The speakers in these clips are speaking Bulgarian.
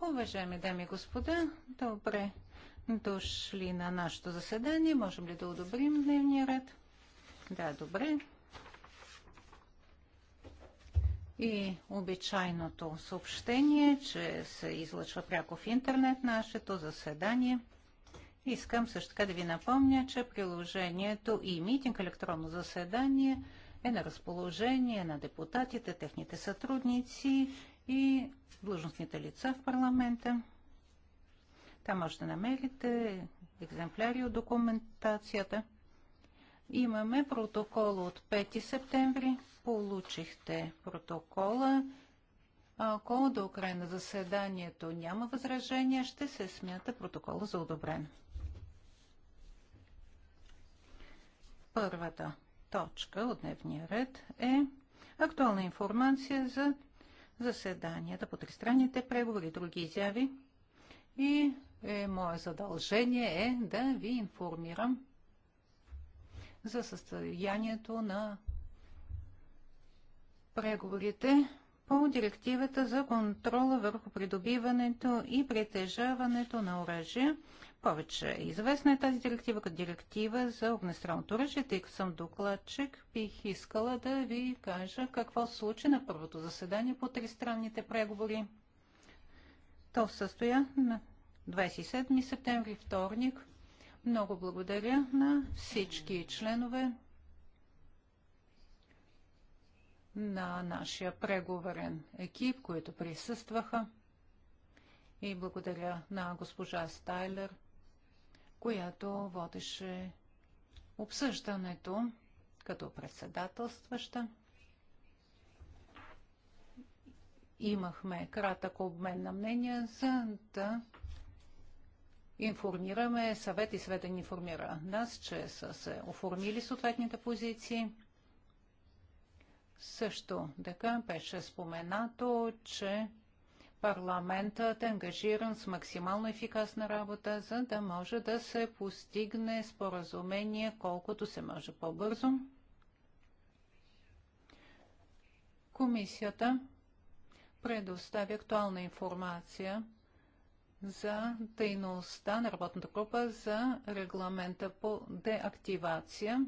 Уважаеми дами и господа, добре дошли на нашето заседание. Можем ли да одобрим дневния ред? Да, добре. И обичайното съобщение, че се излъчва пряко в интернет нашето заседание. Искам също така да ви напомня, че приложението и митинг електронно заседание е на разположение на депутатите, техните сътрудници и длъжностните лица в парламента. Там можете да намерите екземпляри от документацията. Имаме протокол от 5 септември. Получихте протокола. Ако до края на заседанието няма възражения, ще се смята протокола за одобрен. Първата точка от дневния ред е актуална информация за заседанията по тристранните преговори и други изяви. И е, мое задължение е да ви информирам за състоянието на преговорите по директивата за контрола върху придобиването и притежаването на оръжие. Повече известна е тази директива като директива за огнестрелното оръжие, тъй като съм докладчик, бих искала да ви кажа какво се случи на първото заседание по тристранните преговори. То състоя на 27 септември, вторник. Много благодаря на всички членове на нашия преговорен екип, които присъстваха. И благодаря на госпожа Стайлер, която водеше обсъждането като председателстваща. Имахме кратък обмен на мнения, за да информираме, съвет и света ни информира нас, че са се оформили съответните позиции – също така беше споменато, че парламентът е ангажиран с максимално ефикасна работа, за да може да се постигне споразумение колкото се може по-бързо. Комисията предоставя актуална информация за дейността на работната група за регламента по деактивация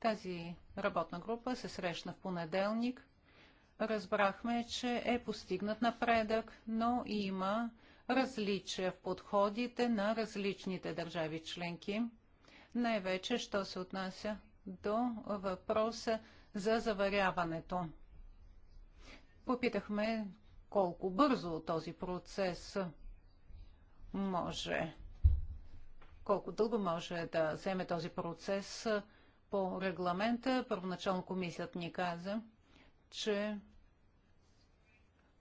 тази работна група се срещна в понеделник. Разбрахме, че е постигнат напредък, но има различия в подходите на различните държави членки, най-вече, що се отнася до въпроса за заваряването. Попитахме колко бързо този процес може, колко дълго може да вземе този процес по регламента. Първоначално комисията ни каза, че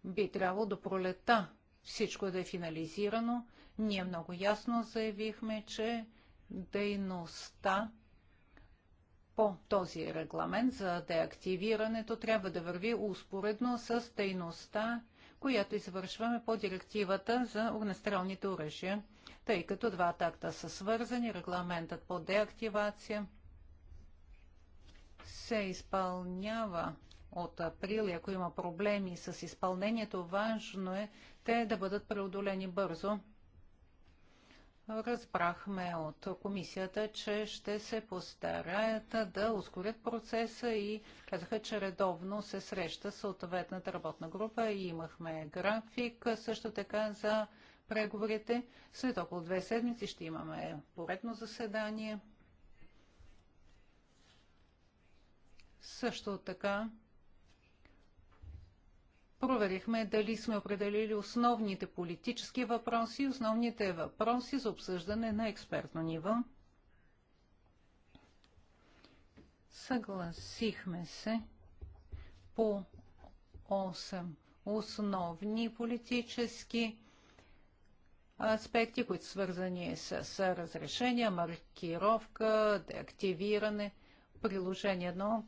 би трябвало до пролета всичко да е финализирано. Ние много ясно заявихме, че дейността по този регламент за деактивирането трябва да върви успоредно с дейността, която извършваме по директивата за огнестрелните оръжия, тъй като двата акта са свързани, регламентът по деактивация – се изпълнява от април ако има проблеми с изпълнението, важно е те да бъдат преодолени бързо. Разбрахме от комисията, че ще се постараят да ускорят процеса и казаха, че редовно се среща съответната работна група и имахме график също така за преговорите. След около две седмици ще имаме поредно заседание. Също така проверихме дали сме определили основните политически въпроси и основните въпроси за обсъждане на експертно ниво. Съгласихме се по 8 основни политически аспекти, които свързани с разрешение, маркировка, деактивиране, приложение 1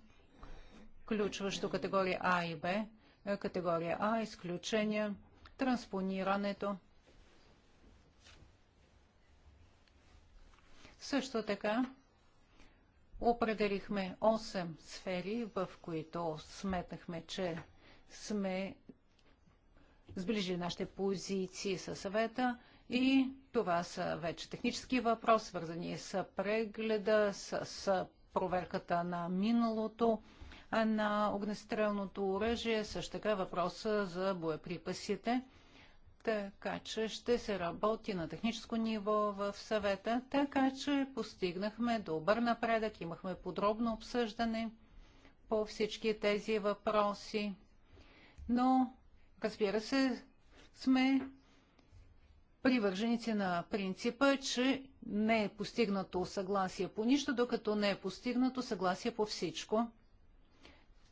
включващо категория А и Б. Е, категория А – изключения, транспонирането. Също така определихме 8 сфери, в които сметнахме, че сме сближили нашите позиции със съвета и това са вече технически въпроси, свързани с прегледа, с, с проверката на миналото, на огнестрелното оръжие, е също така въпроса за боеприпасите. Така че ще се работи на техническо ниво в съвета, така че постигнахме добър напредък, имахме подробно обсъждане по всички тези въпроси. Но, разбира се, сме привърженици на принципа, че не е постигнато съгласие по нищо, докато не е постигнато съгласие по всичко.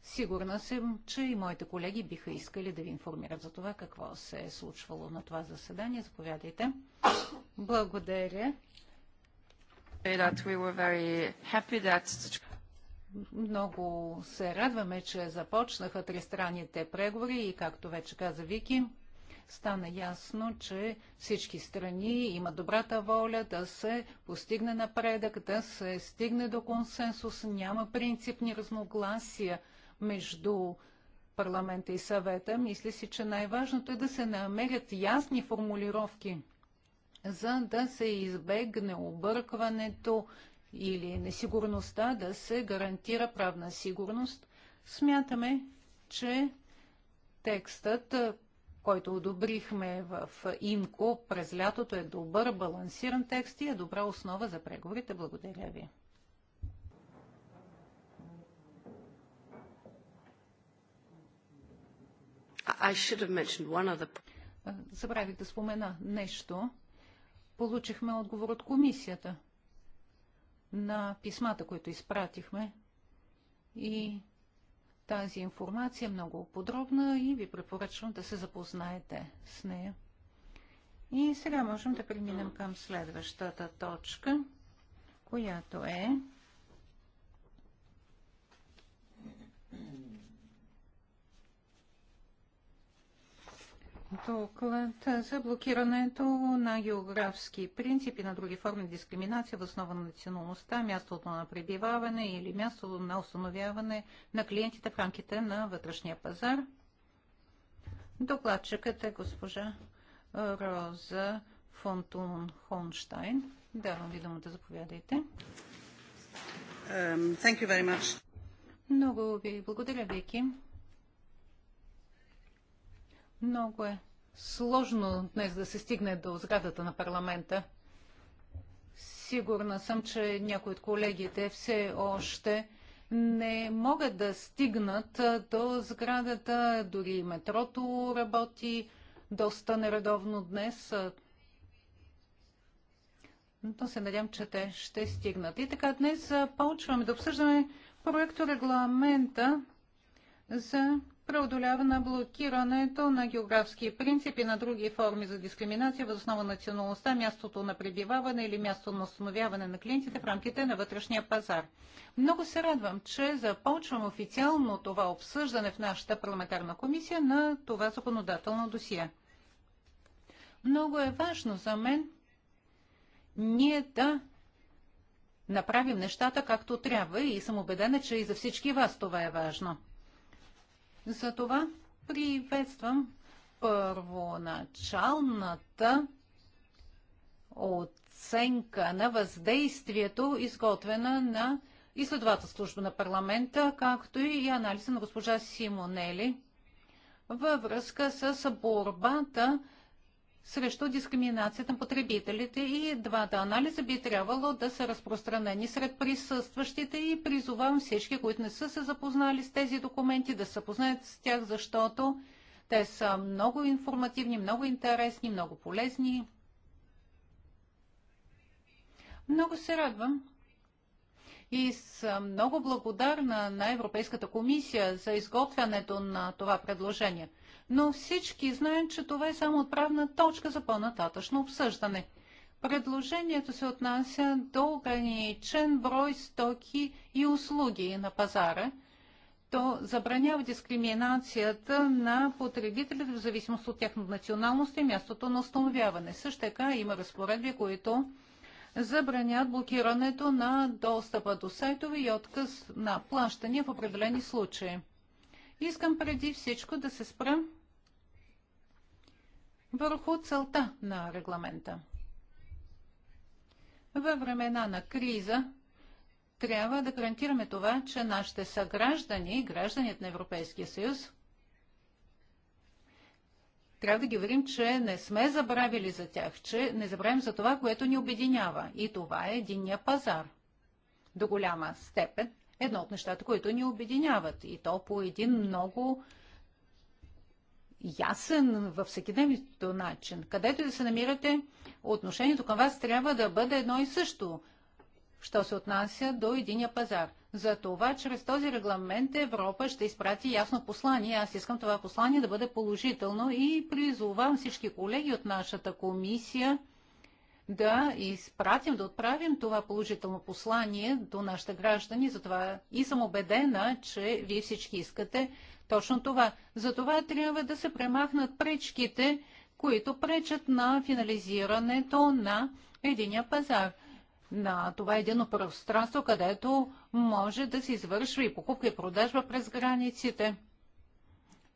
Сигурна съм, че и моите колеги биха искали да ви информират за това какво се е случвало на това заседание. Заповядайте. Благодаря. Много се радваме, че започнаха тристранните преговори и, както вече каза Вики, стана ясно, че всички страни имат добрата воля да се постигне напредък, да се стигне до консенсус. Няма принципни разногласия между парламента и съвета, мисля си, че най-важното е да се намерят ясни формулировки, за да се избегне объркването или несигурността, да се гарантира правна сигурност. Смятаме, че текстът, който одобрихме в ИМКО през лятото е добър, балансиран текст и е добра основа за преговорите. Благодаря ви. Забравих да спомена нещо. Получихме отговор от комисията на писмата, които изпратихме. И тази информация е много подробна и ви препоръчвам да се запознаете с нея. И сега можем да преминем към следващата точка, която е доклад за блокирането на географски принципи на други форми дискриминация в основа на националността, мястото на пребиваване или мястото на установяване на клиентите в рамките на вътрешния пазар. Докладчикът е госпожа Роза Фонтун Хонштайн. Давам ви думата, заповядайте. Um, thank you very much. Много ви благодаря, Вики. Много е сложно днес да се стигне до сградата на парламента. Сигурна съм, че някои от колегите все още не могат да стигнат до сградата, дори метрото работи доста нередовно днес. Но се надявам, че те ще стигнат. И така, днес почваме да обсъждаме проекто регламента за преодолява на блокирането на географски принципи на други форми за дискриминация въз основа на националността, мястото на пребиваване или място на установяване на клиентите в рамките на вътрешния пазар. Много се радвам, че започвам официално това обсъждане в нашата парламентарна комисия на това законодателно досие. Много е важно за мен ние да направим нещата както трябва и съм убедена, че и за всички вас това е важно. Затова приветствам първоначалната оценка на въздействието, изготвена на изследовата служба на парламента, както и анализа на госпожа Симонели във връзка с борбата срещу дискриминацията на потребителите и двата анализа би трябвало да са разпространени сред присъстващите и призовавам всички, които не са се запознали с тези документи, да се познаят с тях, защото те са много информативни, много интересни, много полезни. Много се радвам и съм много благодарна на Европейската комисия за изготвянето на това предложение – но всички знаят, че това е само отправна точка за по-нататъчно обсъждане. Предложението се отнася до ограничен брой стоки и услуги на пазара. То забранява дискриминацията на потребителите в зависимост от тяхната националност и мястото на установяване. Също така има разпоредби, които забранят блокирането на достъпа до сайтове и отказ на плащания в определени случаи. Искам преди всичко да се спра върху целта на регламента. Във времена на криза трябва да гарантираме това, че нашите съграждани гражданите на Европейския съюз трябва да ги верим, че не сме забравили за тях, че не забравим за това, което ни обединява. И това е единния пазар. До голяма степен – едно от нещата, които ни обединяват. И то по един много ясен във всеки начин. Където да се намирате, отношението към вас трябва да бъде едно и също, що се отнася до единия пазар. За това, чрез този регламент Европа ще изпрати ясно послание. Аз искам това послание да бъде положително и призовам всички колеги от нашата комисия – да изпратим, да отправим това положително послание до нашите граждани. Затова и съм убедена, че вие всички искате точно това. Затова трябва да се премахнат пречките, които пречат на финализирането на единия пазар. На това е едно пространство, където може да се извършва и покупка и продажба през границите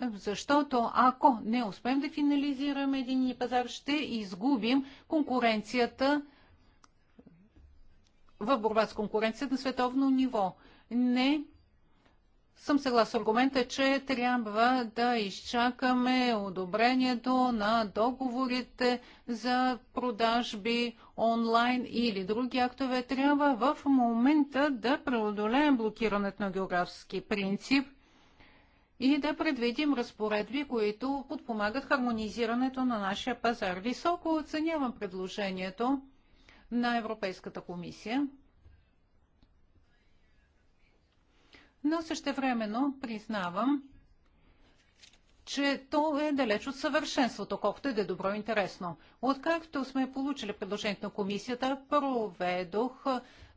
защото ако не успеем да финализираме един пазар, ще изгубим конкуренцията в борба с конкуренцията на световно ниво. Не съм съгласна с аргумента, че трябва да изчакаме одобрението на договорите за продажби онлайн или други актове. Трябва в момента да преодолеем блокирането на географски принцип – и да предвидим разпоредби, които подпомагат хармонизирането на нашия пазар. Високо оценявам предложението на Европейската комисия, но същевременно признавам, че то е далеч от съвършенството, колкото и да е добро и интересно. Откакто сме получили предложението на комисията, проведох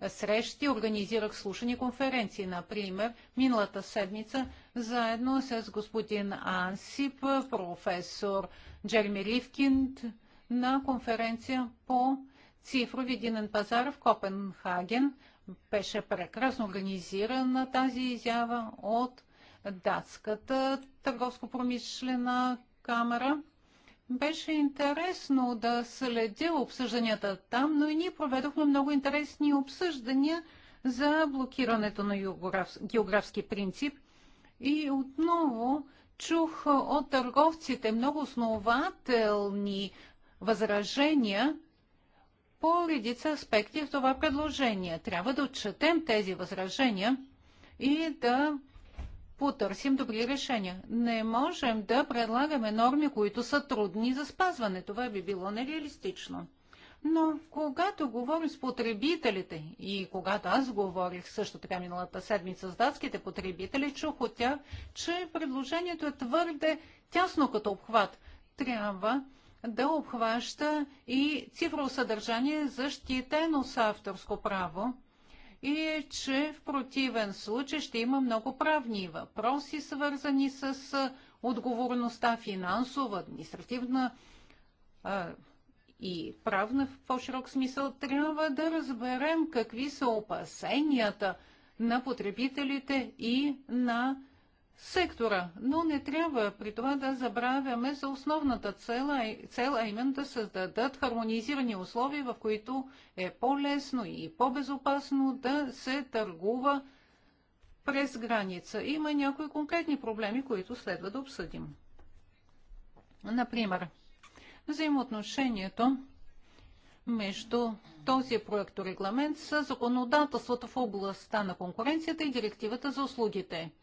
срещи, организирах слушани конференции. Например, миналата седмица заедно с господин Ансип, професор Джерми Ливкинд на конференция по цифров единен пазар в Копенхаген. Беше прекрасно организирана тази изява от датската търговско-промишлена камера. Беше интересно да следя обсъжданията там, но и ние проведохме много интересни обсъждания за блокирането на географски принцип. И отново чух от търговците много основателни възражения по редица аспекти в това предложение. Трябва да отчетем тези възражения и да потърсим добри решения. Не можем да предлагаме норми, които са трудни за спазване. Това би било нереалистично. Но когато говорим с потребителите и когато аз говорих също така миналата седмица с датските потребители, чух от тях, че предложението е твърде тясно като обхват. Трябва да обхваща и цифрово съдържание, защитено с авторско право и е, че в противен случай ще има много правни въпроси, свързани с отговорността финансова, административна а, и правна в по-широк смисъл. Трябва да разберем какви са опасенията на потребителите и на сектора, но не трябва при това да забравяме за основната цел, цел а именно да създадат хармонизирани условия, в които е по-лесно и по-безопасно да се търгува през граница. Има някои конкретни проблеми, които следва да обсъдим. Например, взаимоотношението между този проекторегламент с законодателството в областта на конкуренцията и директивата за услугите –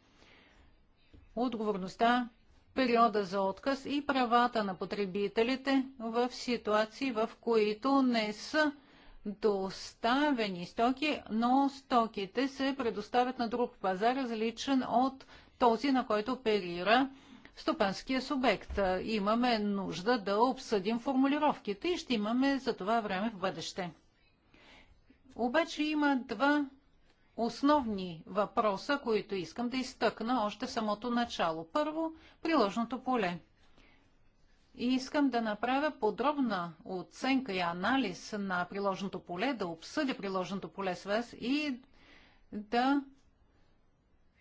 отговорността, периода за отказ и правата на потребителите в ситуации, в които не са доставени стоки, но стоките се предоставят на друг пазар, различен от този, на който оперира стопанския субект. Имаме нужда да обсъдим формулировките и ще имаме за това време в бъдеще. Обаче има два основни въпроса, които искам да изтъкна още в самото начало. Първо, приложното поле. И искам да направя подробна оценка и анализ на приложното поле, да обсъдя приложното поле с вас и да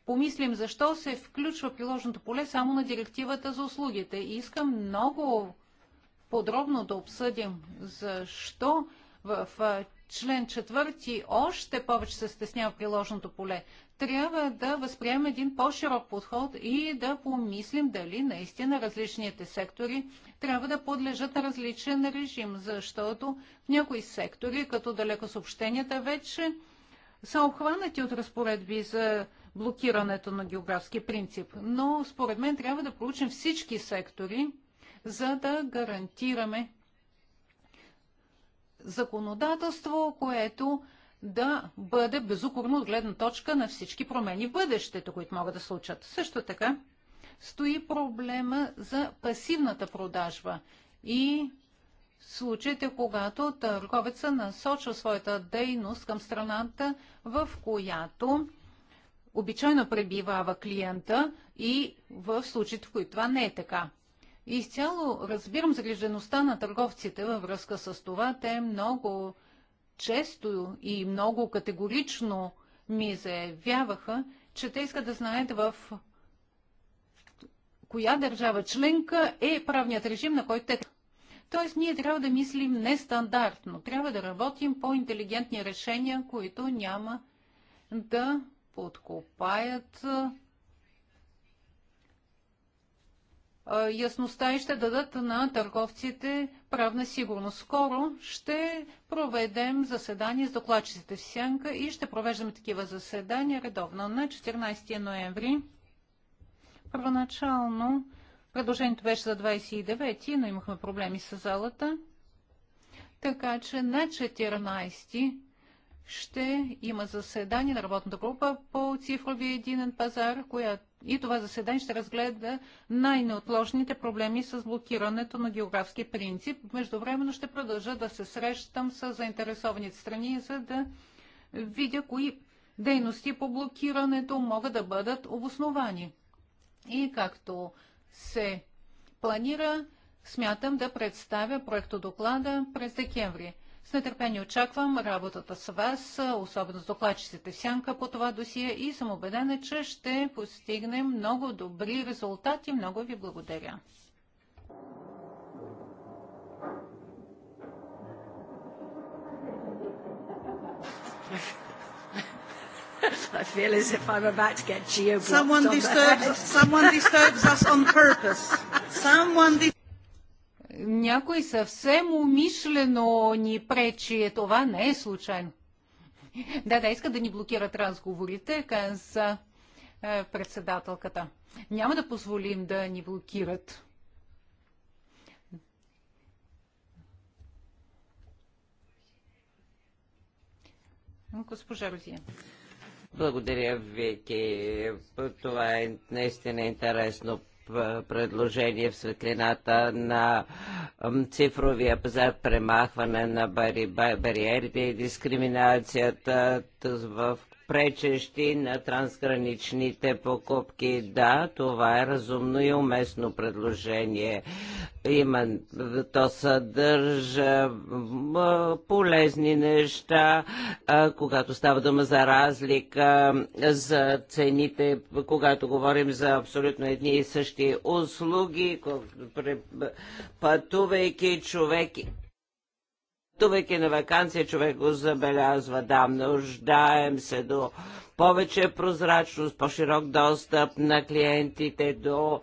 помислим защо се включва приложното поле само на директивата за услугите. И искам много подробно да обсъдим защо в член четвърти още повече се стеснява приложното поле. Трябва да възприемем един по-широк подход и да помислим дали наистина различните сектори трябва да подлежат на различен режим, защото в някои сектори, като далеко съобщенията, вече са обхванати от разпоредби за блокирането на географски принцип. Но според мен трябва да проучим всички сектори, за да гарантираме законодателство, което да бъде безукорно от гледна точка на всички промени в бъдещето, които могат да случат. Също така стои проблема за пасивната продажба и случаите, когато търговеца насочва своята дейност към страната, в която обичайно пребивава клиента и в случаите, в които това не е така. Изцяло разбирам загрижеността на търговците във връзка с това. Те много често и много категорично ми заявяваха, че те искат да знаят в коя държава членка е правният режим, на който те. Тоест, ние трябва да мислим нестандартно. Трябва да работим по интелигентни решения, които няма да подкопаят Ясността и ще дадат на търговците правна сигурност. Скоро ще проведем заседание с докладчиците в Сянка и ще провеждаме такива заседания редовно на 14 ноември. Първоначално предложението беше за 29, но имахме проблеми с залата. Така че на 14 ще има заседание на работната група по цифрови единен пазар, която и това заседание ще разгледа най-неотложните проблеми с блокирането на географски принцип. Междувременно ще продължа да се срещам с заинтересованите страни, за да видя кои дейности по блокирането могат да бъдат обосновани. И както се планира, смятам да представя проектодоклада през декември. С нетърпение очаквам работата с вас, особено с докладчиците в сянка по това досие и съм убедена, че ще постигнем много добри резултати. Много ви благодаря. I feel as if I'm about to get geo Someone disturbs, someone disturbs us on purpose. Someone disturbs някой съвсем умишлено ни пречи. Е, това не е случайно. Да, да, иска да ни блокират разговорите, каза е, председателката. Няма да позволим да ни блокират. Госпожа Розия. Благодаря, Вики. Това е наистина интересно предложение в светлината на цифровия пазар, премахване на бариерите и дискриминацията в пречещи на трансграничните покупки. Да, това е разумно и уместно предложение. Има, то съдържа полезни неща, когато става дума за разлика за цените, когато говорим за абсолютно едни и същи услуги, пътувайки човек пътувайки на вакансия, човек го забелязва. Да, нуждаем се до повече прозрачност, по-широк достъп на клиентите до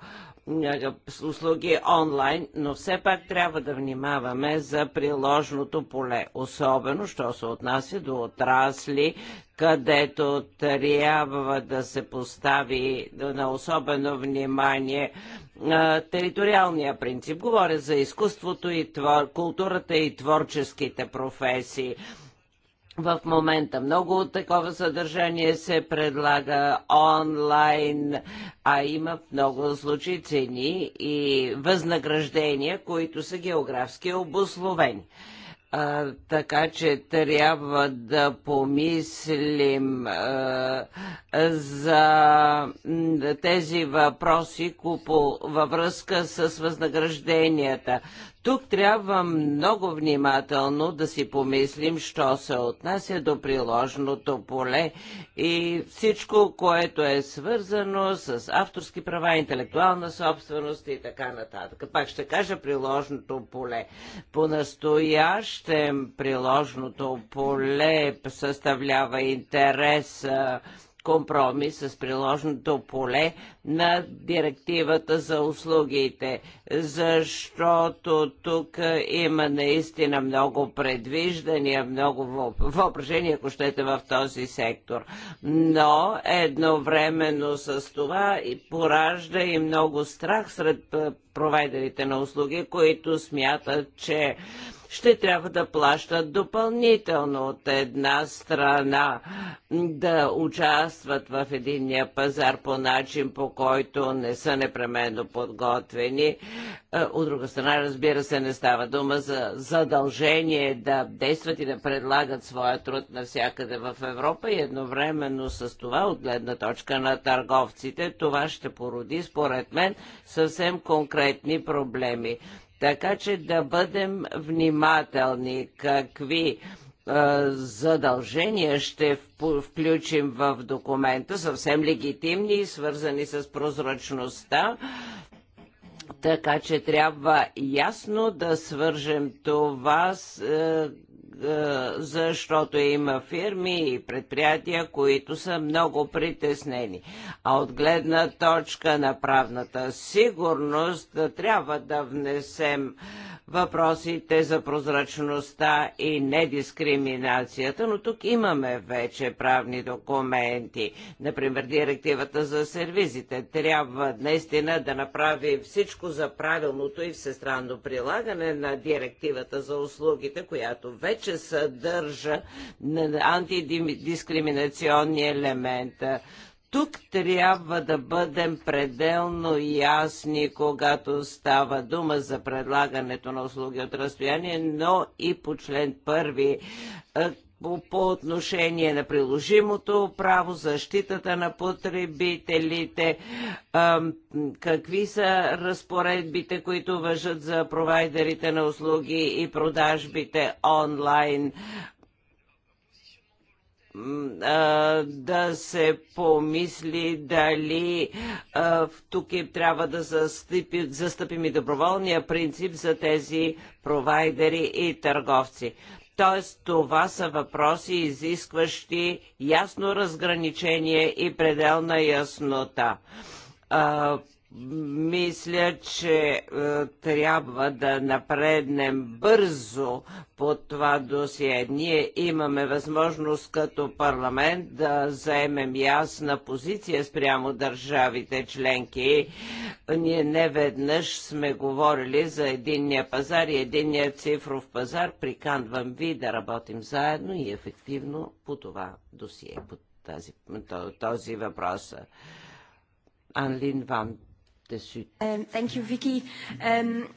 услуги онлайн, но все пак трябва да внимаваме за приложното поле, особено, що се отнася до отрасли, където трябва да се постави на особено внимание териториалния принцип. Говоря за изкуството и твор... културата и творческите професии. В момента много от такова съдържание се предлага онлайн, а има в много случаи цени и възнаграждения, които са географски обусловени. А, така че трябва да помислим а, за тези въпроси по, във връзка с възнагражденията. Тук трябва много внимателно да си помислим, що се отнася до приложното поле и всичко, което е свързано с авторски права, интелектуална собственост и така нататък. Пак ще кажа приложното поле. По-настоящем приложното поле съставлява интерес компромис с приложното поле на директивата за услугите, защото тук има наистина много предвиждания, много въображение, ако щете, в този сектор. Но едновременно с това и поражда и много страх сред провайдерите на услуги, които смятат, че ще трябва да плащат допълнително от една страна да участват в единния пазар по начин, по който не са непременно подготвени. Е, от друга страна, разбира се, не става дума за задължение да действат и да предлагат своя труд навсякъде в Европа и едновременно с това, от гледна точка на търговците, това ще породи, според мен, съвсем конкретни проблеми. Така че да бъдем внимателни какви е, задължения ще включим в документа, съвсем легитимни и свързани с прозрачността. Така че трябва ясно да свържем това с, е, е, защото има фирми и предприятия, които са много притеснени. А от гледна точка на правната сигурност е, трябва да внесем въпросите за прозрачността и недискриминацията, но тук имаме вече правни документи. Например, директивата за сервизите. Трябва наистина да направи всичко за правилното и всестранно прилагане на директивата за услугите, която вече съдържа антидискриминационни елемента тук трябва да бъдем пределно ясни, когато става дума за предлагането на услуги от разстояние, но и по член първи е, по, отношение на приложимото право, защитата на потребителите, е, какви са разпоредбите, които въжат за провайдерите на услуги и продажбите онлайн, да се помисли дали тук е, трябва да застъпим, застъпим и доброволния принцип за тези провайдери и търговци. Тоест, това са въпроси, изискващи ясно разграничение и пределна яснота. Мисля, че е, трябва да напреднем бързо по това досие. Ние имаме възможност като парламент да заемем ясна позиция спрямо държавите членки. Ние не веднъж сме говорили за единния пазар и единния цифров пазар. Приканвам ви да работим заедно и ефективно по това досие, по тази, този въпрос. Анлин Ван dessus. Um, ehm, thank you, Vicky. Um,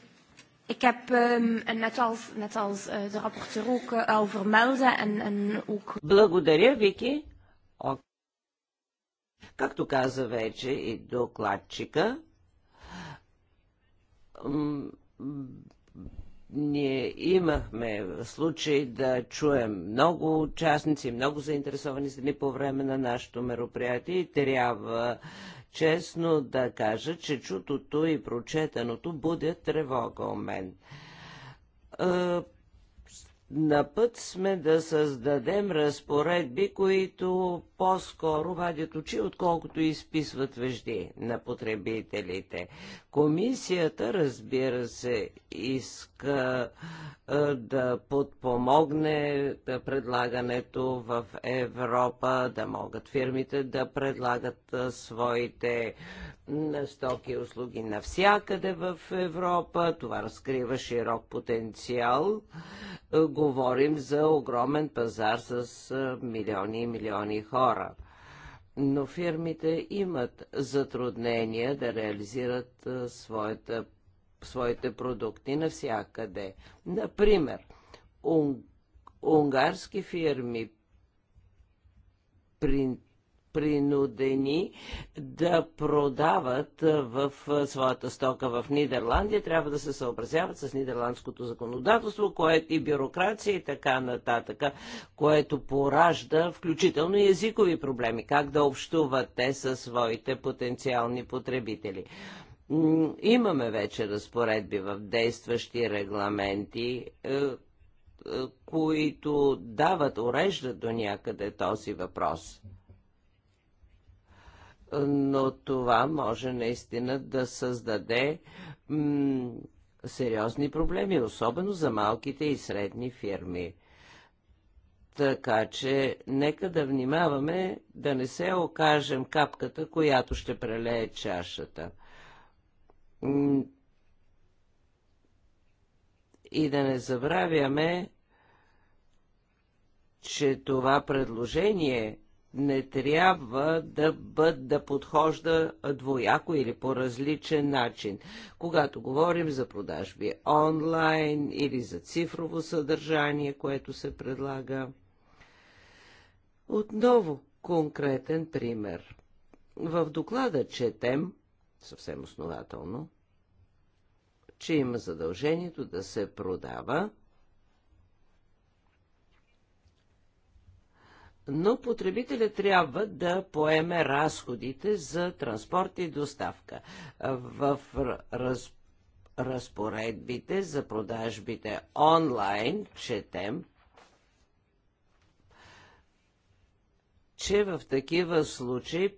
ik heb, um, net als, net als uh, de rapporteur ook uh, eh, al vermelden en, en ook... Благодаря, Вики. Както каза вече и докладчика, ние имахме случай да чуем много участници, много заинтересовани страни по време на нашето мероприятие и трябва Честно да кажа, че чутото и прочетеното будят тревога у мен е, на път сме да създадем разпоредби, които по-скоро вадят очи, отколкото изписват вежди на потребителите. Комисията, разбира се, иска да подпомогне да предлагането в Европа, да могат фирмите да предлагат своите стоки и услуги навсякъде в Европа. Това разкрива широк потенциал е, говорим за огромен пазар с е, милиони и милиони хора. Но фирмите имат затруднения да реализират е, своята, своите продукти навсякъде. Например, унгарски фирми при принудени да продават в своята стока в Нидерландия, трябва да се съобразяват с нидерландското законодателство, което и бюрокрация и така нататък, което поражда включително и езикови проблеми, как да общуват те със своите потенциални потребители. Имаме вече разпоредби в действащи регламенти, е, е, които дават, уреждат до някъде този въпрос но това може наистина да създаде сериозни проблеми, особено за малките и средни фирми. Така че нека да внимаваме да не се окажем капката, която ще прелее чашата. И да не забравяме, че това предложение не трябва да, бъд, да подхожда двояко или по различен начин. Когато говорим за продажби онлайн или за цифрово съдържание, което се предлага. Отново конкретен пример. В доклада четем, съвсем основателно, че има задължението да се продава но потребителя трябва да поеме разходите за транспорт и доставка. В раз, разпоредбите за продажбите онлайн четем, че в такива случаи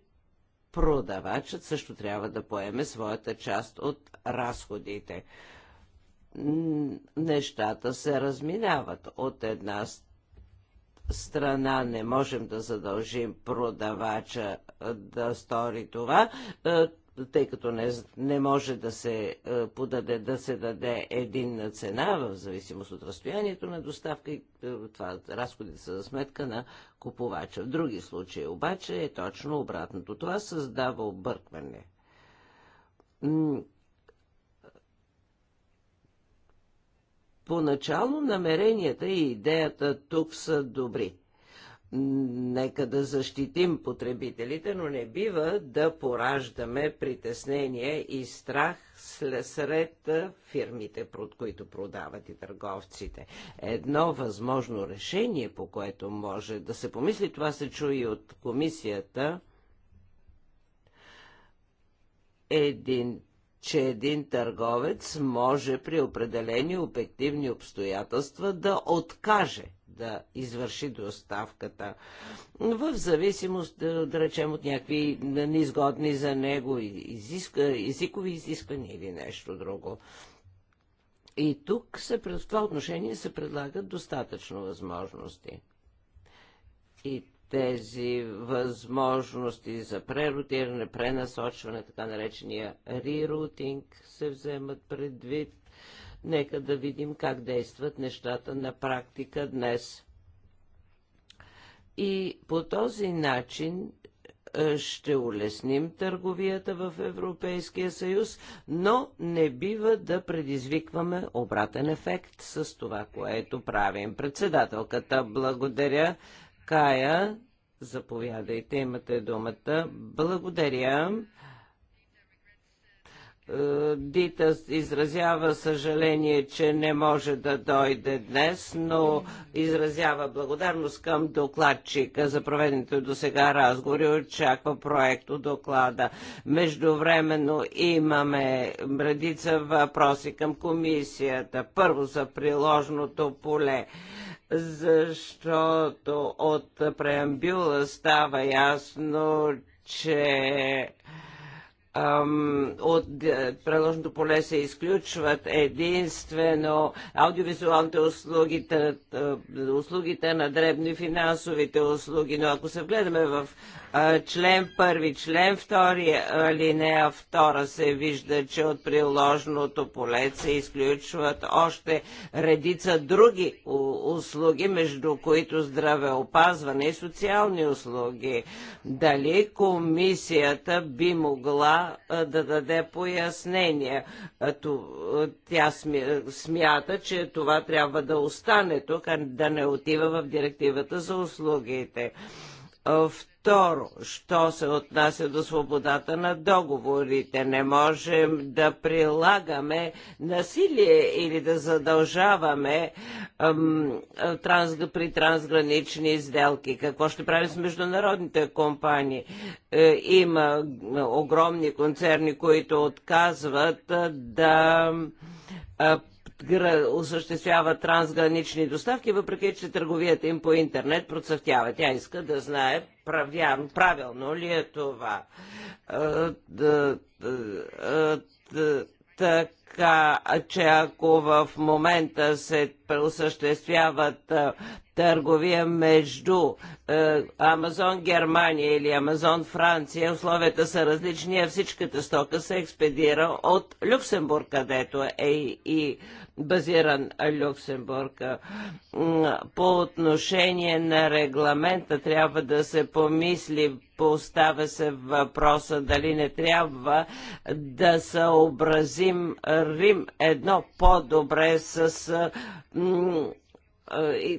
продавачът също трябва да поеме своята част от разходите. Нещата се разминават от една страна страна не можем да задължим продавача да стори това, тъй като не, не може да се подаде, да се даде единна цена в зависимост от разстоянието на доставка и това разходите са за сметка на купувача. В други случаи обаче е точно обратното. Това създава объркване Поначално намеренията и идеята тук са добри. Нека да защитим потребителите, но не бива да пораждаме притеснение и страх сред фирмите, които продават и търговците. Едно възможно решение, по което може да се помисли, това се чу и от комисията, един че един търговец може при определени обективни обстоятелства да откаже да извърши доставката. В зависимост, да речем, от някакви неизгодни за него изиска, езикови изисквания или нещо друго. И тук се, в това отношение се предлагат достатъчно възможности. И тези възможности за преротиране, пренасочване, така наречения рерутинг се вземат предвид. Нека да видим как действат нещата на практика днес. И по този начин е, ще улесним търговията в Европейския съюз, но не бива да предизвикваме обратен ефект с това, което правим. Председателката, благодаря. Кая, заповядайте, имате думата. Благодаря. Е, Дита изразява съжаление, че не може да дойде днес, но изразява благодарност към докладчика за проведените до сега разговори. Очаква проект от доклада. Междувременно имаме редица въпроси към комисията. Първо за приложното поле защото от преамбюла става ясно, че ам, от е, приложното поле се изключват единствено аудиовизуалните услуги, е, услугите на дребни финансовите услуги. Но ако се вгледаме в Член първи, член втори, алинея втора се вижда, че от приложното поле се изключват още редица други услуги, между които здравеопазване и социални услуги. Дали комисията би могла да даде пояснение? Тя смята, че това трябва да остане тук, а да не отива в директивата за услугите. Второ, що се отнася до свободата на договорите, не можем да прилагаме насилие или да задължаваме ам, транс, при трансгранични сделки. Какво ще правим с международните компании? Е, има огромни концерни, които отказват да осъществява трансгранични доставки, въпреки че търговията им по интернет процъфтява. Тя иска да знае правилно, правилно ли е това. Е, е, така, че ако в момента се осъществяват е, търговия между Амазон Германия или Амазон Франция, условията са различни, а всичката стока се експедира от Люксембург, където е и, и базиран Люксембург. По отношение на регламента трябва да се помисли поставя се въпроса дали не трябва да съобразим Рим едно по-добре с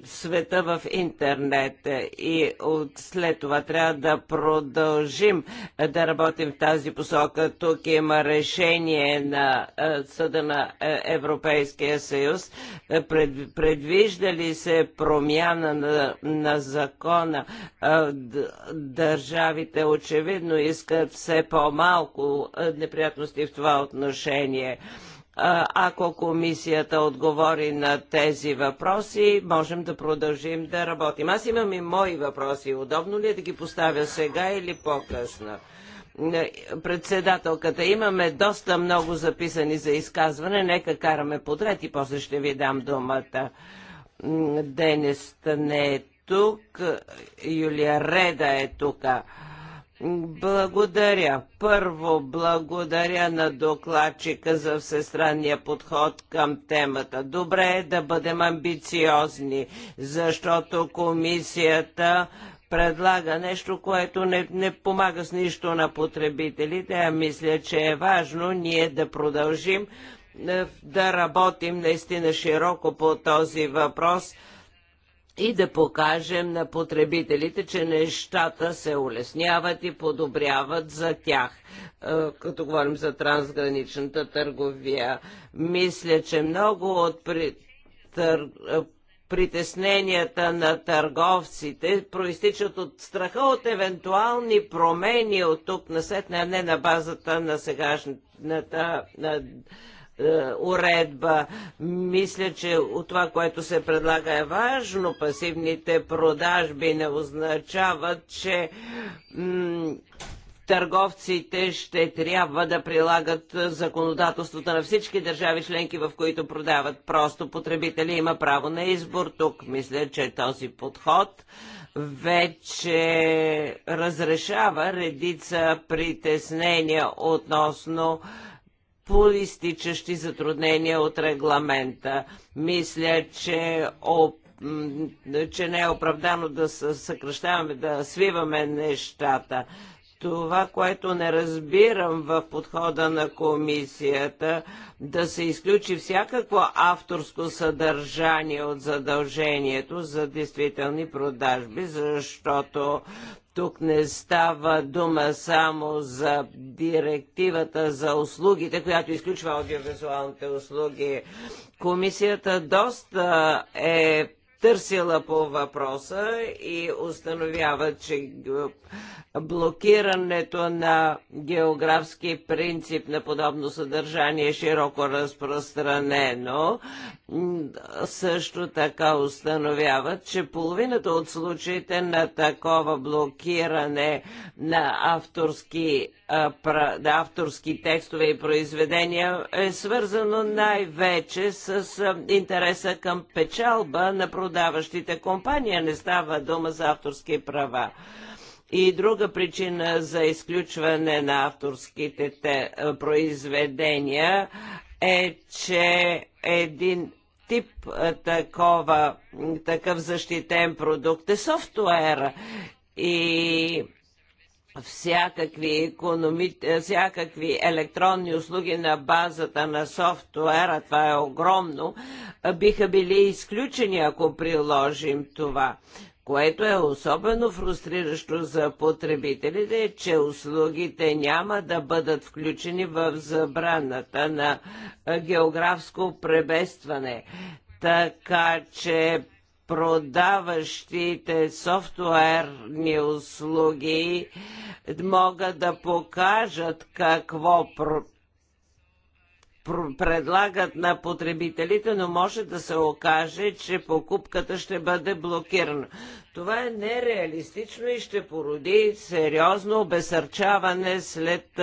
света в интернет и от след това трябва да продължим да работим в тази посока. Тук има решение на е, Съда на е, Европейския съюз. Е, предвижда ли се промяна на, на закона? Държавите очевидно искат все по-малко неприятности в това отношение. Ако комисията отговори на тези въпроси, можем да продължим да работим. Аз имам и мои въпроси. Удобно ли е да ги поставя сега или по-късно? Председателката, имаме доста много записани за изказване. Нека караме подред и после ще ви дам думата. Денис не е тук, Юлия Реда е тук. Благодаря. Първо, благодаря на докладчика за всестранния подход към темата. Добре е да бъдем амбициозни, защото комисията предлага нещо, което не, не помага с нищо на потребителите, а мисля, че е важно ние да продължим е, да работим наистина широко по този въпрос – и да покажем на потребителите, че нещата се улесняват и подобряват за тях. Е, като говорим за трансграничната търговия, мисля, че много от е, притесненията на търговците проистичат от страха от евентуални промени от тук на след, не на базата на сегашната на е, уредба. Мисля, че от това, което се предлага е важно. Пасивните продажби не означават, че търговците ще трябва да прилагат законодателството на всички държави членки, в които продават. Просто потребители има право на избор тук. Мисля, че този подход вече разрешава редица притеснения относно полистичащи затруднения от регламента. Мисля, че об че не е оправдано да съкръщаваме, да свиваме нещата. Това, което не разбирам в подхода на комисията, да се изключи всякакво авторско съдържание от задължението за действителни продажби, защото тук не става дума само за директивата за услугите, която изключва аудиовизуалните услуги. Комисията доста е търсила по въпроса и установява, че блокирането на географски принцип на подобно съдържание е широко разпространено. Също така установява, че половината от случаите на такова блокиране на авторски авторски текстове и произведения е свързано най-вече с интереса към печалба на продаващите компании. Не става дума за авторски права. И друга причина за изключване на авторските те, произведения е, че един тип такова, такъв защитен продукт е софтуера. И всякакви, економи... Е, всякакви електронни услуги на базата на софтуера, това е огромно, е, биха били изключени, ако приложим това. Което е особено фрустриращо за потребителите, че услугите няма да бъдат включени в забраната на е, географско пребестване. Така че продаващите софтуерни услуги могат да покажат какво предлагат на потребителите, но може да се окаже, че покупката ще бъде блокирана. Това е нереалистично и ще породи сериозно обесърчаване след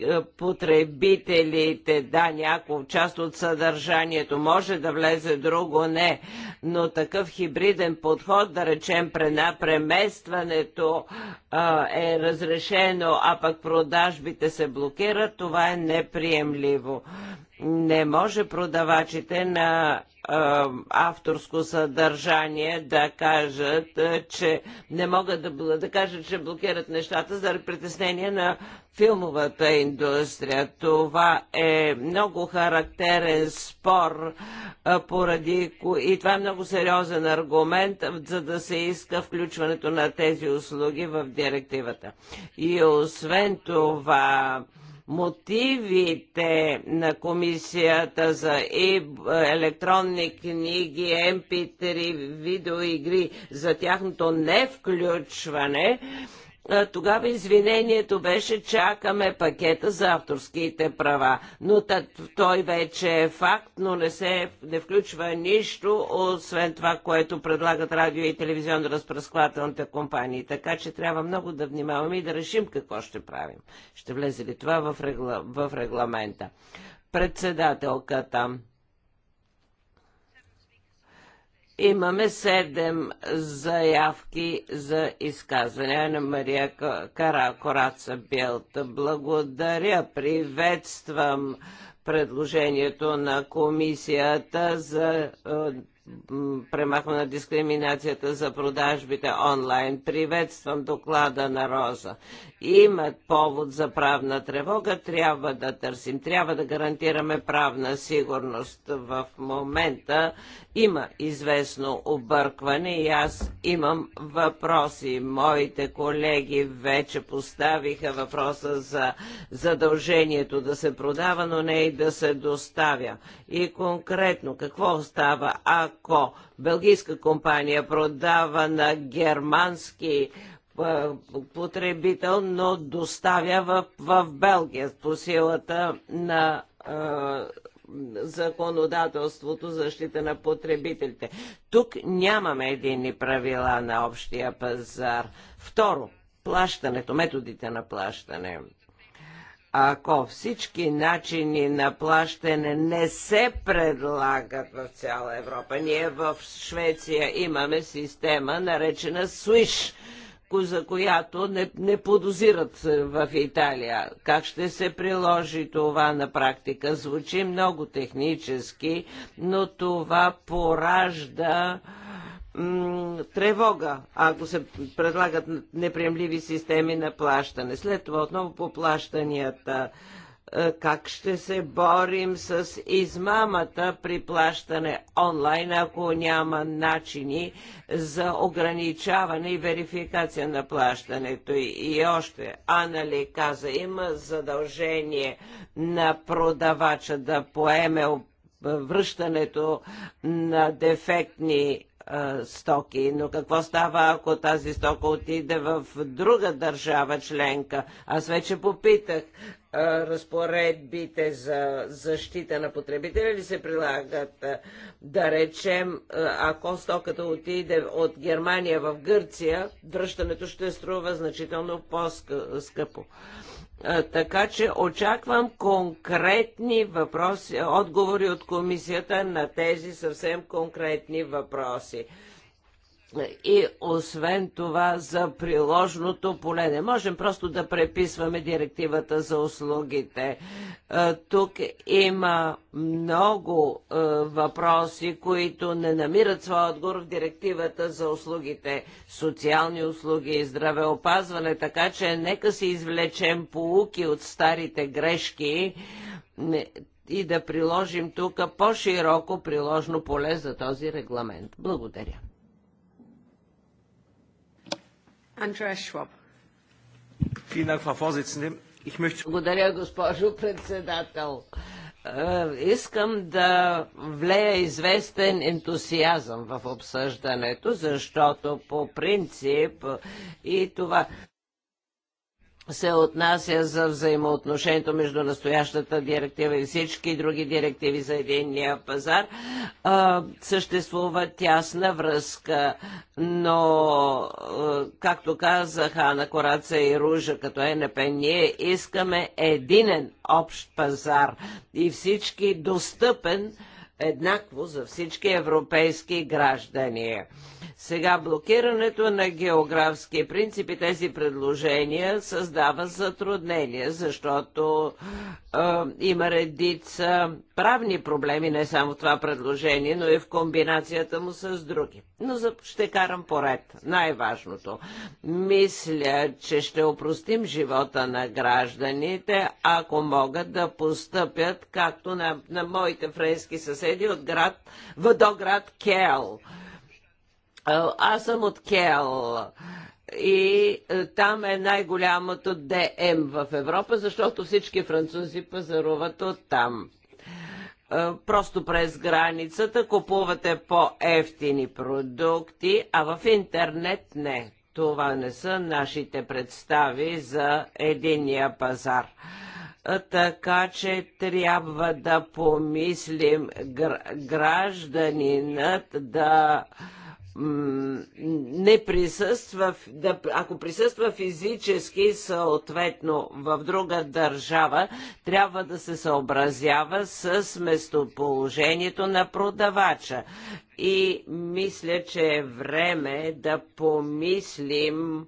е, потребителите. Да, някои част от съдържанието може да влезе, друго не. Но такъв хибриден подход, да речем, прена преместването а, е разрешено, а пък продажбите се блокират, това е неприемливо. Не може продавачите на авторско съдържание да кажат, че не могат да, да кажат, че блокират нещата заради притеснение на филмовата индустрия. Това е много характерен спор поради и това е много сериозен аргумент, за да се иска включването на тези услуги в директивата. И освен това, Мотивите на комисията за е, електронни книги, MP3, видеоигри за тяхното не включване тогава извинението беше чакаме пакета за авторските права, но той вече е факт, но не се не включва нищо, освен това, което предлагат радио и телевизионно разпръсквателните компании. Така че трябва много да внимаваме и да решим какво ще правим. Ще влезе ли това в, регла, в регламента? Председателката. Имаме седем заявки за изказване на Мария Кара Кораца Белта. Благодаря, приветствам предложението на комисията за е, премахване на дискриминацията за продажбите онлайн. Приветствам доклада на Роза. Имат повод за правна тревога, трябва да търсим, трябва да гарантираме правна сигурност. В момента има известно объркване и аз имам въпроси. Моите колеги вече поставиха въпроса за задължението да се продава, но не и да се доставя. И конкретно какво става, ако ако белгийска компания продава на германски е, потребител, но доставя в, в Белгия по силата на е, законодателството защита на потребителите. Тук нямаме единни правила на общия пазар. Второ, плащането, методите на плащане. Ако всички начини на плащане не се предлагат в цяла Европа, ние в Швеция имаме система наречена Swish, за която не, не подозират в Италия. Как ще се приложи това на практика? Звучи много технически, но това поражда тревога, ако се предлагат неприемливи системи на плащане. След това отново по плащанията е, как ще се борим с измамата при плащане онлайн, ако няма начини за ограничаване и верификация на плащането. И още, Анали каза, има задължение на продавача да поеме връщането на дефектни стоки. Но какво става, ако тази стока отиде в друга държава членка? Аз вече попитах, разпоредбите за защита на потребителя ли се прилагат? Да речем, ако стоката отиде от Германия в Гърция, връщането ще струва значително по-скъпо. -скъ така че очаквам конкретни въпроси, отговори от комисията на тези съвсем конкретни въпроси и освен това за приложното поле. Не можем просто да преписваме директивата за услугите. Е, тук има много е, въпроси, които не намират своя отговор в директивата за услугите. Социални услуги и здравеопазване, така че нека си извлечем полуки от старите грешки и да приложим тук по-широко приложно поле за този регламент. Благодаря. Andreas Schwab. Благодаря, госпожо председател. Е, искам да влея известен ентусиазъм в обсъждането, защото по принцип и това се отнася за взаимоотношението между настоящата директива и всички други директиви за единния пазар, съществува тясна връзка. Но, както казаха Ана Кораца и Ружа като е НП, ние искаме единен общ пазар и всички достъпен еднакво за всички европейски граждани. Сега блокирането на географски принципи, тези предложения създава затруднения, защото е, има редица правни проблеми, не само в това предложение, но и в комбинацията му с други. Но за, ще карам поред. Най-важното. Мисля, че ще опростим живота на гражданите, ако могат да постъпят, както на, на моите френски съседи, жени от град, Водоград Кел. Аз съм от Кел и е, там е най-голямото ДМ в Европа, защото всички французи пазаруват от там. Е, просто през границата купувате по-ефтини продукти, а в интернет не. Това не са нашите представи за единия пазар така че трябва да помислим гражданинът да не присъства, да, ако присъства физически съответно в друга държава, трябва да се съобразява с местоположението на продавача. И мисля, че е време да помислим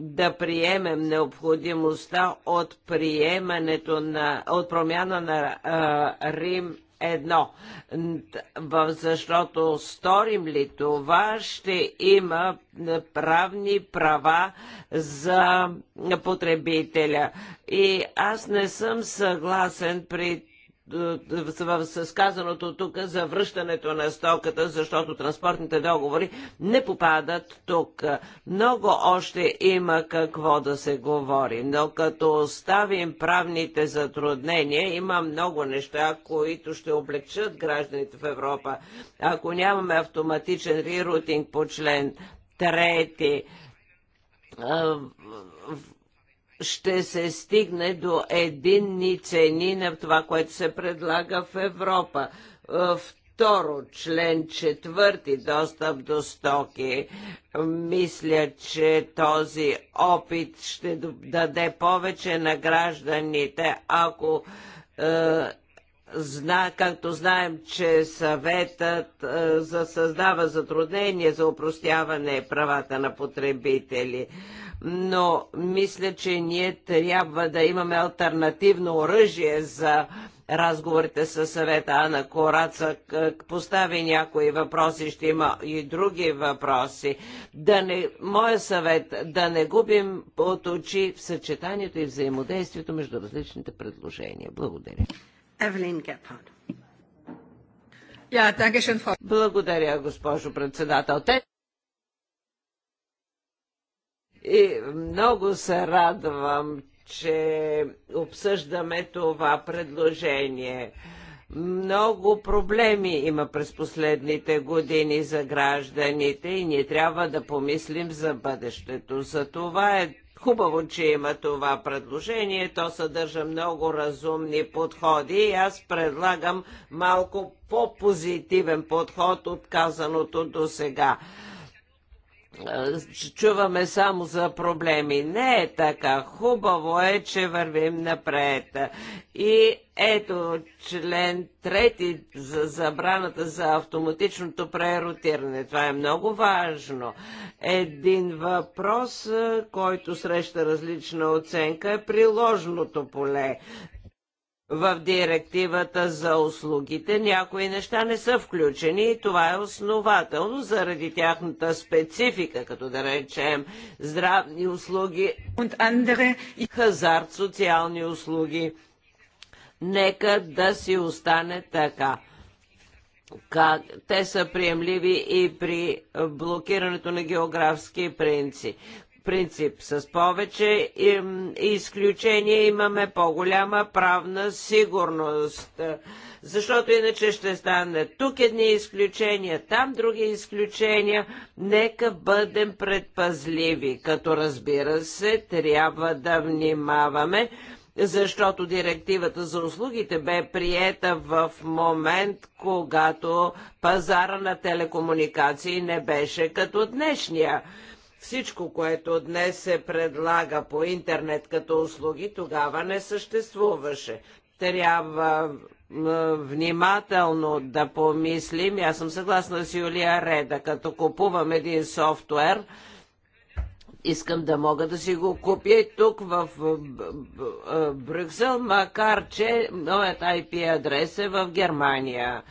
да приемем необходимостта от приемането на, от промяна на а, Рим едно. Защото сторим ли това, ще има правни права за потребителя. И аз не съм съгласен при е, с тук за връщането на стоката, защото транспортните договори не попадат тук. Много още има какво да се говори, но като оставим правните затруднения, има много неща, които ще облегчат гражданите в Европа. Ако нямаме автоматичен рерутинг по член трети, ще се стигне до единни цени на това, което се предлага в Европа. Е, второ, член четвърти, достъп до стоки. Мисля, че този опит ще даде повече на гражданите, ако е, Зна, както знаем, че съветът е, за създава затруднения за упростяване правата на потребители но мисля, че ние трябва да имаме альтернативно оръжие за разговорите с съвета Ана Кораца е, постави някои въпроси, ще има и други въпроси. Да не, моя съвет, да не губим от очи в съчетанието и взаимодействието между различните предложения. Благодаря. Евлин Гепард. Благодаря, госпожо председател. И много се радвам, че обсъждаме това предложение. Много проблеми има през последните години за гражданите и ние трябва да помислим за бъдещето. За това е Хубаво, че има това предложение. То съдържа много разумни подходи и аз предлагам малко по-позитивен подход от казаното до сега. Е, чуваме само за проблеми. Не е така. Хубаво е, че вървим напред. И ето член трети за забраната за автоматичното преротиране. Това е много важно. Един въпрос, който среща различна оценка е приложното поле в директивата за услугите. Някои неща не са включени и това е основателно заради тяхната специфика, като да речем здравни услуги, хазарт, социални услуги. Нека да си остане така. Как те са приемливи и при блокирането на географски принци принцип. С повече изключения имаме по-голяма правна сигурност. Защото иначе ще стане тук едни изключения, там други изключения. Нека бъдем предпазливи, като разбира се, трябва да внимаваме защото директивата за услугите бе приета в момент, когато пазара на телекомуникации не беше като днешния. Всичко, което днес се предлага по интернет като услуги, тогава не съществуваше. Трябва внимателно да помислим. Аз съм съгласна с Юлия Реда. Като купувам един софтуер, искам да мога да си го купя и тук в Брюксел, макар че моят IP адрес е в Германия.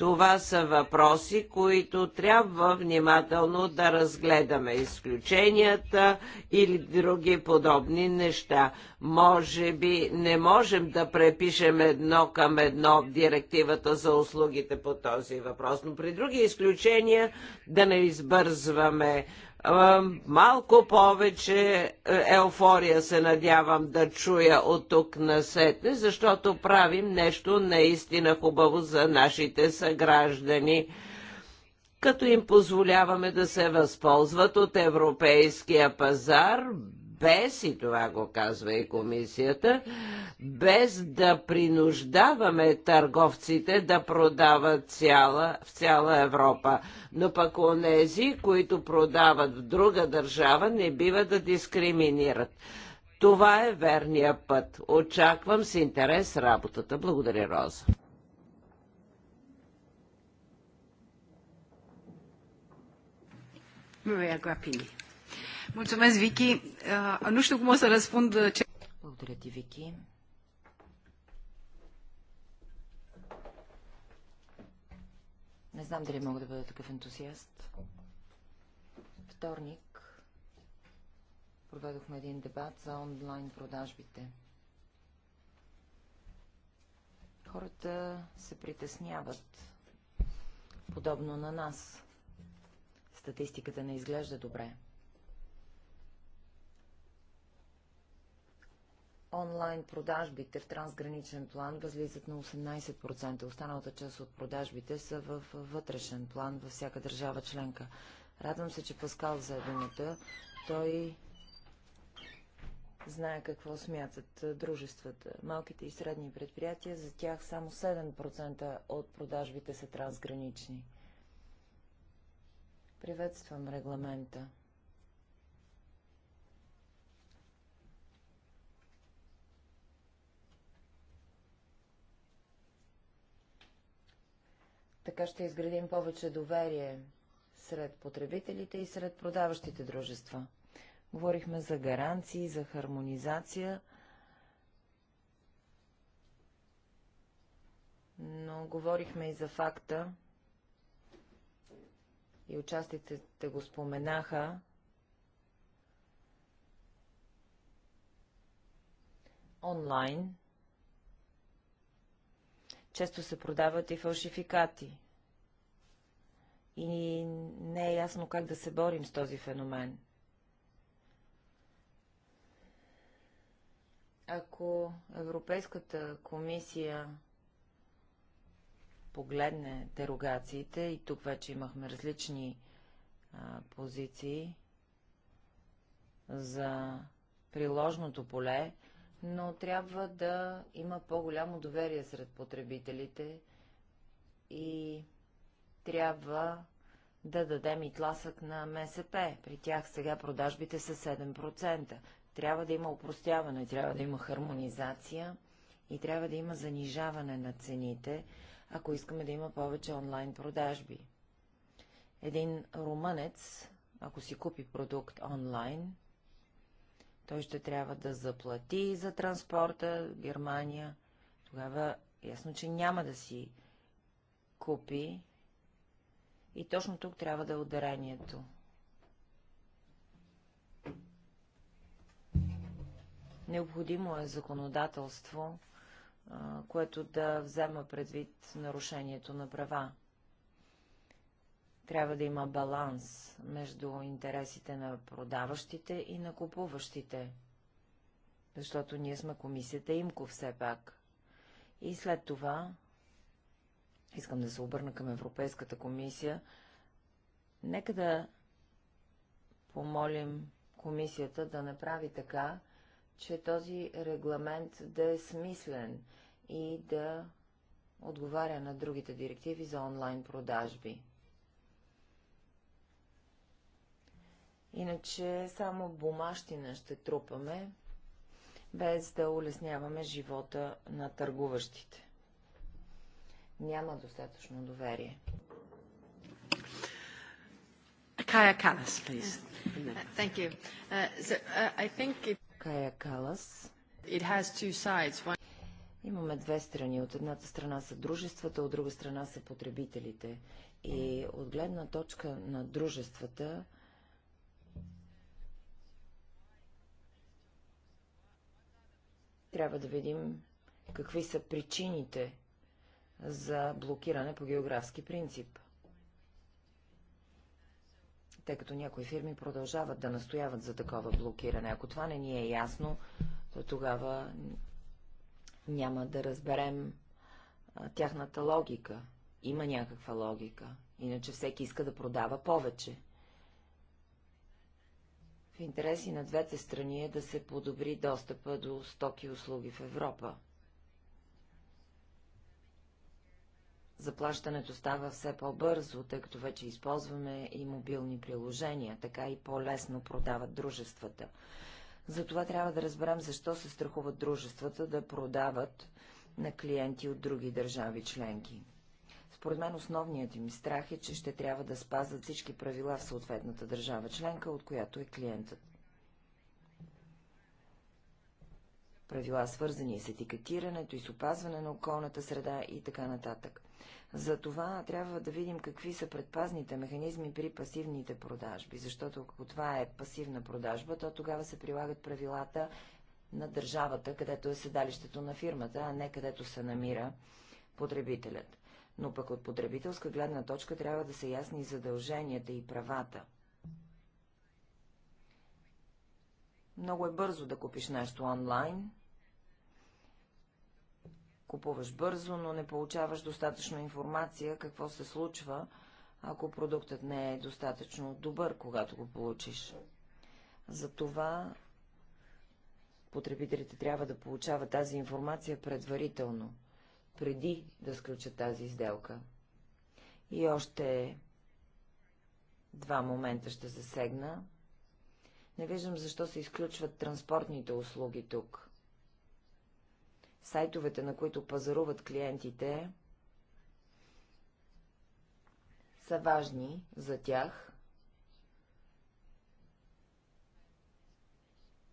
Това са въпроси, които трябва внимателно да разгледаме. Изключенията или други подобни неща. Може би не можем да препишем едно към едно директивата за услугите по този въпрос, но при други изключения да не избързваме. Малко повече е, еуфория се надявам да чуя от тук на сетне, защото правим нещо наистина хубаво за нашите съграждани като им позволяваме да се възползват от европейския пазар без, и това го казва и комисията, без да принуждаваме търговците да продават цяла, в цяла Европа. Но пък онези, които продават в друга държава, не бива да дискриминират. Това е верния път. Очаквам с интерес работата. Благодаря, Роза. Мария Грапини. Mulțumesc, Vicky. Uh, nu știu cum o să răspund uh, ce... Благодаря ти, Вики. Не знам дали мога да бъда такъв ентусиаст. Вторник проведохме един дебат за онлайн продажбите. Хората се притесняват, подобно на нас. Статистиката не изглежда добре. онлайн продажбите в трансграничен план възлизат на 18%. Останалата част от продажбите са в вътрешен план във всяка държава членка. Радвам се, че Паскал за думата. Той знае какво смятат дружествата. Малките и средни предприятия, за тях само 7% от продажбите са трансгранични. Приветствам регламента. Така ще изградим повече доверие сред потребителите и сред продаващите дружества. Говорихме за гаранции, за хармонизация, но говорихме и за факта, и участите го споменаха, онлайн – често се продават и фалшификати. И не е ясно как да се борим с този феномен. Ако Европейската комисия погледне дерогациите, и тук вече имахме различни а, позиции за приложното поле, но трябва да има по-голямо доверие сред потребителите и трябва да дадем и тласък на МСП. При тях сега продажбите са 7%. Трябва да има упростяване, трябва да има хармонизация и трябва да има занижаване на цените, ако искаме да има повече онлайн продажби. Един румънец, ако си купи продукт онлайн, той ще трябва да заплати за транспорта Германия. Тогава е ясно, че няма да си купи. И точно тук трябва да е ударението. Необходимо е законодателство, което да взема предвид нарушението на права. Трябва да има баланс между интересите на продаващите и на купуващите, защото ние сме комисията имко все пак. И след това искам да се обърна към Европейската комисия. Нека да помолим комисията да направи така, че този регламент да е смислен и да отговаря на другите директиви за онлайн продажби. Иначе само бумащина ще трупаме, без да улесняваме живота на търгуващите. Няма достатъчно доверие. Кая Калас, please. Thank you. Uh, so, uh, I think it... Кая Калас. It has two sides. One... Имаме две страни. От едната страна са дружествата, от друга страна са потребителите. И от гледна точка на дружествата, Трябва да видим какви са причините за блокиране по географски принцип. Тъй като някои фирми продължават да настояват за такова блокиране. Ако това не ни е ясно, то тогава няма да разберем тяхната логика. Има някаква логика. Иначе всеки иска да продава повече. В интереси на двете страни е да се подобри достъпа до стоки и услуги в Европа. Заплащането става все по-бързо, тъй като вече използваме и мобилни приложения, така и по-лесно продават дружествата. Затова трябва да разберем защо се страхуват дружествата да продават на клиенти от други държави членки. Според мен основният им страх е, че ще трябва да спазват всички правила в съответната държава членка, от която е клиентът. Правила свързани с етикетирането и с опазване на околната среда и така нататък. За това трябва да видим какви са предпазните механизми при пасивните продажби, защото ако това е пасивна продажба, то тогава се прилагат правилата на държавата, където е седалището на фирмата, а не където се намира потребителят но пък от потребителска гледна точка трябва да са ясни задълженията и правата. Много е бързо да купиш нещо онлайн. Купуваш бързо, но не получаваш достатъчно информация какво се случва, ако продуктът не е достатъчно добър, когато го получиш. Затова потребителите трябва да получават тази информация предварително преди да сключат тази сделка. И още два момента ще засегна. Не виждам защо се изключват транспортните услуги тук. Сайтовете, на които пазаруват клиентите, са важни за тях –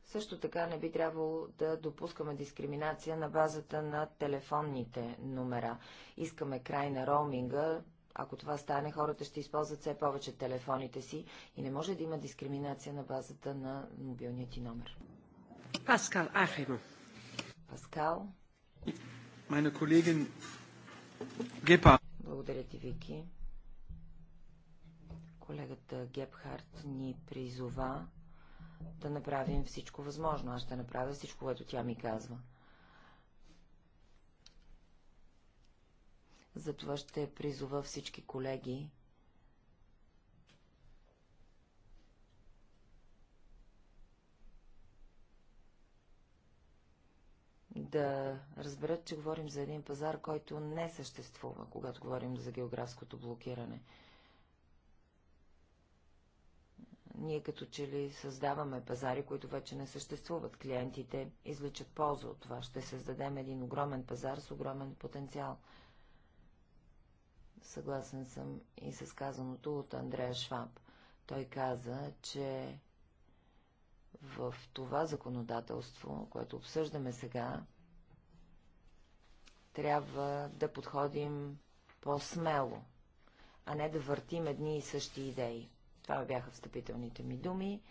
Също така не би трябвало да допускаме дискриминация на базата на телефонните номера. Искаме край на роуминга. Ако това стане, хората ще използват все повече телефоните си и не може да има дискриминация на базата на мобилния ти номер. Паскал Ахимо. Паскал. Майна колегин Гепа. Благодаря ти, Вики. Колегата Гепхарт ни призова да направим всичко възможно. Аз ще направя всичко, което тя ми казва. Затова ще призова всички колеги да разберат, че говорим за един пазар, който не съществува, когато говорим за географското блокиране. ние като че ли създаваме пазари, които вече не съществуват. Клиентите изличат полза от това. Ще създадем един огромен пазар с огромен потенциал. Съгласен съм и с казаното от Андрея Шваб. Той каза, че в това законодателство, което обсъждаме сега, трябва да подходим по-смело, а не да въртим едни и същи идеи. Това бяха встъпителните ми думи.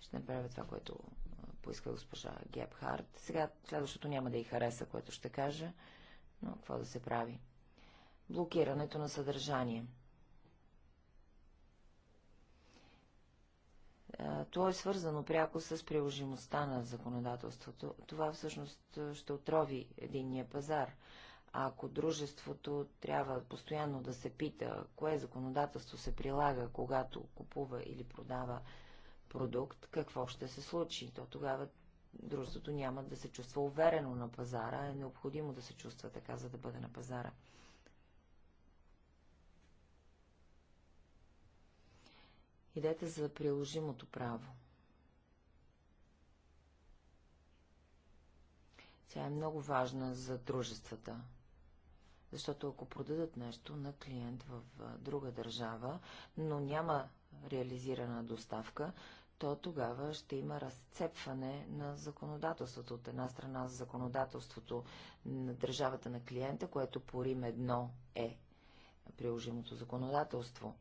Ще направя това, което поиска госпожа Гебхард. Сега следващото няма да й хареса, което ще кажа, но какво да се прави? Блокирането на съдържание. То е свързано пряко с приложимостта на законодателството. Това всъщност ще отрови единния пазар. А ако дружеството трябва постоянно да се пита, кое законодателство се прилага, когато купува или продава продукт, какво ще се случи, то тогава дружеството няма да се чувства уверено на пазара, е необходимо да се чувства така, за да бъде на пазара. Идете за приложимото право. Тя е много важна за дружествата. Защото ако продадат нещо на клиент в друга държава, но няма реализирана доставка, то тогава ще има разцепване на законодателството. От една страна за законодателството на държавата на клиента, което по Рим едно е приложимото законодателство.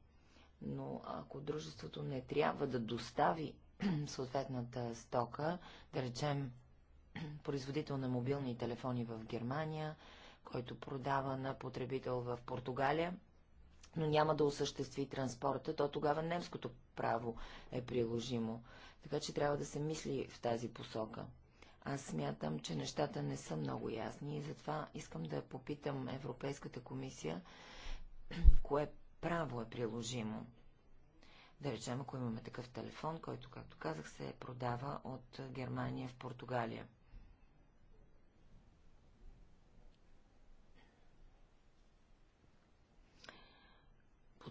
Но ако дружеството не трябва да достави съответната стока, да речем производител на мобилни телефони в Германия, който продава на потребител в Португалия, но няма да осъществи транспорта, то тогава немското право е приложимо. Така че трябва да се мисли в тази посока. Аз смятам, че нещата не са много ясни и затова искам да попитам Европейската комисия, кое право е приложимо. Да речем, ако имаме такъв телефон, който, както казах, се продава от Германия в Португалия.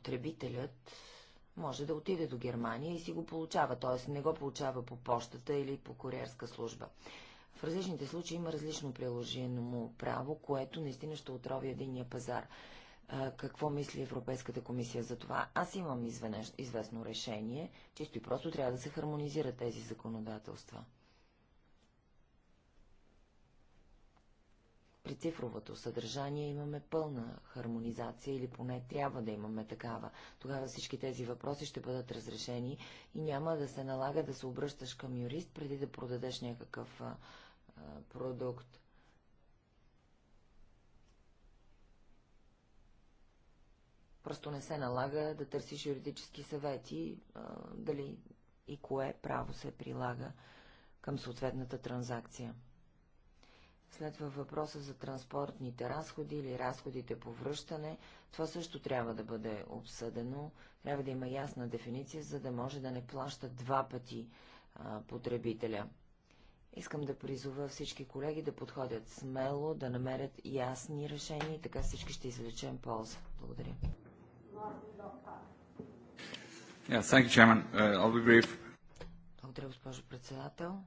потребителят може да отиде до Германия и си го получава, т.е. не го получава по почтата или по куриерска служба. В различните случаи има различно приложено му право, което наистина ще отрови единния пазар. какво мисли Европейската комисия за това? Аз имам известно решение, чисто и просто трябва да се хармонизират тези законодателства. при цифровото съдържание имаме пълна хармонизация или поне трябва да имаме такава. Тогава всички тези въпроси ще бъдат разрешени и няма да се налага да се обръщаш към юрист преди да продадеш някакъв а, продукт. Просто не се налага да търсиш юридически съвети, а, дали и кое право се прилага към съответната транзакция. Следва въпроса за транспортните разходи или разходите по връщане. Това също трябва да бъде обсъдено. Трябва да има ясна дефиниция, за да може да не плаща два пъти а, потребителя. Искам да призова всички колеги да подходят смело, да намерят ясни решения и така всички ще извлечем полза. Благодаря. Yeah, uh, Благодаря, госпожо председател.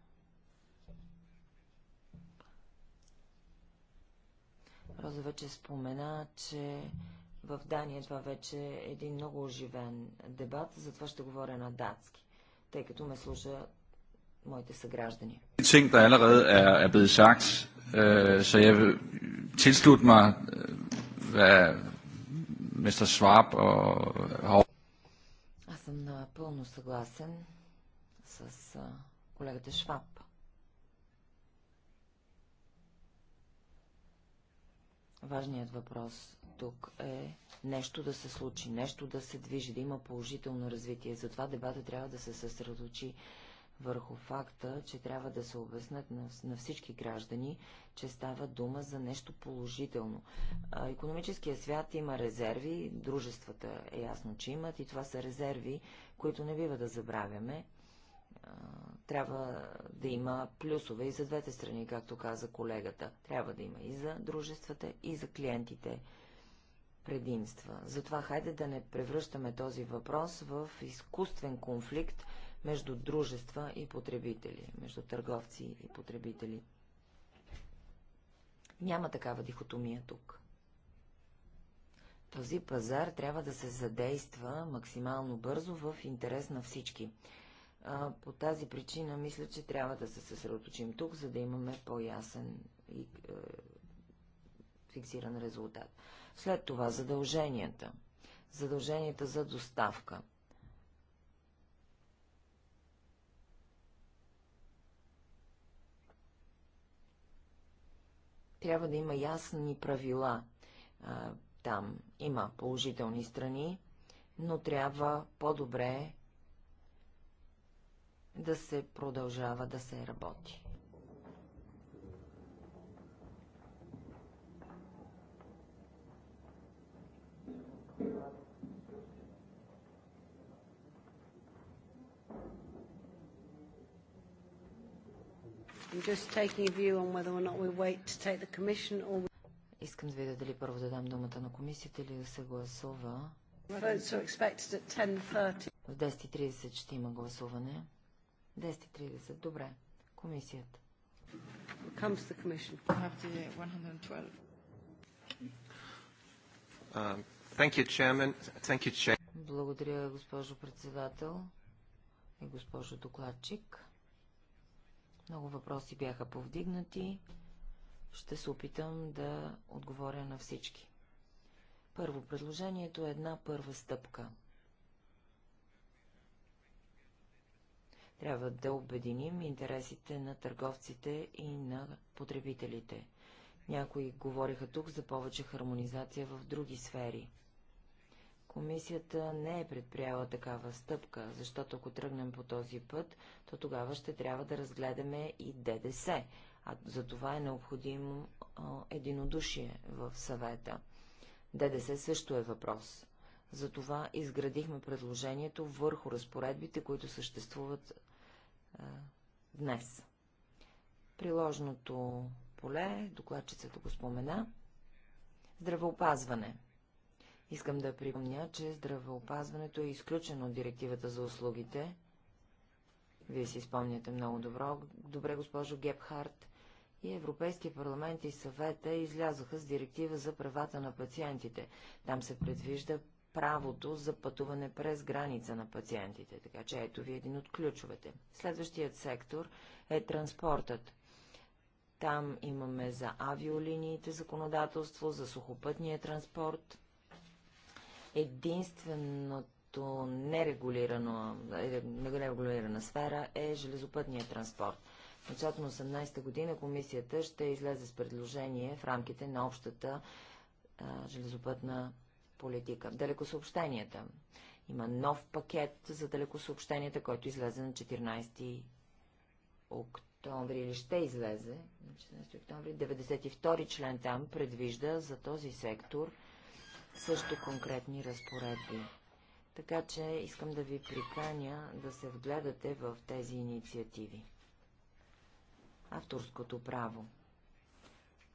Роза вече спомена, че в Дания това вече е един много оживен дебат, затова ще говоря на датски, тъй като ме слуша моите съграждани. Er, er øh, øh, Аз съм напълно съгласен с колегата Шваб. Важният въпрос тук е нещо да се случи, нещо да се движи, да има положително развитие. Затова дебата трябва да се съсредоточи върху факта, че трябва да се обяснат на, на всички граждани, че става дума за нещо положително. А, економическия свят има резерви, дружествата е ясно, че имат и това са резерви, които не бива да забравяме трябва да има плюсове и за двете страни, както каза колегата. Трябва да има и за дружествата, и за клиентите предимства. Затова хайде да не превръщаме този въпрос в изкуствен конфликт между дружества и потребители, между търговци и потребители. Няма такава дихотомия тук. Този пазар трябва да се задейства максимално бързо в интерес на всички. А, по тази причина мисля, че трябва да се съсредоточим тук, за да имаме по-ясен и е, фиксиран резултат. След това задълженията. Задълженията за доставка. Трябва да има ясни правила. А, е, там има положителни страни, но трябва по-добре да се продължава да се работи. Искам да видя дали първо да дам думата на комисията или да се гласува. В 10.30 ще има гласуване. 10.30. Добре. Комисията. Comes the commission. have the 112. Uh, thank you, chairman. Thank you, chair. Благодаря, госпожо председател и госпожо докладчик. Много въпроси бяха повдигнати. Ще се опитам да отговоря на всички. Първо, предложението е една първа стъпка – Трябва да обединим интересите на търговците и на потребителите. Някои говориха тук за повече хармонизация в други сфери. Комисията не е предприяла такава стъпка, защото ако тръгнем по този път, то тогава ще трябва да разгледаме и ДДС, а за това е необходимо единодушие в съвета. ДДС също е въпрос. Затова изградихме предложението върху разпоредбите, които съществуват днес. Приложното поле, докладчицата го спомена, здравеопазване. Искам да припомня, че здравеопазването е изключено от директивата за услугите. Вие си спомняте много добро, добре, госпожо Гепхарт, и Европейския парламент и съвета излязоха с директива за правата на пациентите. Там се предвижда правото за пътуване през граница на пациентите, така че ето ви един от ключовете. Следващият сектор е транспортът. Там имаме за авиолиниите законодателство, за сухопътния транспорт. Единственото нерегулирано, е, нерегулирана сфера е железопътния транспорт. В началото на 18-та година комисията ще излезе с предложение в рамките на общата а, железопътна политика. Далекосъобщенията. Има нов пакет за далекосъобщенията, който излезе на 14 октомври или ще излезе на 14 октомври. 92 член там предвижда за този сектор също конкретни разпоредби. Така че искам да ви приканя да се вгледате в тези инициативи. Авторското право.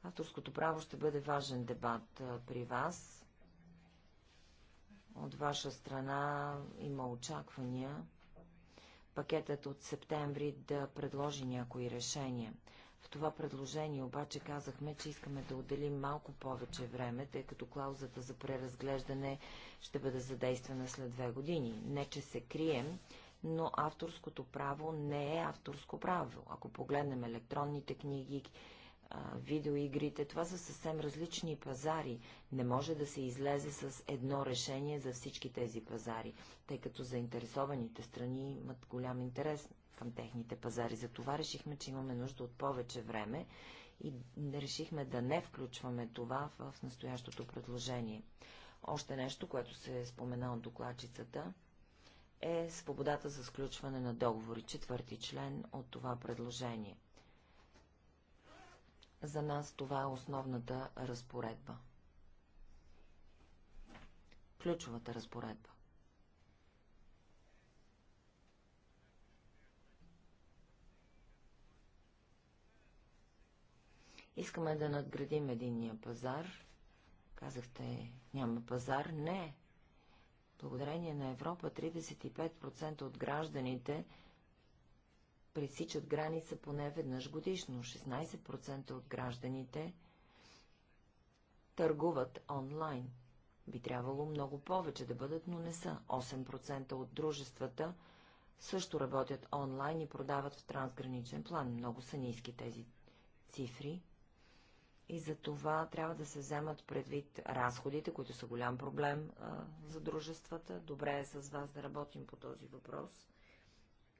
Авторското право ще бъде важен дебат при вас от ваша страна има очаквания пакетът от септември да предложи някои решения. В това предложение обаче казахме, че искаме да отделим малко повече време, тъй като клаузата за преразглеждане ще бъде задействана след две години. Не, че се крием, но авторското право не е авторско право. Ако погледнем електронните книги, видеоигрите. Това са съвсем различни пазари. Не може да се излезе с едно решение за всички тези пазари, тъй като заинтересованите страни имат голям интерес към техните пазари. Затова решихме, че имаме нужда от повече време и решихме да не включваме това в настоящото предложение. Още нещо, което се спомена от докладчицата, е свободата за сключване на договори, четвърти член от това предложение – за нас това е основната разпоредба. Ключовата разпоредба. Искаме да надградим единния пазар. Казахте, няма пазар. Не. Благодарение на Европа 35% от гражданите пресичат граница поне веднъж годишно. 16% от гражданите търгуват онлайн. Би трябвало много повече да бъдат, но не са. 8% от дружествата също работят онлайн и продават в трансграничен план. Много са ниски тези цифри. И за това трябва да се вземат предвид разходите, които са голям проблем а, за дружествата. Добре е с вас да работим по този въпрос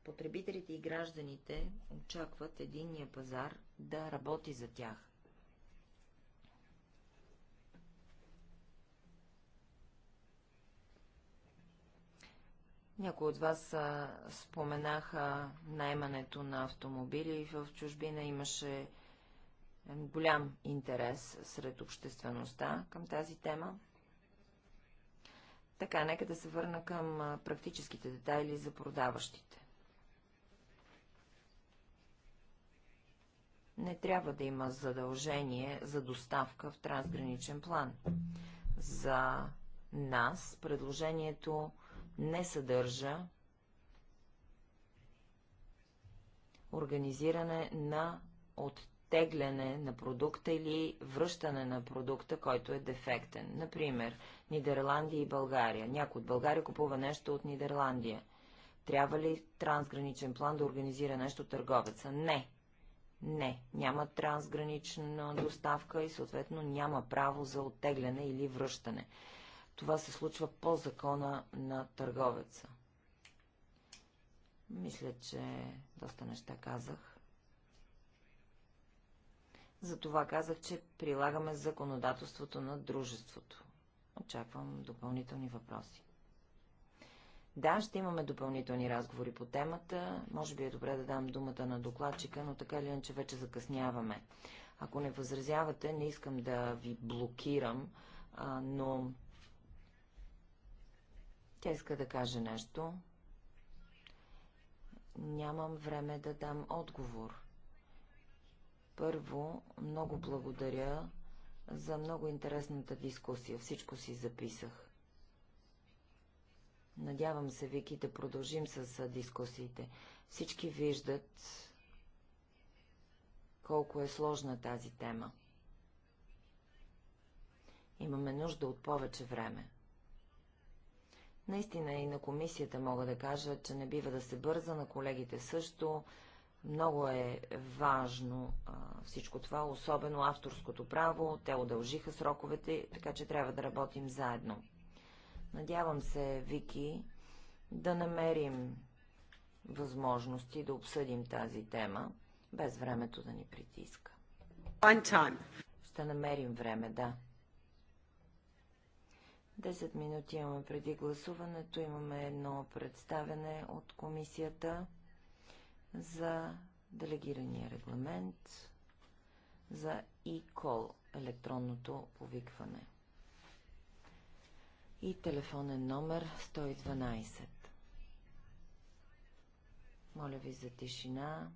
Потребителите и гражданите очакват единния пазар да работи за тях. Някои от вас а, споменаха найемането на автомобили в чужбина. Имаше голям интерес сред обществеността към тази тема. Така, нека да се върна към практическите детайли за продаващите. не трябва да има задължение за доставка в трансграничен план. За нас предложението не съдържа организиране на оттегляне на продукта или връщане на продукта, който е дефектен. Например, Нидерландия и България. Някой от България купува нещо от Нидерландия. Трябва ли трансграничен план да организира нещо търговеца? Не. Не, няма трансгранична доставка и съответно няма право за оттегляне или връщане. Това се случва по закона на търговеца. Мисля, че доста неща казах. Затова казах, че прилагаме законодателството на дружеството. Очаквам допълнителни въпроси. Да, ще имаме допълнителни разговори по темата. Може би е добре да дам думата на докладчика, но така или иначе вече закъсняваме. Ако не възразявате, не искам да ви блокирам, а, но тя иска да каже нещо. Нямам време да дам отговор. Първо, много благодаря за много интересната дискусия. Всичко си записах. Надявам се, Вики, да продължим с дискусиите. Всички виждат колко е сложна тази тема. Имаме нужда от повече време. Наистина и на комисията мога да кажа, че не бива да се бърза, на колегите също. Много е важно а, всичко това, особено авторското право. Те удължиха сроковете, така че трябва да работим заедно. Надявам се, Вики, да намерим възможности да обсъдим тази тема, без времето да ни притиска. Ще намерим време, да. Десет минути имаме преди гласуването. Имаме едно представяне от комисията за делегирания регламент за e-call, електронното повикване и телефонен номер 112. Моля ви за тишина,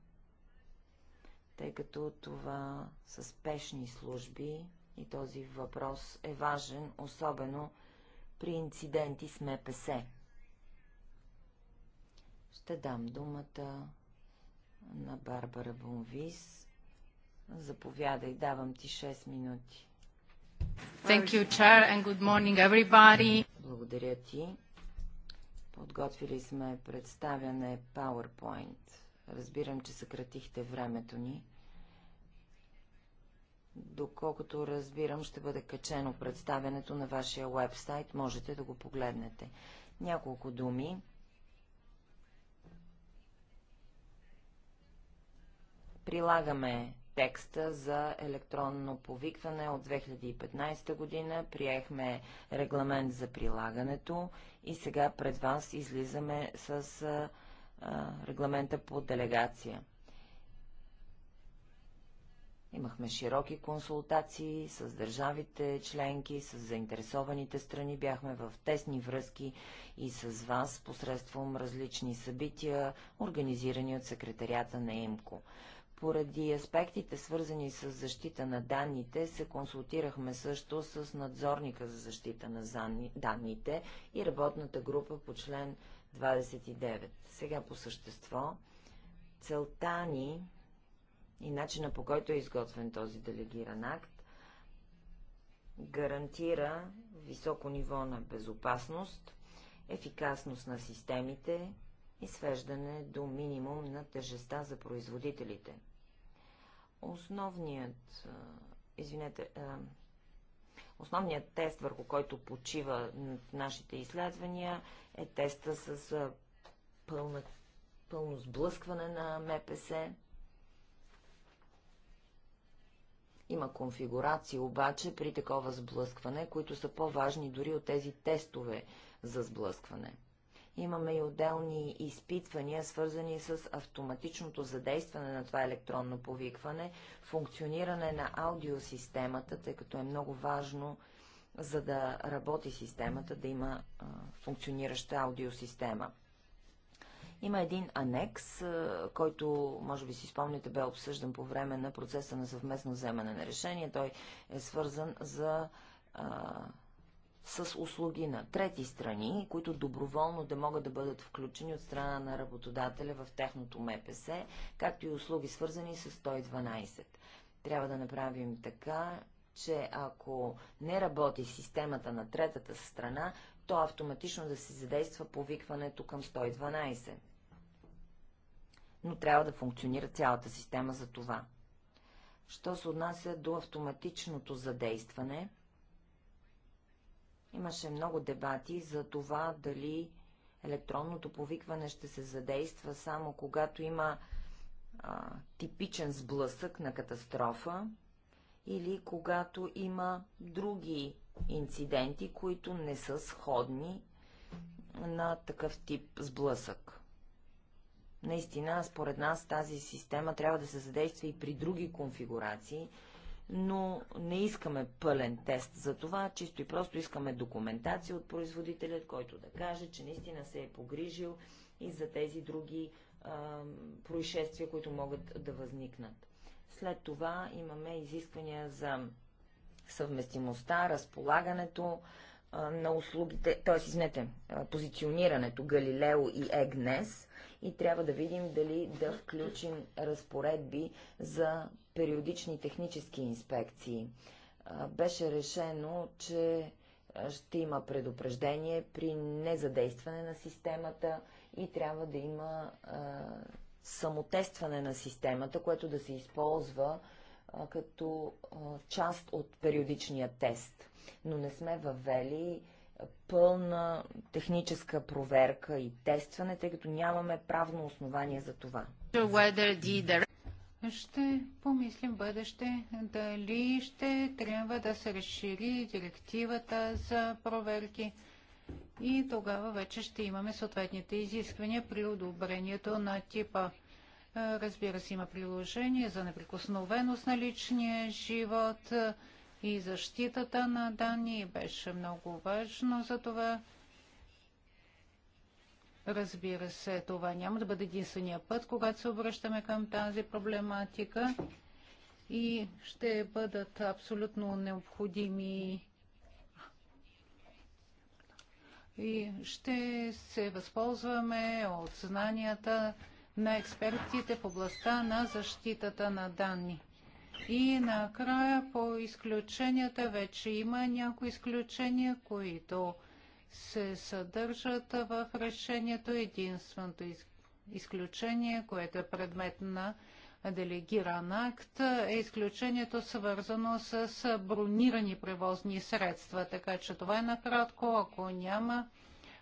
тъй като това са спешни служби и този въпрос е важен, особено при инциденти с МПС. Ще дам думата на Барбара Бонвис. Заповядай, давам ти 6 минути. Thank you, Chair, and good morning, everybody. Благодаря ти. Подготвили сме представяне PowerPoint. Разбирам, че съкратихте времето ни. Доколкото разбирам, ще бъде качено представянето на вашия вебсайт. Можете да го погледнете. Няколко думи. Прилагаме текста за електронно повикване от 2015 година, приехме регламент за прилагането и сега пред вас излизаме с а, а, регламента по делегация. Имахме широки консултации с държавите членки, с заинтересованите страни. Бяхме в тесни връзки и с вас посредством различни събития, организирани от секретарията на ИМКО. Поради аспектите, свързани с защита на данните, се консултирахме също с надзорника за защита на данните и работната група по член 29. Сега по същество, целта ни и начина по който е изготвен този делегиран акт гарантира високо ниво на безопасност, ефикасност на системите, и свеждане до минимум на тежеста за производителите. Основният, извинете, основният тест, върху който почива нашите изследвания, е теста с пълна, пълно сблъскване на МПС. Има конфигурации обаче при такова сблъскване, които са по-важни дори от тези тестове за сблъскване. Имаме и отделни изпитвания, свързани с автоматичното задействане на това електронно повикване, функциониране на аудиосистемата, тъй като е много важно, за да работи системата, да има а, функционираща аудиосистема. Има един анекс, който, може би си спомняте, бе обсъждан по време на процеса на съвместно вземане на решение. Той е свързан за а, с услуги на трети страни, които доброволно да могат да бъдат включени от страна на работодателя в техното МПС, както и услуги свързани с 112. Трябва да направим така, че ако не работи системата на третата страна, то автоматично да се задейства повикването към 112. Но трябва да функционира цялата система за това. Що се отнася до автоматичното задействане – Имаше много дебати за това дали електронното повикване ще се задейства само когато има а, типичен сблъсък на катастрофа или когато има други инциденти, които не са сходни на такъв тип сблъсък. Наистина, според нас тази система трябва да се задейства и при други конфигурации, но не искаме пълен тест за това, чисто и просто искаме документация от производителят, който да каже, че наистина се е погрижил и за тези други а, происшествия, които могат да възникнат. След това имаме изисквания за съвместимостта, разполагането а, на услугите, т.е. позиционирането Галилео и Егнес и трябва да видим дали да включим разпоредби за периодични технически инспекции. Беше решено, че ще има предупреждение при незадействане на системата и трябва да има самотестване на системата, което да се използва като част от периодичния тест. Но не сме въвели пълна техническа проверка и тестване, тъй като нямаме правно основание за това. Ще помислим бъдеще дали ще трябва да се разшири директивата за проверки и тогава вече ще имаме съответните изисквания при одобрението на типа. Разбира се, има приложение за неприкосновеност на личния живот, и защитата на данни беше много важно за това. Разбира се, това няма да бъде единствения път, когато се обръщаме към тази проблематика и ще бъдат абсолютно необходими и ще се възползваме от знанията на експертите в областта на защитата на данни. И накрая по изключенията вече има някои изключения, които се съдържат в решението. Единственото изключение, което е предмет на делегиран акт, е изключението свързано с бронирани превозни средства. Така че това е накратко. Ако няма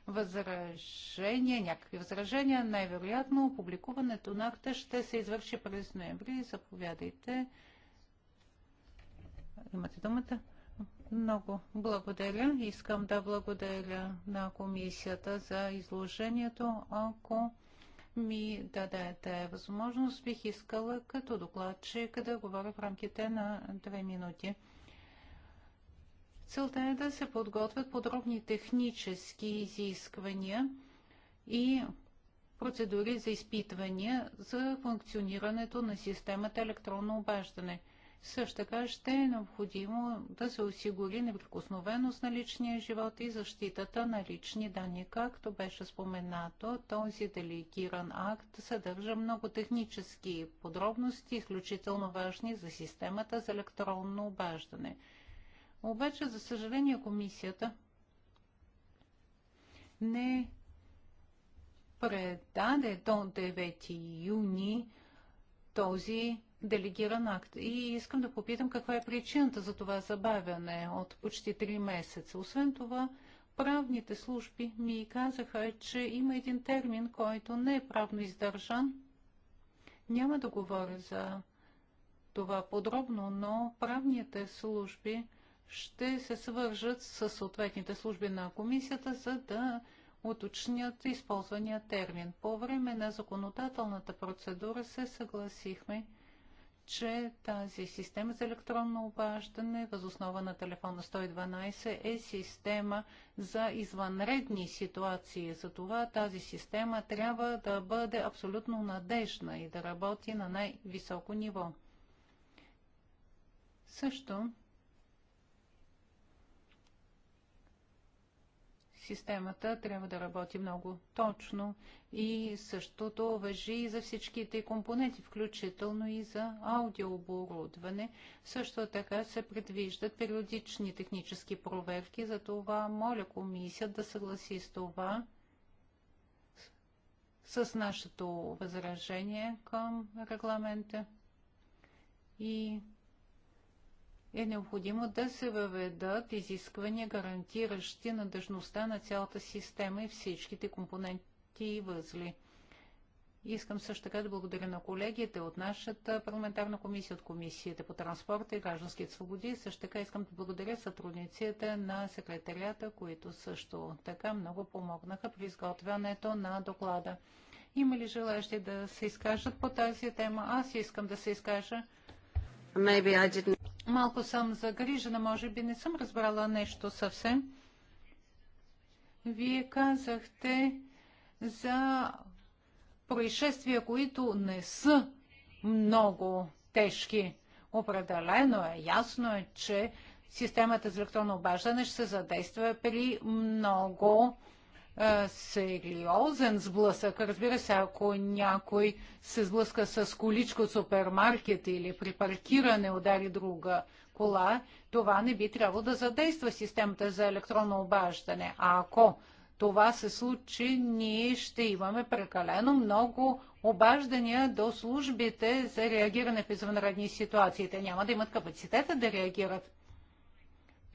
възражения, някакви възражения, най-вероятно публикуването на акта ще се извърши през ноември. Заповядайте. Имате думата. Много благодаря. Искам да благодаря на комисията за изложението. Ако ми дадете възможност, бих искала като докладчик да говоря в рамките на две минути. Целта е да се подготвят подробни технически изисквания и процедури за изпитвания за функционирането на системата електронно обаждане – също така ще е необходимо да се осигури неприкосновеност на личния живот и защитата на лични данни. Както беше споменато, този делегиран акт съдържа много технически подробности, изключително важни за системата за електронно обаждане. Обаче, за съжаление, комисията не предаде до 9 юни този делегиран акт. И искам да попитам каква е причината за това забавяне от почти 3 месеца. Освен това, правните служби ми казаха, че има един термин, който не е правно издържан. Няма да говоря за това подробно, но правните служби ще се свържат с съответните служби на комисията, за да уточнят използвания термин. По време на законодателната процедура се съгласихме, че тази система за електронно обаждане възоснова на телефона 112 е система за извънредни ситуации. Затова тази система трябва да бъде абсолютно надежна и да работи на най-високо ниво. Също системата трябва да работи много точно и същото въжи и за всичките компоненти, включително и за аудиооборудване. Също така се предвиждат периодични технически проверки, за това моля комисията да съгласи с това с нашето възражение към регламента и е необходимо да се въведат изисквания, гарантиращи надежността на цялата система и всичките компоненти и възли. Искам също така да благодаря на колегите от нашата парламентарна комисия, от Комисията по транспорта и гражданските свободи. Също така искам да благодаря сътрудниците на секретарията, които също така много помогнаха при изготвянето на доклада. Има ли желащи да се изкажат по тази тема? Аз искам да се изкажа. Maybe I didn't... Малко съм загрижена, може би не съм разбрала нещо съвсем. Вие казахте за происшествия, които не са много тежки. Определено е, ясно е, че системата за електронно обаждане ще се задейства при много сериозен сблъсък. Разбира се, ако някой се сблъска с количко от супермаркет или при паркиране удари друга кола, това не би трябвало да задейства системата за електронно обаждане. А ако това се случи, ние ще имаме прекалено много обаждания до службите за реагиране в извънредни ситуации. Те няма да имат капацитета да реагират.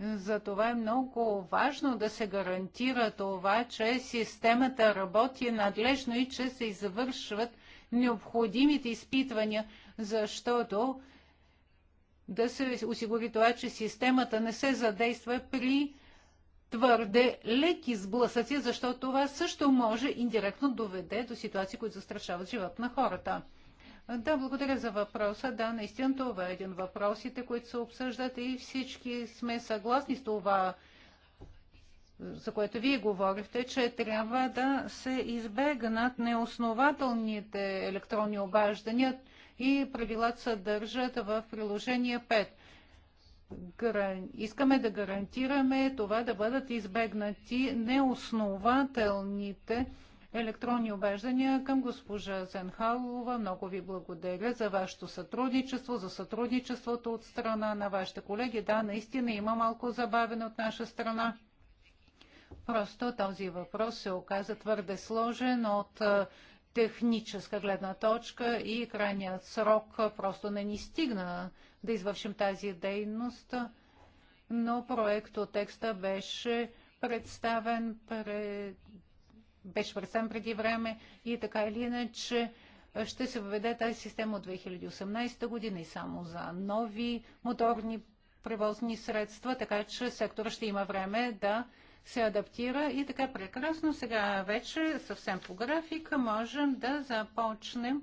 Затова е много важно да се гарантира това, че системата работи надлежно и че се извършват необходимите изпитвания, защото да се осигури това, че системата не се задейства при твърде леки сблъсъци, защото това също може индиректно доведе до ситуации, които застрашават живот на хората. Да, благодаря за въпроса. Да, наистина това е един въпросите, които се обсъждат и всички сме съгласни с това, за което вие говорихте, че трябва да се избегнат неоснователните електронни обаждания и правилата съдържат в приложение 5. Искаме да гарантираме това да бъдат избегнати неоснователните електронни обеждания към госпожа Зенхалова. Много ви благодаря за вашето сътрудничество, за сътрудничеството от страна на вашите колеги. Да, наистина има малко забавене от наша страна. Просто този въпрос се оказа твърде сложен от техническа гледна точка и крайният срок просто не ни стигна да извършим тази дейност, но проекто текста беше представен пред беше представен преди време и така или иначе ще се въведе тази система от 2018 година и само за нови моторни превозни средства, така че сектора ще има време да се адаптира и така прекрасно. Сега вече съвсем по графика можем да започнем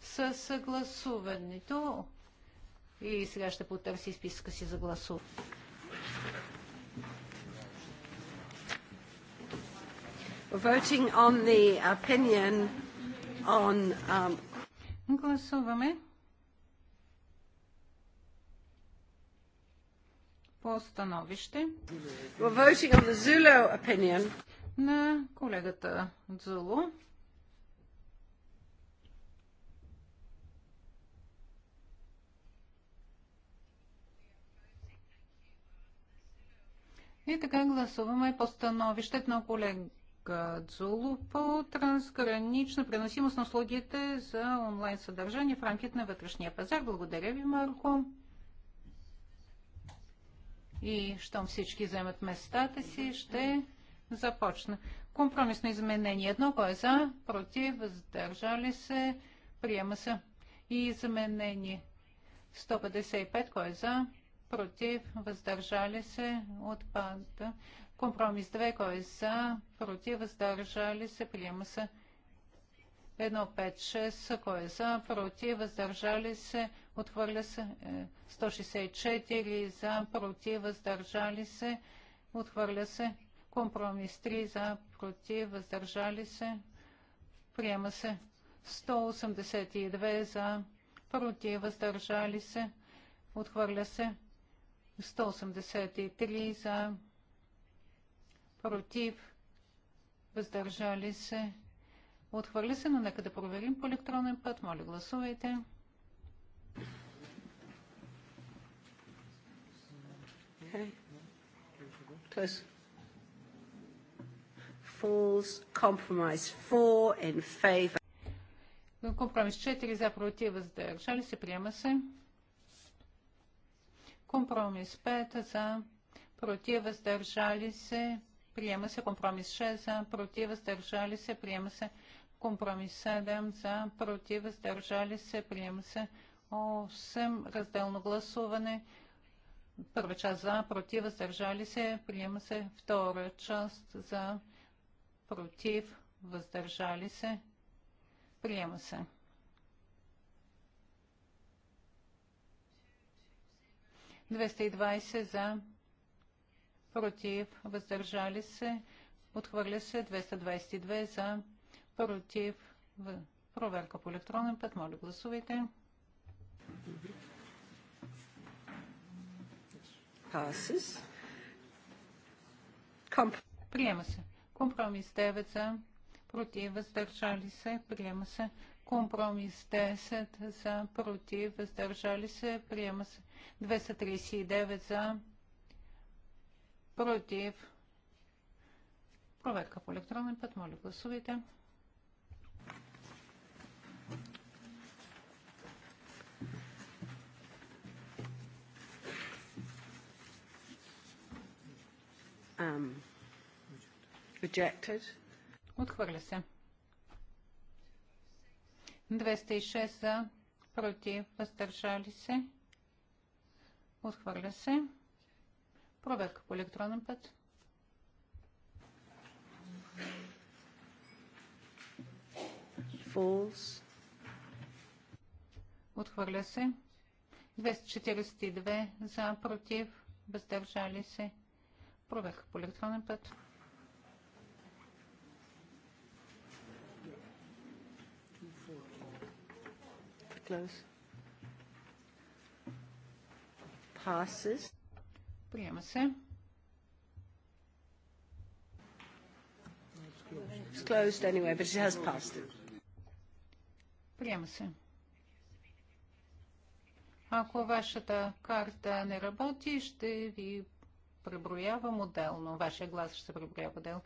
с гласуването. И сега ще потърси списка си за гласуване. Voting on the opinion on, um... Гласуваме по становище We're voting on the Zulu opinion. на колегата Зулу. И така гласуваме по становището на колегата Гадзулу по трансгранична преносимост на услугите за онлайн съдържание в рамките на вътрешния пазар. Благодаря ви, Марко. И щом всички вземат местата си, ще започна. Компромисно изменение едно, кой е за, против, въздържали се, приема се. И изменение 155, кой е за, против, въздържали се, отпада. Компромис 2, кой е за, против, въздържали се, приема се. 156, кой е за, против, въздържали се, отхвърля се. 164 е, за, против, въздържали се, отхвърля се. Компромис 3 за, против, въздържали се, приема се. 182 за, против, въздържали се, отхвърля се. 183 за, против, въздържали се, отхвърля се, но нека да проверим по електронен път. Моля, гласувайте. Компромис 4 за против въздържали се. Приема се. Компромис 5 за против въздържали се приема се компромис 6 за, против, въздържали се, приема се компромис 7 за, против, въздържали се, приема се 8 разделно гласуване. Първа част за, против, въздържали се, приема се втора част за, против, въздържали се, приема се. 220 за, против, въздържали се, отхвърля се 222 за, против, в... проверка по електронен път, моля гласувайте. Приема се. Компромис 9 за, против, въздържали се, приема се. Компромис 10 за, против, въздържали се, приема се. 239 за, против. Проверка по електронен път. Моля, гласувайте. Отхвърля се. 206 за, против, въздържали се. Отхвърля се. Проверка по електронен път. False. Отхвърля се. 242 за, против, въздържали се. Проверка по електронен път. Close. Passes. Приема се. Приема се. Ако вашата карта не работи, ще ви преброявам отделно. Вашия глас ще се преброява отделно.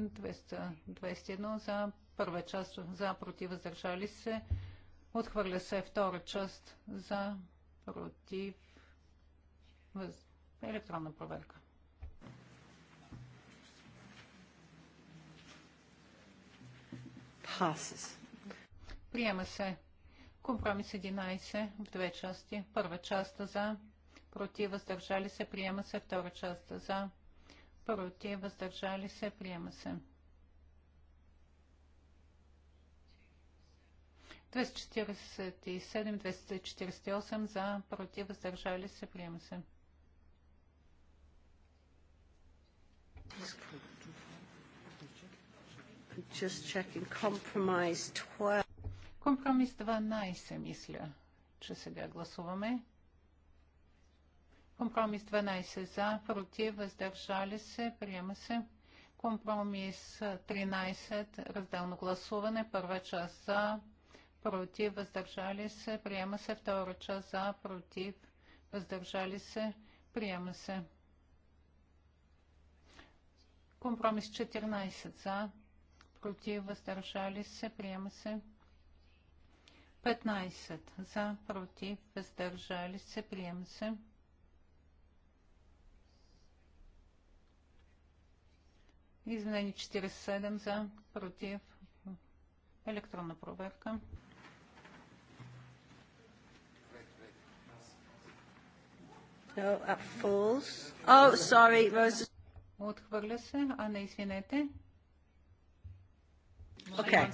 221 за първа част за против въздържали се. Отхвърля се втора част за против въз... Електронна проверка. Passes. Приема се компромис 11 в две части. Първа част за, против, въздържали се, приема се. Втора част за, против, въздържали се, приема се. 247-248 за, против, въздържали се, приема се. Just checking compromise 12. Компромис 12, мисля, че сега гласуваме. Компромис 12 за, против, въздържали се, приема се. Компромис 13, разделно гласуване, първа част за, против, въздържали се, приема се, втора част за, против, въздържали се, приема се. Компромис 14 за, против, въздържали се, приема се. 15 за, против, въздържали се, приема се. Изменени 47 за, против, електронна проверка. Oh, up false. Oh, sorry, Rosa. Отхвърля се. А не, извинете. Okay.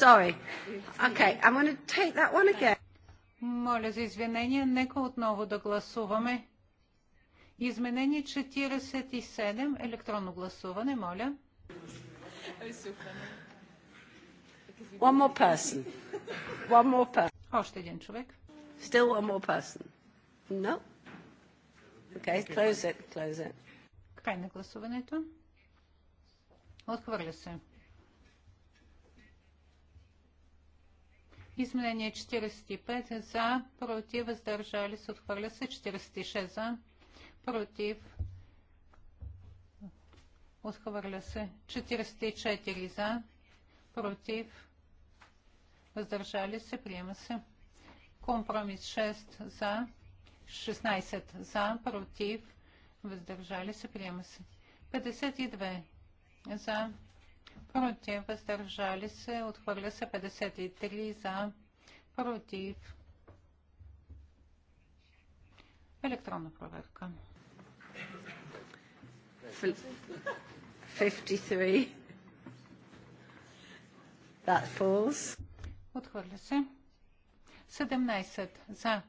Sorry. Okay, I'm going to take that one again. Моля за извинение, нека отново да гласуваме. Изменение 47, електронно гласуване, моля. Е, one more person. One more person. Още един човек. Still one more person. No. Nope. Okay, close it, close it. Край на гласуването. Отхвърля се. Изменение 45 за, против, въздържали се, отхвърля се, 46 за, против, отхвърля се, 44 за, против, въздържали се, приема се. Компромис 6 за, 16 за, против, въздържали се, приема се. 52 за, против, въздържали се, отхвърля се. 53 за, против. Електронна проверка. 53. That falls. Отхвърля се. 17 за,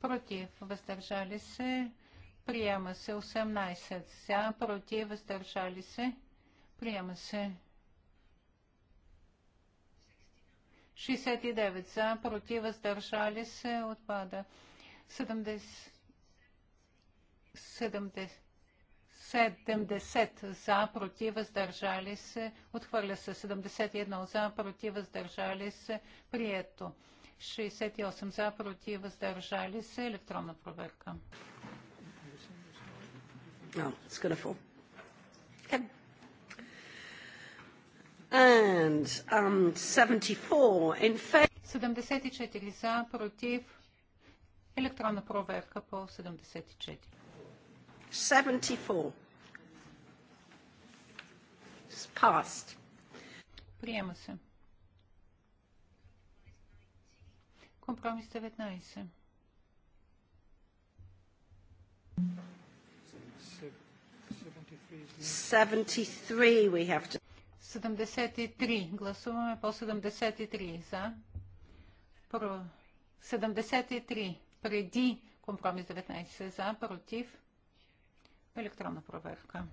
против, въздържали се, приема се 18 за, против, въздържали се, приема се 69 за, против, въздържали се, отпада 70, 70 за, против, въздържали се, отхвърля се 71 за, против, въздържали се, прието. 68 за, против, въздържали се. Електронна проверка. No, And um, 74 in 74 за, против. Електронна проверка по 74. 74. It's passed. Приема се. Компромис 19. Седемдесет и три. Гласуваме по 73. За. Седемдесет и три. Преди компромис 19. За. Против. Електронна проверка.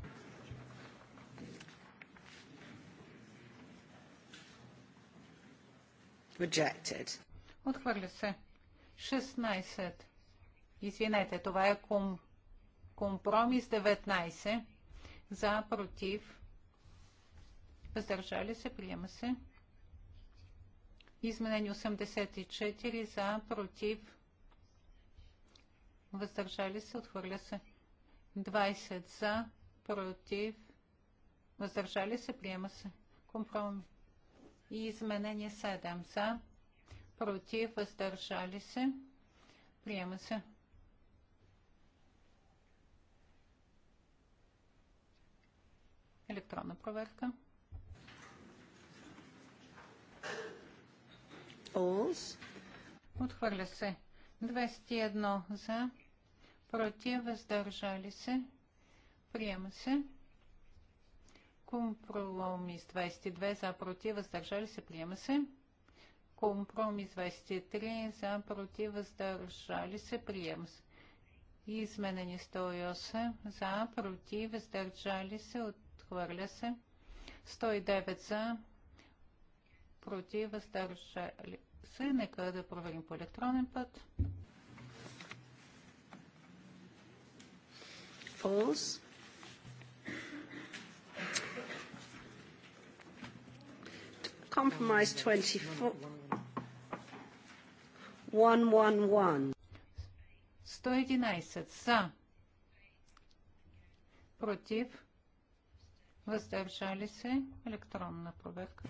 Rejected. Отхвърля се. 16. Извинете, това е ком... компромис 19. За, против. Въздържали се, приема се. Изменени 84 за, против. Въздържали се, отхвърля се. 20 за, против. Въздържали се, приема се. Компромис. И изменение 7 за, против, въздържали се, приема се. Електронна проверка. Олс. Отхвърля се. 201 за, против, въздържали се, приема се. Компромис 22 за, против, въздържали се, приема се. Компромис 23 за против въздържали се прием. Изменени 108 за против въздържали се отхвърля се. 109 за против въздържали се. Нека да проверим по електронен път. False. Compromise 24. 111. 111 за. Против. Въздържали се. Електронна проверка.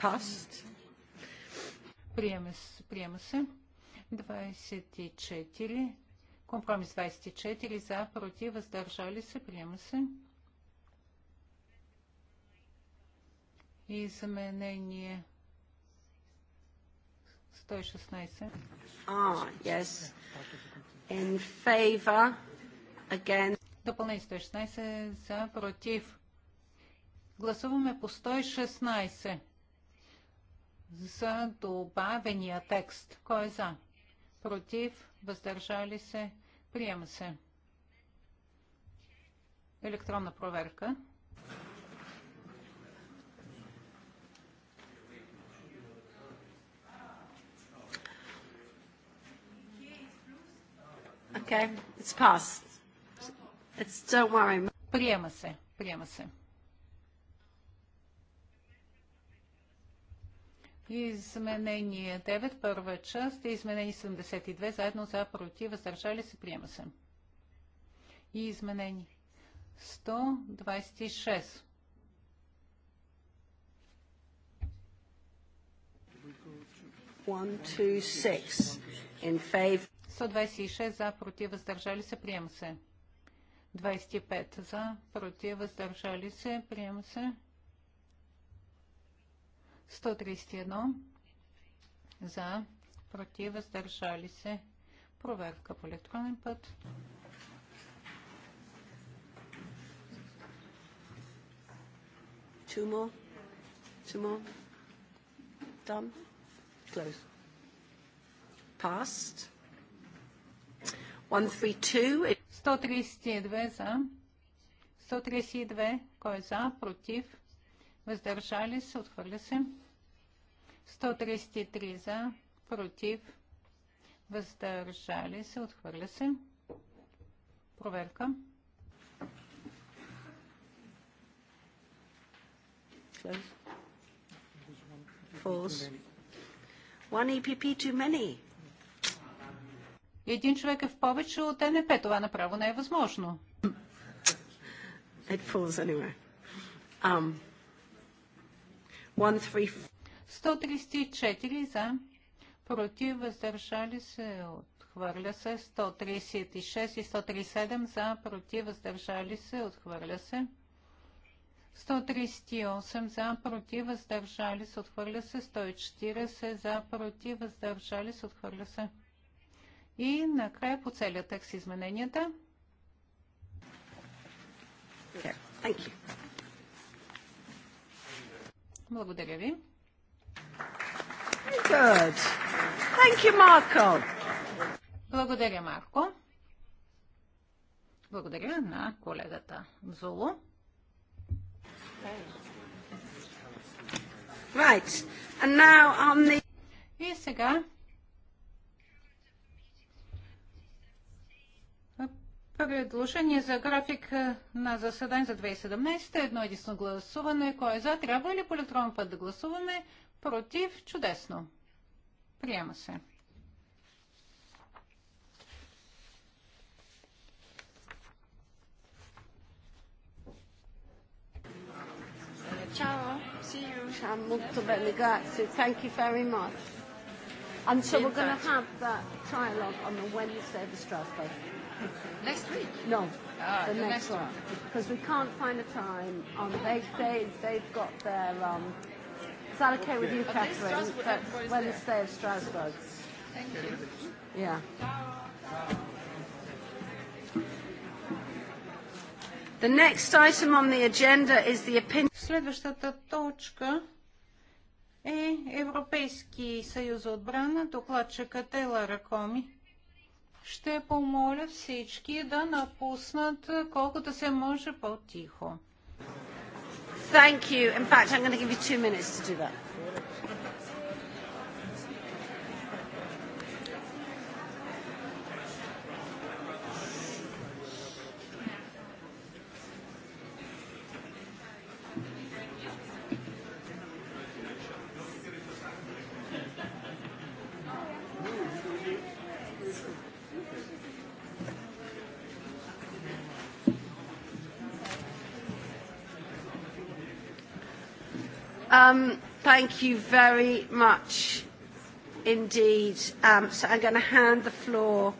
Паст. приема се. 24. Компромис 24 за, против, въздържали се, приема се. Изменение 116. А, yes. In favor, again. Допълнение 116 за против. Гласуваме по 116 за добавения текст. Кой е за? Против? Въздържали се? Приема се. Електронна проверка. Okay, it's passed. It's, don't worry. Приема се, приема се. Изменение 9, първа част, изменение 72, заедно за, против, въздържали се, приема се. И изменение 126. One, two, six. In favor. 126 за, против, въздържали се, приема се. 25 за, против, въздържали се, приема се. 131 за, против, въздържали се. Проверка по електронен път. Two more. Two more. Done. Close. Passed. 132. за. 132. Кой е за? Против. Въздържали се. Отхвърля се. 133 за. Против. Въздържали се. Отхвърля се. Проверка. False. One EPP too many. Един човек е в повече от НП. Това направо не е възможно. It falls anyway. Um, 134 за, против, въздържали се, отхвърля се, 136 и 137 за, против, въздържали се, отхвърля се. 138 за, против, въздържали се, отхвърля се, 140 за, против, въздържали се, отхвърля се. И накрая по целият текст измененията. Благодаря ви. Good. Thank you, Marco. Благодаря, Марко. Благодаря на колегата Золо. Right. And now on the... И сега предложение за график на заседание за 2017. Едно единствено гласуване. Кой е за? Трябва ли по електронен път да гласуваме? Против? Чудесно. Приема се. Чао. see bene, grazie. Thank you very much. And so we're going to have that trialogue on the Wednesday of Strasbourg. Next week? No. Ah, the, the next, next one. Because we can't find a time. Um, they, they, they've got their. Um, is that okay, with you, Catherine? That's Wednesday of Strasbourg. Thank you. Yeah. The next item on the agenda is the opinion. Следващата точка е Европейски съюз за отбрана, докладчика Тейлара Коми ще помоля всички да напуснат колкото да се може по-тихо. Thank you. In fact, I'm going to give you two minutes to do that. Um, thank you very much indeed. Um, so I'm going to hand the floor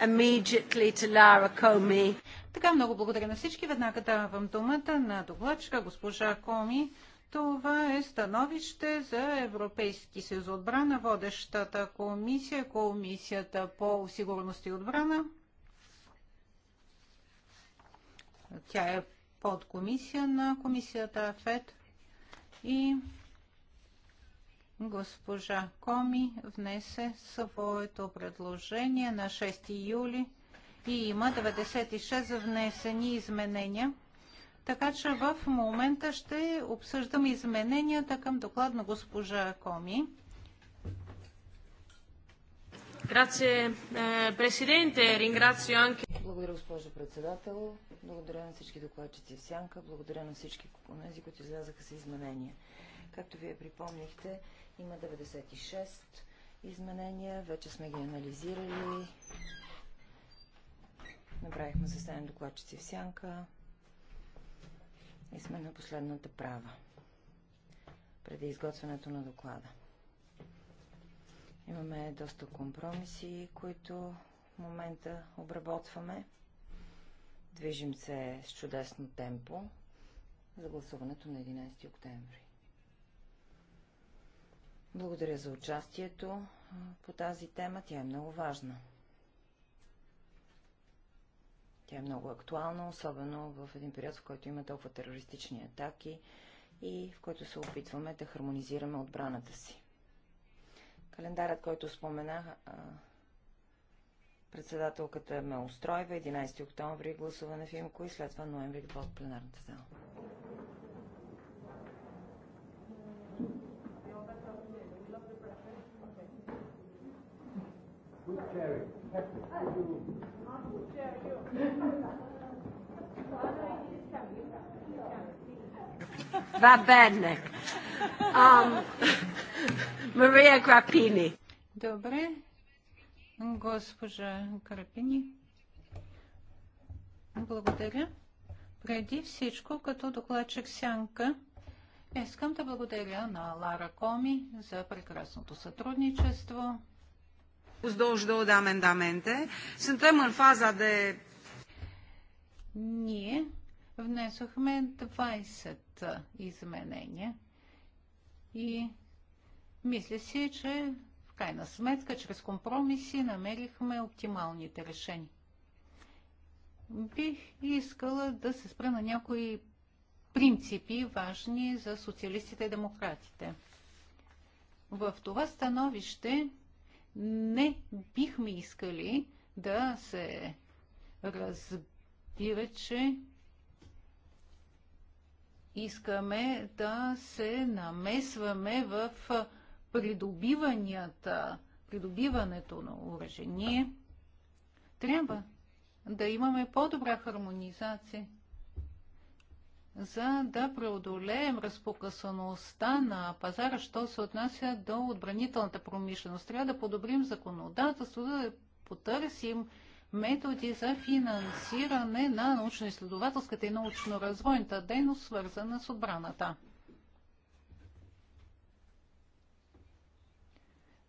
immediately to Lara Comey. Така много благодаря на всички. Веднага давам думата на докладчика госпожа Коми. Това е становище за Европейски съюз отбрана, водещата комисия, комисията по сигурност и отбрана. Тя е подкомисия на комисията ФЕД и госпожа Коми внесе своето предложение на 6 юли и има 96 внесени изменения. Така че в момента ще обсъждам измененията към доклад на госпожа Коми. Eh, Благодаря, госпожо председател. Благодаря на всички докладчици в Сянка. Благодаря на всички тези, които излязаха с изменения. Както вие припомнихте, има 96 изменения. Вече сме ги анализирали. Направихме съставен докладчици в Сянка. И сме на последната права преди изготвянето на доклада. Имаме доста компромиси, които в момента обработваме. Движим се с чудесно темпо за гласуването на 11 октември. Благодаря за участието по тази тема. Тя е много важна. Тя е много актуална, особено в един период, в който има толкова терористични атаки и в който се опитваме да хармонизираме отбраната си. Календарът, който споменах, председателката ме устройва. 11 октомври гласуване в Имко и след това ноември в пленарната зала. Good cherry. Um, Мария Крапини. Добре. Госпожа Крапини. Благодаря. Преди всичко, като докладчик Сянка, искам да благодаря на Лара Коми за прекрасното сътрудничество. Ние внесохме 20 изменения и мисля си, че в крайна сметка, чрез компромиси намерихме оптималните решения. Бих искала да се спра на някои принципи, важни за социалистите и демократите. В това становище не бихме искали да се разбира, че искаме да се намесваме в придобиванията, придобиването на уражение трябва да имаме по-добра хармонизация, за да преодолеем разпокъсаността на пазара, що се отнася до отбранителната промишленост. Трябва да подобрим законодателство, да потърсим методи за финансиране на научно-изследователската и научно-развойната дейност, свързана с отбраната.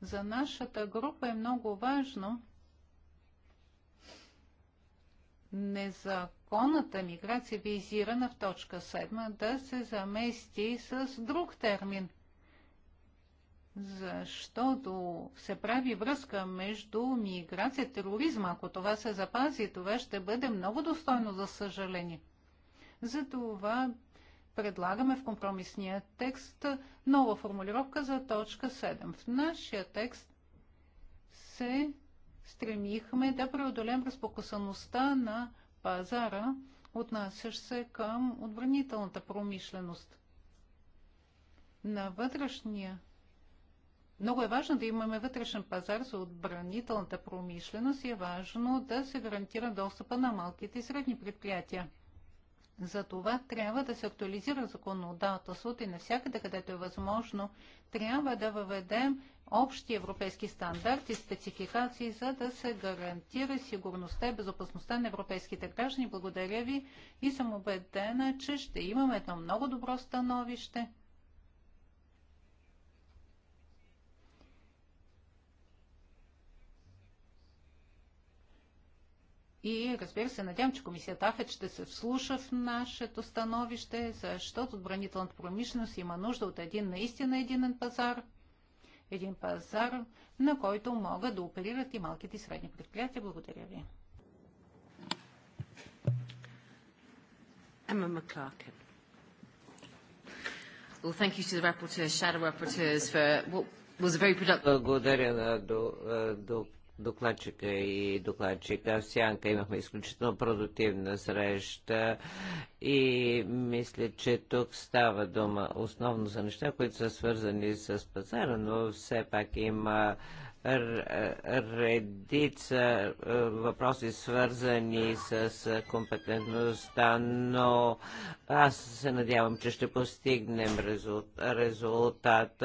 За нашата група е много важно незаконната миграция, визирана в точка 7, да се замести с друг термин. Защото се прави връзка между миграция и тероризма. Ако това се запази, това ще бъде много достойно, за съжаление. Затова предлагаме в компромисния текст нова формулировка за точка 7. В нашия текст се стремихме да преодолем разпокусаността на пазара, отнасящ се към отбранителната промишленост. На вътрешния много е важно да имаме вътрешен пазар за отбранителната промишленост и е важно да се гарантира достъпа на малките и средни предприятия. За това трябва да се актуализира законодателството и навсякъде, където е възможно, трябва да въведем общи европейски стандарти, спецификации, за да се гарантира сигурността и безопасността на европейските граждани. Благодаря ви и съм убедена, че ще имаме едно много добро становище И разбира се, надявам, че комисията АФЕД ще се вслуша в нашето становище, защото отбранителната промишленост има нужда от един наистина единен пазар, един пазар, на който могат да оперират и малките и средни предприятия. Благодаря ви. Emma McClarkin. Well, thank you to the rapporteurs, shadow rapporteurs for what was a very productive... Благодаря на до, до докладчика и докладчика в Сянка. Имахме изключително продуктивна среща и мисля, че тук става дума основно за неща, които са свързани с пазара, но все пак има редица е, въпроси, свързани с компетентността, но аз се надявам, че ще постигнем резултат.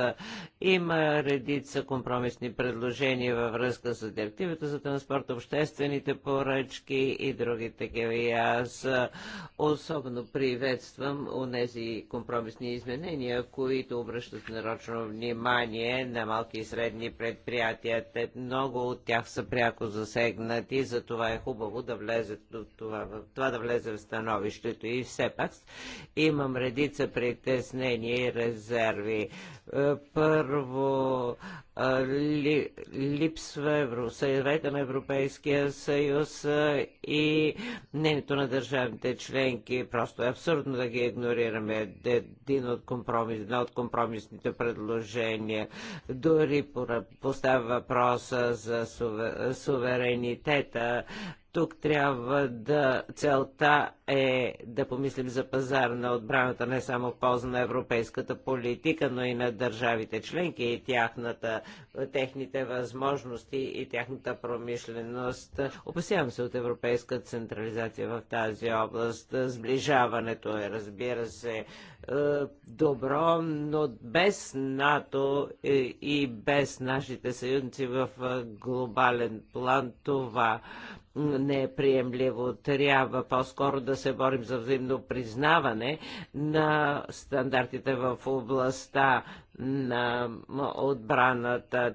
Има редица компромисни предложения във връзка с директивата за транспорт, обществените поръчки и други такива. И аз е, особено приветствам нези компромисни изменения, които обръщат нарочно внимание на малки и средни предприятия предприятия. Те, много от тях са пряко засегнати, затова е хубаво да влезе това, това да влезе в становището. И все пак имам редица притеснения и резерви. Е, първо, ли, липсва Евро, съвета на Европейския съюз и мнението на държавните членки. Просто е абсурдно да ги игнорираме. Един от компромис, едно от компромисните предложения дори поставя въпроса за суверенитета тук трябва да... Целта е да помислим за пазар на отбраната не само в полза на европейската политика, но и на държавите членки и тяхната, техните възможности и тяхната промишленост. Опасявам се от европейска централизация в тази област. Сближаването е, разбира се, е, добро, но без НАТО и без нашите съюзници в е, глобален план това не е приемливо. Трябва по-скоро да се борим за взаимно признаване на стандартите в областта на отбраната.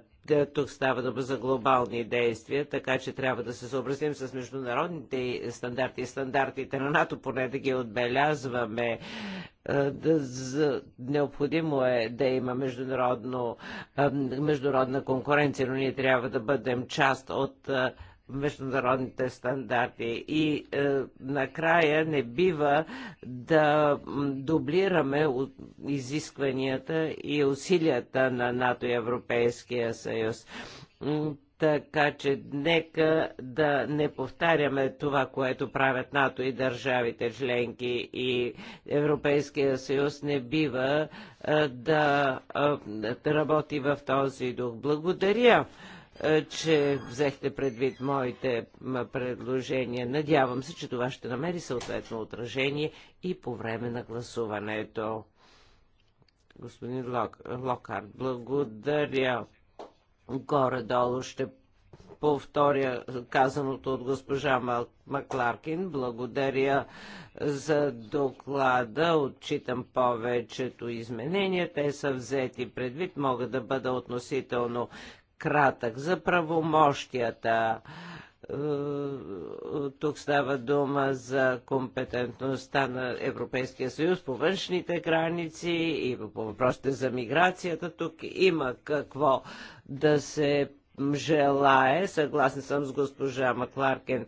Тук става дума за глобални действия, така че трябва да се съобразим с международните стандарти и стандартите на НАТО, поне да ги отбелязваме. Е, необходимо е да има международно, е, международна конкуренция, но ние трябва да бъдем част от е, международните стандарти. И е, накрая не бива да дублираме изискванията и усилията на НАТО и Европейския съюз. Така че нека да не повтаряме това, което правят НАТО и държавите членки и Европейския съюз не бива е, да, да е, работи в този дух. Благодаря. Е, че взехте предвид моите предложения. Надявам се, че това ще намери съответно отражение и по време на гласуването. Господин Лок, Локард, благодаря. Горе-долу ще повторя казаното от госпожа Макларкин. Благодаря за доклада. Отчитам повечето изменения. Те са взети предвид. Мога да бъда относително кратък. За правомощията. Е, тук става дума за компетентността на Европейския съюз по външните граници и по въпросите за миграцията. Тук има какво да се желае. Съгласен съм с госпожа Макларкен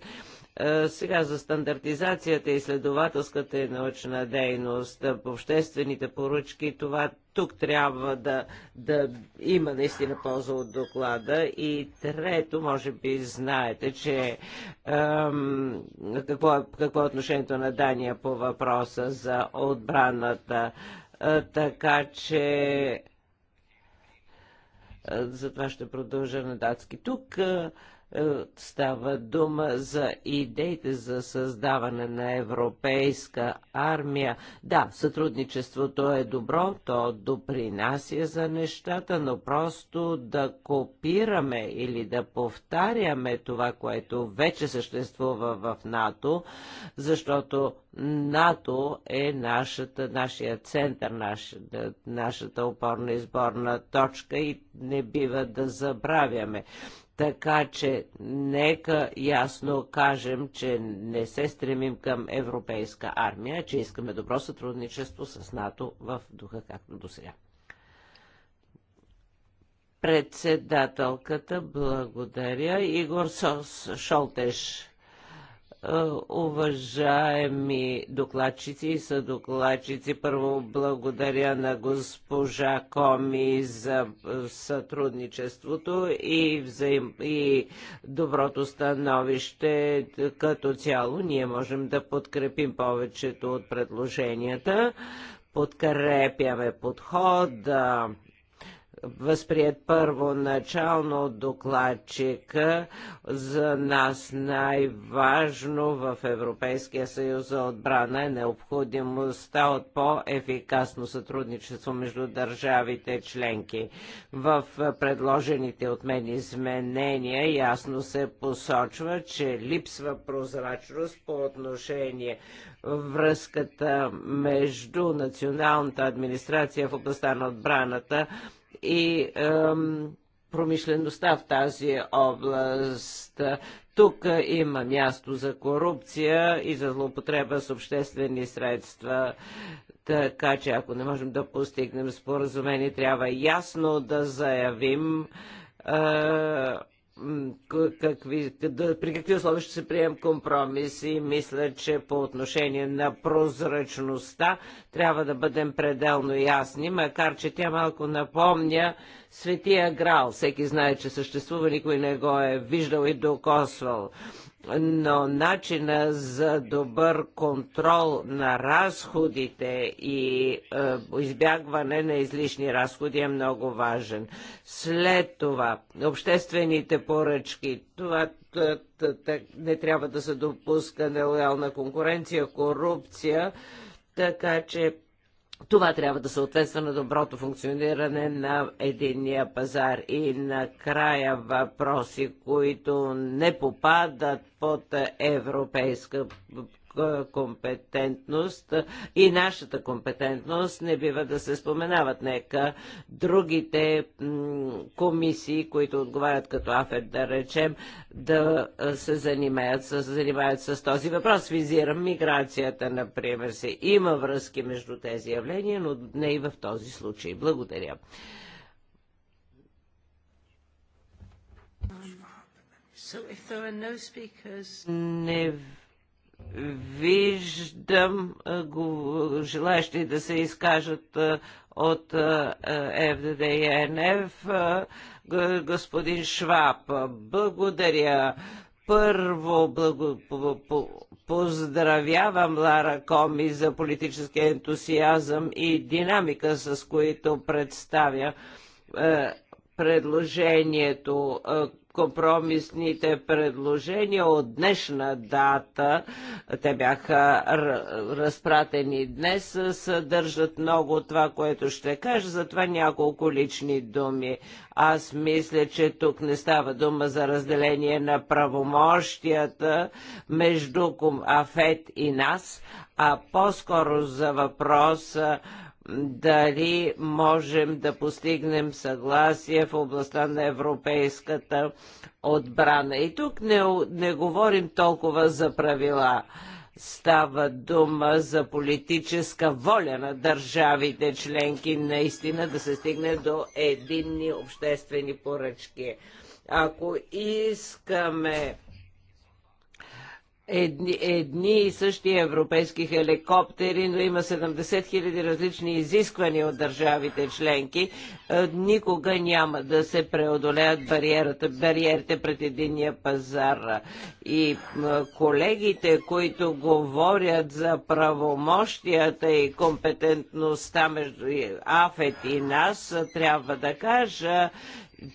е, сега за стандартизацията и следователската и научна дейност, е, обществените поръчки, това тук трябва да, да има наистина полза от доклада. И трето, може би знаете, че ем, какво, е, какво е отношението на Дания по въпроса за отбраната. Е, така че е, за това ще продължа на датски. Тук е, става дума за идеите за създаване на европейска армия. Да, сътрудничеството е добро, то допринася за нещата, но просто да копираме или да повтаряме това, което вече съществува в НАТО, защото НАТО е нашата, нашия център, нашата, нашата опорна изборна точка и не бива да забравяме. Така че нека ясно кажем, че не се стремим към европейска армия, че искаме добро сътрудничество с НАТО в духа както до сега. Председателката, благодаря. Игор Сос, Шолтеш. Е, уважаеми докладчици и съдокладчици, първо благодаря на госпожа Коми за е, сътрудничеството и, взаим... и доброто становище. Като цяло ние можем да подкрепим повечето от предложенията подкрепяме подхода възприят първоначално докладчика за нас най-важно в Европейския съюз за отбрана е необходимостта от по-ефикасно сътрудничество между държавите членки. В предложените от мен изменения ясно се посочва, че липсва прозрачност по отношение връзката между националната администрация в областта на отбраната и ем, промишлеността в тази област. Тук има място за корупция и за злоупотреба с обществени средства. Така че ако не можем да постигнем споразумение, трябва ясно да заявим е, какви, при какви условия ще се прием компромиси. Мисля, че по отношение на прозрачността трябва да бъдем пределно ясни, макар че тя малко напомня Светия Грал. Всеки знае, че съществува, никой не го е виждал и докосвал но начина за добър контрол на разходите и е, избягване на излишни разходи е много важен. След това, обществените поръчки, това не трябва да се допуска нелоялна конкуренция, корупция, така че това трябва да съответства на доброто функциониране на единния пазар. И накрая въпроси, които не попадат под европейска е, компетентност и нашата компетентност не бива да се споменават. Нека другите комисии, които отговарят като АФЕД, да речем, да е, се занимаят с, занимаят с този въпрос. Визирам миграцията, например, се. Има връзки между тези явления, но не и в този случай. Благодаря. So if there are no speakers... Не Виждам го, желащи да се изкажат от ФДД и НФ, Господин Шваб, благодаря. Първо благо, поздравявам Лара Коми за политическия ентусиазъм и динамика, с които представя предложението, компромисните предложения от днешна дата, те бяха разпратени днес, съдържат много това, което ще кажа, затова няколко лични думи. Аз мисля, че тук не става дума за разделение на правомощията между Афет и нас, а по-скоро за въпроса дали можем да постигнем съгласие в областта на европейската отбрана. И тук не, не говорим толкова за правила. Става дума за политическа воля на държавите членки наистина да се стигне до единни обществени поръчки. Ако искаме едни, едни и същи европейски хеликоптери, но има 70 хиляди различни изисквания от държавите членки. Е, никога няма да се преодолеят бариерата, бариерите пред единния пазар. И е, колегите, които говорят за правомощията и компетентността между АФЕТ и нас, трябва да кажа,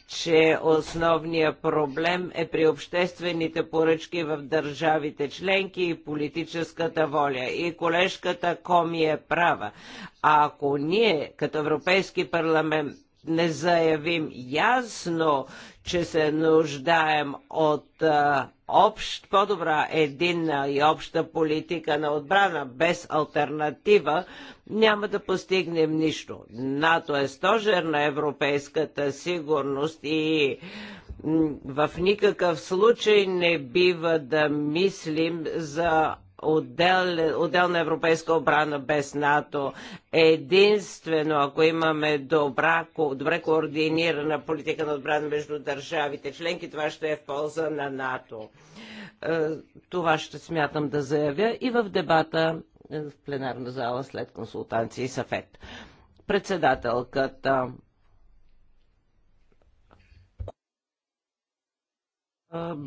че основният проблем е при обществените поръчки в държавите членки и политическата воля. И колежката Коми е права. А ако ние, като Европейски парламент, не заявим ясно, че се нуждаем от а, общ, по-добра единна и обща политика на отбрана без альтернатива, няма да постигнем нищо. НАТО е стожер на европейската сигурност и в никакъв случай не бива да мислим за отдел, отделна европейска обрана без НАТО. Единствено, ако имаме добра, добре координирана политика на отбрана между държавите членки, това ще е в полза на НАТО. Е, това ще смятам да заявя и в дебата е, в пленарна зала след консултации с АФЕТ. Председателката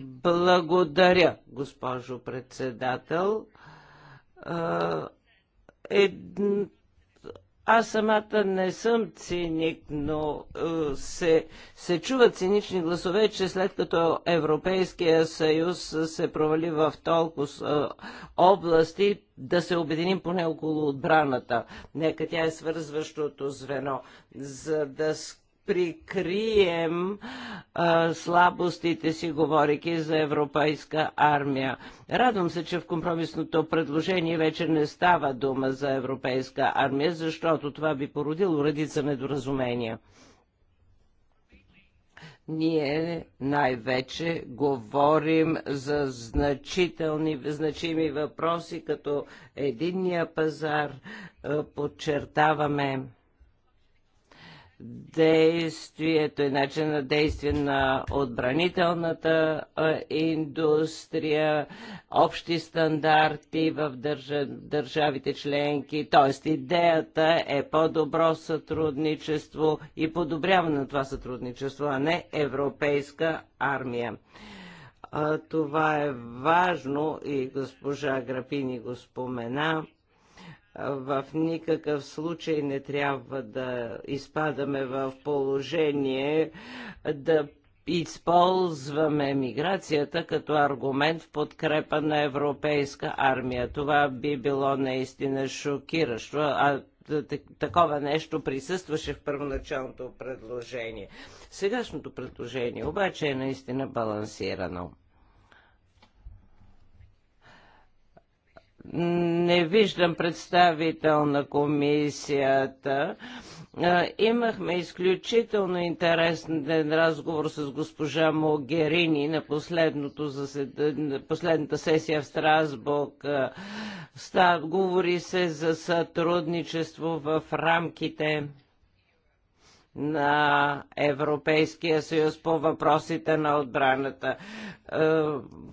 Благодаря, госпожо председател. Е, аз самата не съм циник, но се, се чуват цинични гласове, че след като Европейския съюз се провали в толкова области, да се обединим поне около отбраната. Нека тя е свързващото звено, за да прикрием а, слабостите си, говорики за европейска армия. Радвам се, че в компромисното предложение вече не става дума за европейска армия, защото това би породило редица недоразумения. Ние най-вече говорим за значителни, значими въпроси, като единния пазар, подчертаваме действието и начин на действие на отбранителната индустрия, общи стандарти в държа, държавите членки. Т.е. идеята е по-добро сътрудничество и подобряване на това сътрудничество, а не европейска армия. А, това е важно и госпожа Грапини го спомена в никакъв случай не трябва да изпадаме в положение да използваме миграцията като аргумент в подкрепа на европейска армия. Това би било наистина шокиращо, а такова нещо присъстваше в първоначалното предложение. Сегашното предложение обаче е наистина балансирано. не виждам представител на комисията. Имахме изключително интересен разговор с госпожа Могерини на засед... последната сесия в Страсбург. Говори се за сътрудничество в рамките на Европейския съюз по въпросите на отбраната.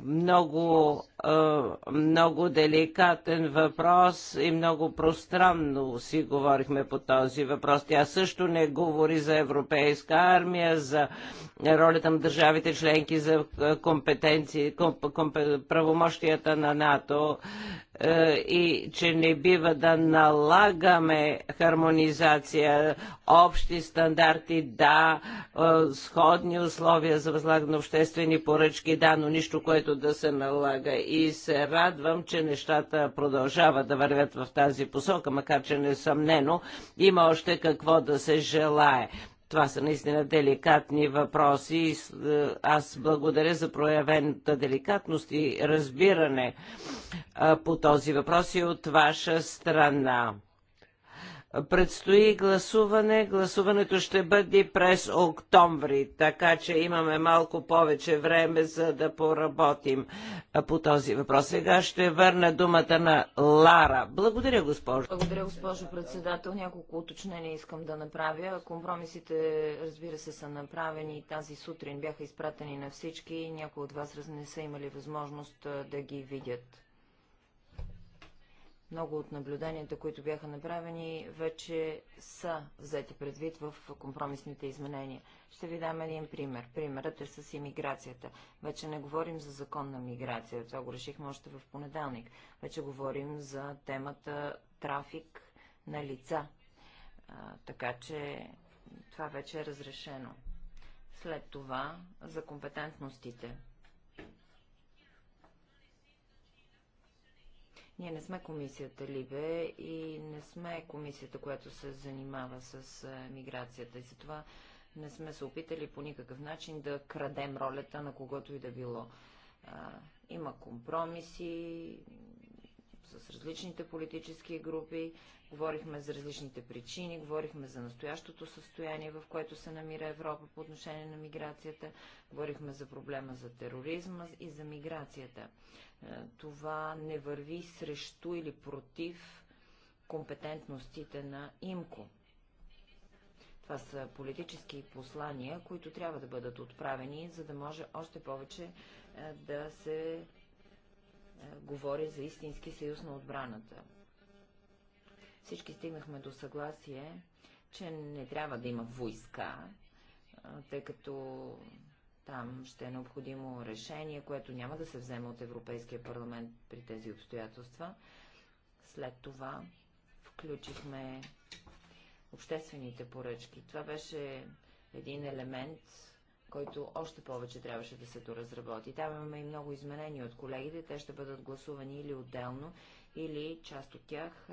Много е, много деликатен въпрос и много пространно си говорихме по този въпрос. Тя също не говори за европейска армия, за ролята на държавите членки, за е, компетенции, комп, комп, правомощията на НАТО е, и че не бива да налагаме хармонизация, общи стандарти, да, сходни условия за възлагане на обществени поръчки, да, но нищо, което да се налага и се радвам, че нещата продължават да вървят в тази посока, макар че несъмнено има още какво да се желае. Това са наистина деликатни въпроси. Е, аз благодаря за проявената деликатност и разбиране по този въпрос и от ваша страна. Предстои гласуване. Гласуването ще бъде през октомври, така че имаме малко повече време за да поработим по този въпрос. Сега ще върна думата на Лара. Благодаря, госпожо. Благодаря, госпожо председател. Няколко уточнения искам да направя. Компромисите, разбира се, са направени тази сутрин. Бяха изпратени на всички. Някои от вас не са имали възможност да ги видят. Много от наблюденията, които бяха направени, вече са взети предвид в компромисните изменения. Ще ви дам един пример. Примерът е с иммиграцията. Вече не говорим за законна миграция, това го решихме още в понеделник. Вече говорим за темата трафик на лица. А, така че това вече е разрешено. След това за компетентностите. Ние не сме комисията Либе и не сме комисията, която се занимава с миграцията и затова не сме се опитали по никакъв начин да крадем ролята на когото и да било. има компромиси, с различните политически групи, говорихме за различните причини, говорихме за настоящото състояние, в което се намира Европа по отношение на миграцията, говорихме за проблема за тероризма и за миграцията. Е, това не върви срещу или против компетентностите на ИМКО. Това са политически послания, които трябва да бъдат отправени, за да може още повече е, да се е, говори за истински съюз на отбраната. Всички стигнахме до съгласие, че не трябва да има войска, е, тъй като там ще е необходимо решение, което няма да се вземе от Европейския парламент при тези обстоятелства. След това включихме обществените поръчки. Това беше един елемент, който още повече трябваше да се доразработи. Там имаме и много изменения от колегите. Те ще бъдат гласувани или отделно, или част от тях,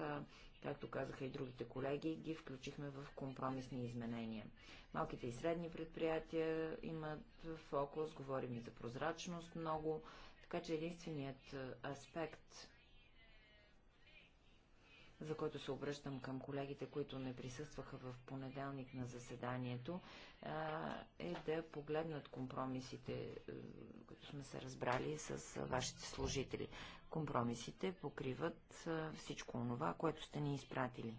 както казаха и другите колеги, ги включихме в компромисни изменения. Малките и средни предприятия имат фокус, говорим и за прозрачност много, така че единственият аспект за който се обръщам към колегите, които не присъстваха в понеделник на заседанието, е да погледнат компромисите, е, които сме се разбрали с е, вашите служители. Компромисите покриват е, всичко това, което сте ни изпратили.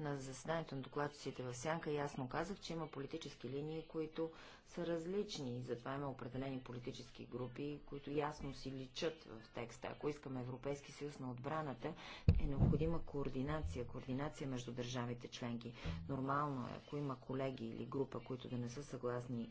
На заседанието на докладчиците в Сянка ясно казах, че има политически линии, които са различни. Затова има определени политически групи, които ясно си личат в текста. Ако искаме Европейски съюз на отбраната, е необходима координация, координация между държавите членки. Нормално е, ако има колеги или група, които да не са съгласни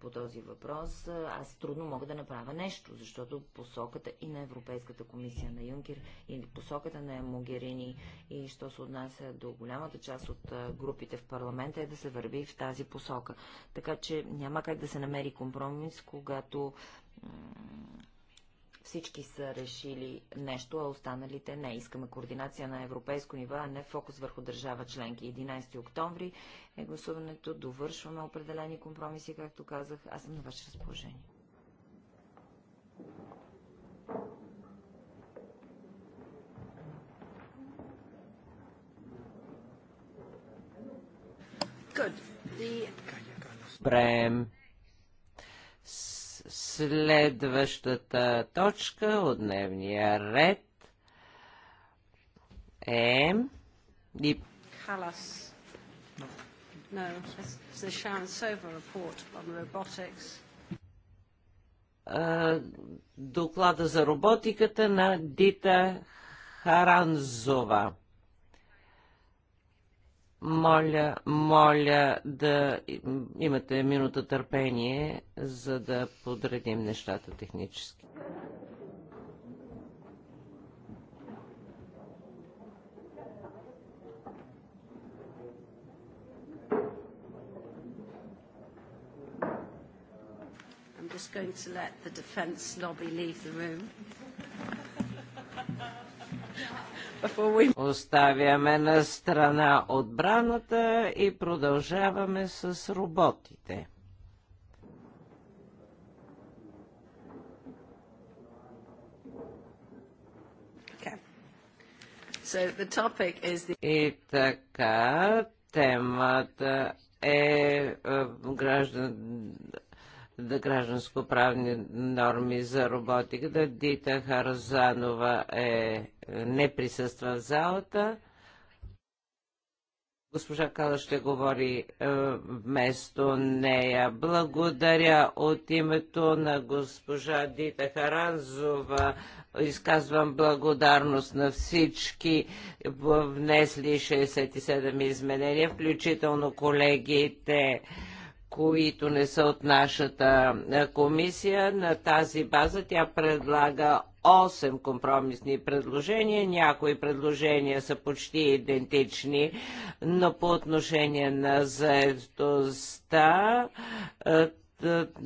по този въпрос, аз трудно мога да направя нещо, защото посоката и на Европейската комисия на Юнкер, и посоката на Могерини, и що се отнася до голямата част от групите в парламента е да се върви в тази посока. Така че няма как да се намери компромис, когато всички са решили нещо, а останалите не. Искаме координация на европейско ниво, а не фокус върху държава членки. 11 октомври е гласуването, довършваме определени компромиси, както казах. Аз съм на ваше разположение. Good. Добре. Следващата точка от дневния ред е... И... Халас. доклада за роботиката на Дита Харанзова. Моля, моля да имате минута търпение, за да подредим нещата технически. just going to let the defence lobby leave the room. Оставяме на страна отбраната и продължаваме с роботите. So the... И така, темата е, е граждан, да гражданско-правни норми за роботиката. Дита Харзанова е, не присъства в залата. Госпожа Кала ще говори е, вместо нея. Благодаря от името на госпожа Дита Харанзова. Изказвам благодарност на всички внесли 67 изменения, включително колегите които не са от нашата комисия. На тази база тя предлага 8 компромисни предложения. Някои предложения са почти идентични, но по отношение на заедостта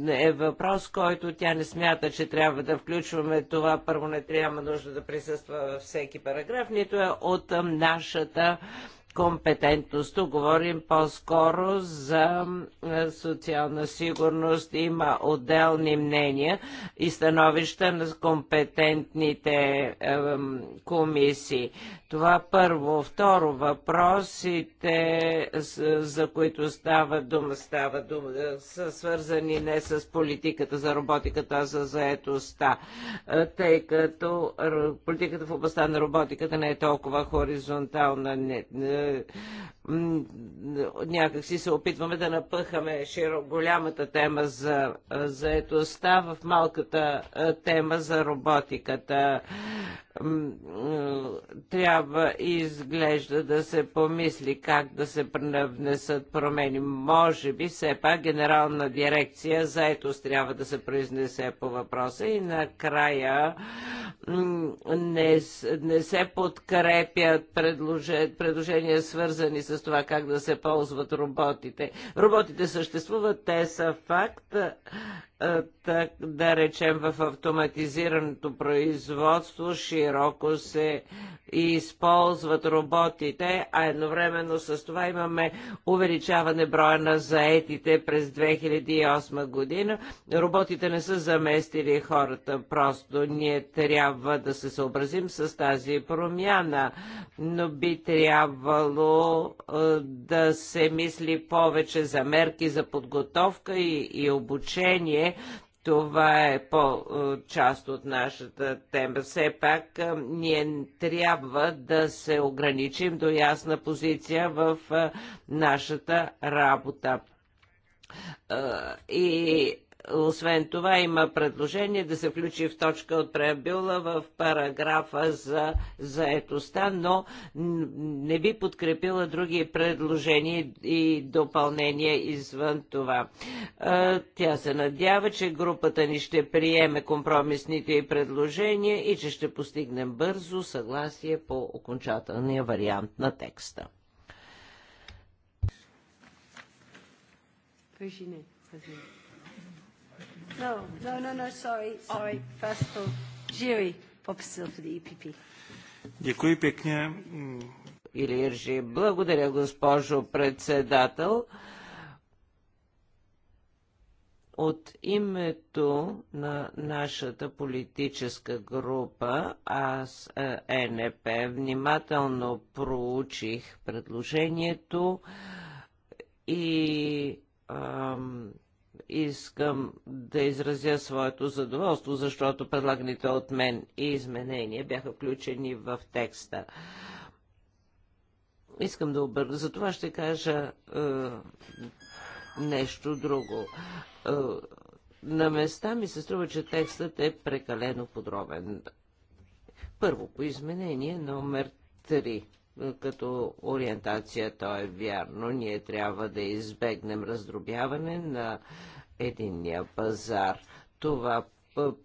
е въпрос, който тя не смята, че трябва да включваме. Това първо не трябва нужда да присъства във всеки параграф, нито е от нашата компетентност. Тук говорим по-скоро за социална сигурност. Има отделни мнения и становища на компетентните комисии. Това първо. Второ, въпросите, за които става дума, става дума, са свързани не с политиката за роботиката, а за заетостта, тъй като политиката в областта на роботиката не е толкова хоризонтална. Не, Някак си се опитваме да напъхаме широ голямата тема за заетостта в малката тема за роботиката. Е, трябва изглежда да се помисли как да се внесат промени. Може би все пак генерална дирекция заетост трябва да се произнесе по въпроса и накрая не, не се подкрепят предложения, предложения свързани с това как да се ползват роботите. Роботите съществуват, те са факт е, так, да речем в автоматизираното производство широко се използват роботите, а едновременно с това имаме увеличаване броя на заетите през 2008 година. Роботите не са заместили хората, просто ние трябва да се съобразим с тази промяна, но би трябвало е, да се мисли повече за мерки за подготовка и, и обучение, това е по-част от нашата тема. Все пак ние трябва да се ограничим до ясна позиция в нашата работа. И освен това има предложение да се включи в точка от преамбюла в параграфа за заетостта, но не би подкрепила други предложения и допълнения извън това. Тя се надява, че групата ни ще приеме компромисните и предложения и че ще постигнем бързо съгласие по окончателния вариант на текста. Virginie, vas No, no, no, no, sorry, sorry. First of all, Jiri Popsil for the EPP. Děkuji pěkně. Или Иржи. Благодаря, госпожо председател. От името на нашата политическа група, аз ЕНП, е внимателно проучих предложението и ам, искам да изразя своето задоволство, защото предлаганите от мен и изменения бяха включени в текста. Искам да обърна. За това ще кажа е, нещо друго. Е, на места ми се струва, че текстът е прекалено подробен. Първо, по изменение номер 3 е, като ориентация, то е вярно. Ние трябва да избегнем раздробяване на единния пазар. Това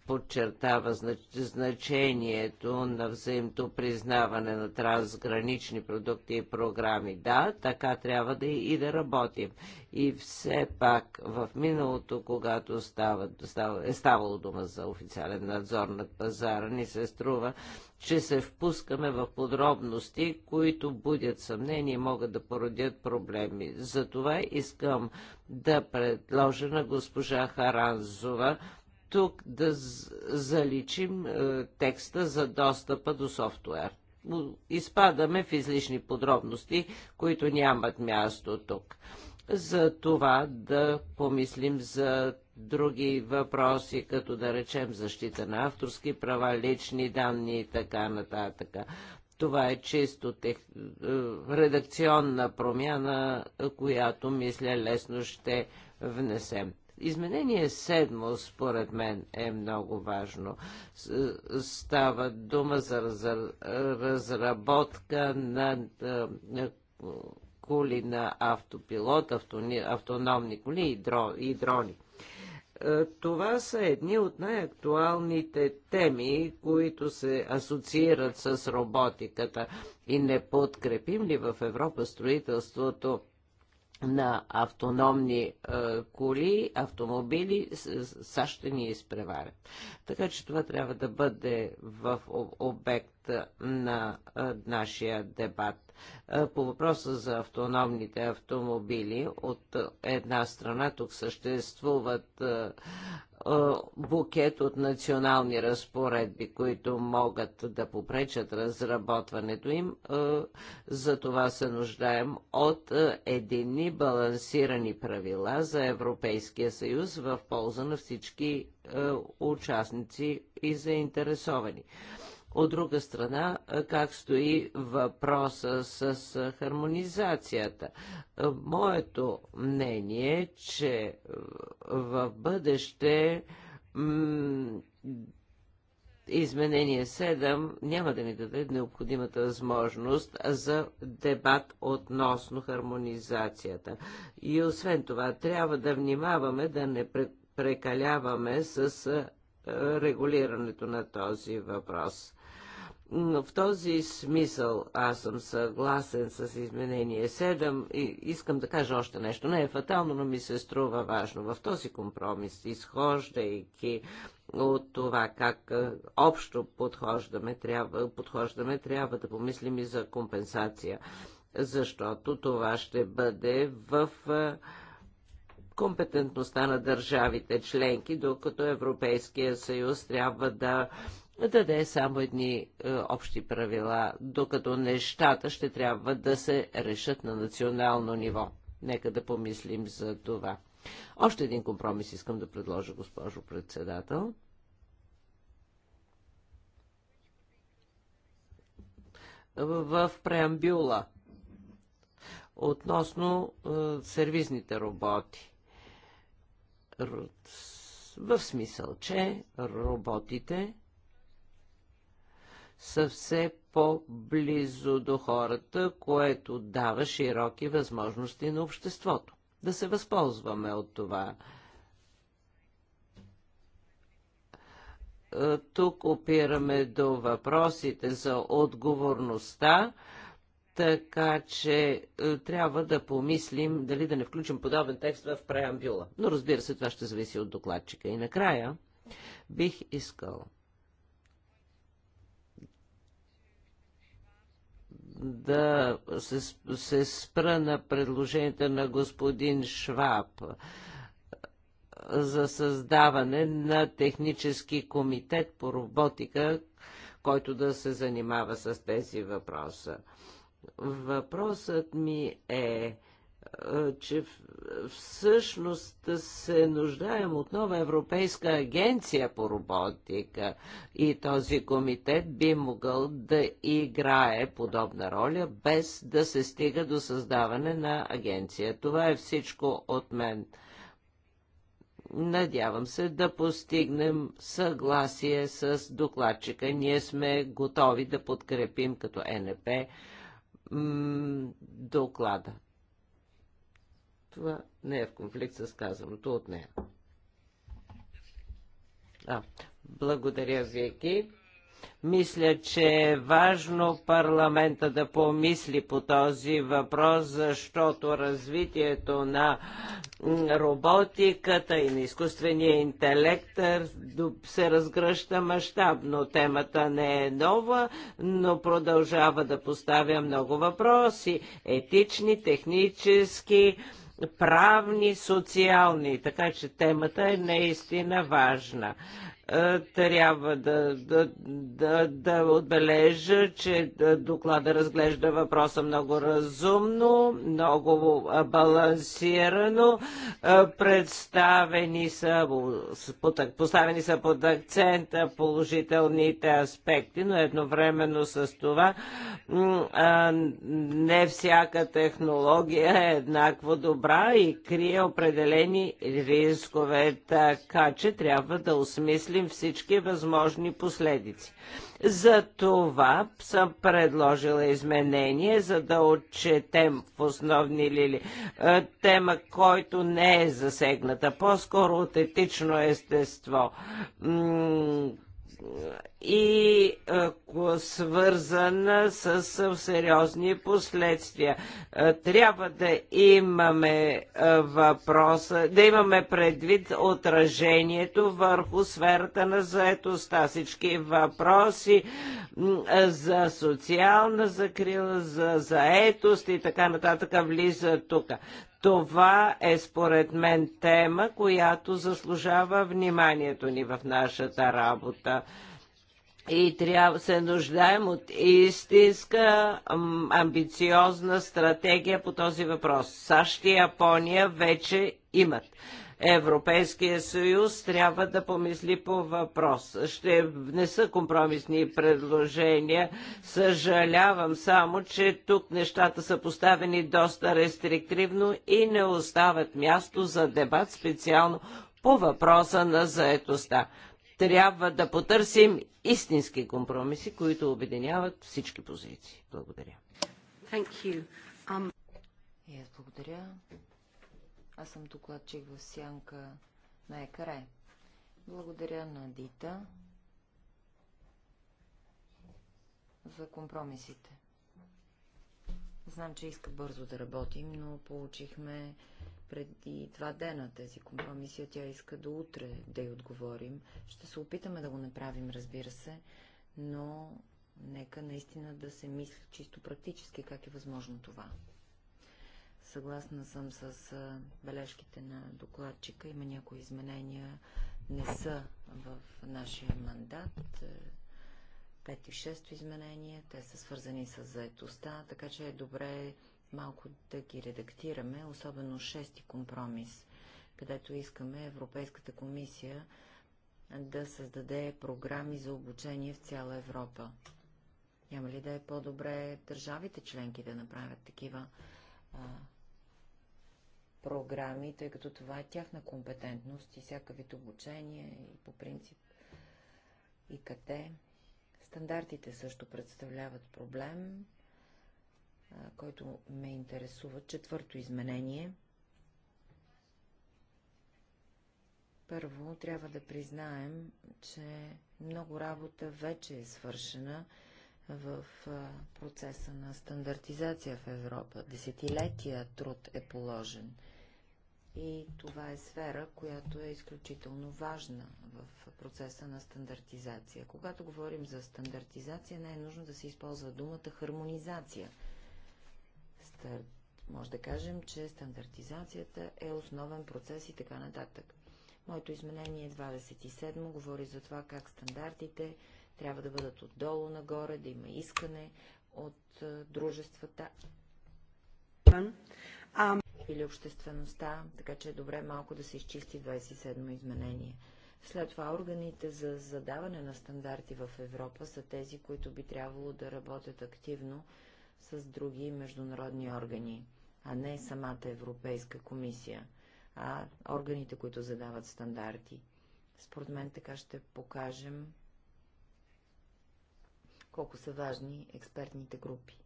подчертава значението на взаимното признаване на трансгранични продукти и програми. Да, така трябва да и да работим. И все пак в миналото, когато става, става, е ставало дума за официален надзор над пазара, ни се струва, че се впускаме в подробности, които будят съмнение и могат да породят проблеми. Затова искам да предложа на госпожа Харанзова тук да заличим е, текста за достъпа до софтуер. Изпадаме в излишни подробности, които нямат място тук. За това да помислим за други въпроси, като да речем защита на авторски права, лични данни и така нататък. Това е чисто тех... Е, редакционна промяна, която мисля лесно ще внесем. Изменение седмо, според мен, е много важно. Става дума за разработка е, на коли на автопилот, автономни коли и дрони. Е, това са едни от най-актуалните теми, които се асоциират с роботиката. И не подкрепим ли в Европа строителството на автономни е, коли, автомобили, САЩ ще ни изпреварят. Така че това трябва да бъде в обект на нашия дебат. По въпроса за автономните автомобили, от една страна тук съществуват букет от национални разпоредби, които могат да попречат разработването им. За това се нуждаем от едини балансирани правила за Европейския съюз в полза на всички участници и заинтересовани. От друга страна, как стои въпроса с хармонизацията? Моето мнение е, че в бъдеще изменение 7 няма да ни даде необходимата възможност за дебат относно хармонизацията. И освен това, трябва да внимаваме да не прекаляваме с регулирането на този въпрос. Но в този смисъл аз съм съгласен с изменение 7 и искам да кажа още нещо. Не е фатално, но ми се струва важно. В този компромис, изхождайки от това как е, общо подхождаме, трябва, подхождаме, трябва да помислим и за компенсация, защото това ще бъде в е, компетентността на държавите членки, докато Европейския съюз трябва да даде само едни е, общи правила, докато нещата ще трябва да се решат на национално ниво. Нека да помислим за това. Още един компромис искам да предложа, госпожо председател. В преамбюла относно е, сервизните роботи. В смисъл, че роботите са все по-близо до хората, което дава широки възможности на обществото. Да се възползваме от това. Е, тук опираме до въпросите за отговорността, така че е, трябва да помислим дали да не включим подобен текст в преамбюла. Но разбира се, това ще зависи от докладчика. И накрая бих искал да се, се спра на предложенията на господин Шваб за създаване на технически комитет по роботика, който да се занимава с тези въпроса. Въпросът ми е че всъщност се нуждаем от нова Европейска агенция по роботика и този комитет би могъл да играе подобна роля, без да се стига до създаване на агенция. Това е всичко от мен. Надявам се да постигнем съгласие с докладчика. Ние сме готови да подкрепим като НП доклада това не е в конфликт с казаното от нея. А, благодаря, Вики. Мисля, че е важно парламента да помисли по този въпрос, защото развитието на роботиката и на изкуствения интелект се разгръща мащабно. Темата не е нова, но продължава да поставя много въпроси. Етични, технически, правни, социални, така че темата е наистина важна. Е, трябва да, да, да, да отбележа, че е, доклада разглежда въпроса много разумно, много е, балансирано. Представени са, поставени са под акцента положителните аспекти, но едновременно с това не всяка технология е еднакво добра и крие определени рискове, така че трябва да осмисли обмислим всички възможни последици. За това съм предложила изменение, за да отчетем в основни лили е, тема, който не е засегната, по-скоро от етично естество и свързана с сериозни последствия. Трябва да имаме въпроса, да имаме предвид отражението върху сферата на заетостта. Всички въпроси за социална закрила, за заетост и така нататък влизат тук. Това е според мен тема, която заслужава вниманието ни в нашата работа и трябва се нуждаем от истинска амбициозна стратегия по този въпрос. САЩ и Япония вече имат. Европейския съюз трябва да помисли по въпрос. Ще внеса компромисни предложения. Съжалявам само, че тук нещата са поставени доста рестриктивно и не остават място за дебат специално по въпроса на заетостта. Трябва да потърсим истински компромиси, които обединяват всички позиции. Благодаря. Thank you. Um... И аз благодаря. Аз съм докладчик в сянка на Екаре. Благодаря на Дита за компромисите. Знам, че иска бързо да работим, но получихме преди два дена тези компромиси, тя иска до утре да й отговорим. Ще се опитаме да го направим, разбира се, но нека наистина да се мисли чисто практически как е възможно това. Съгласна съм с бележките на докладчика. Има някои изменения, не са в нашия мандат. Е, Пет и шесто изменение, те са свързани с заетостта, така че е добре малко да ги редактираме, особено шести компромис, където искаме Европейската комисия да създаде програми за обучение в цяла Европа. Няма ли да е по-добре държавите членки да направят такива а, програми, тъй като това е тяхна компетентност и всяка вид обучение и по принцип и къде. Стандартите също представляват проблем който ме интересува. Четвърто изменение. Първо, трябва да признаем, че много работа вече е свършена в процеса на стандартизация в Европа. Десетилетия труд е положен. И това е сфера, която е изключително важна в процеса на стандартизация. Когато говорим за стандартизация, не е нужно да се използва думата хармонизация – стандар... може да кажем, че стандартизацията е основен процес и така нататък. Моето изменение 27 е говори за това как стандартите трябва да бъдат отдолу нагоре, да има искане от дружествата или обществеността, така че е добре малко да се изчисти 27 изменение. След това органите за задаване на стандарти в Европа са тези, които би трябвало да работят активно с други международни органи, а не самата Европейска комисия, а органите, които задават стандарти. Според мен така ще покажем колко са важни експертните групи.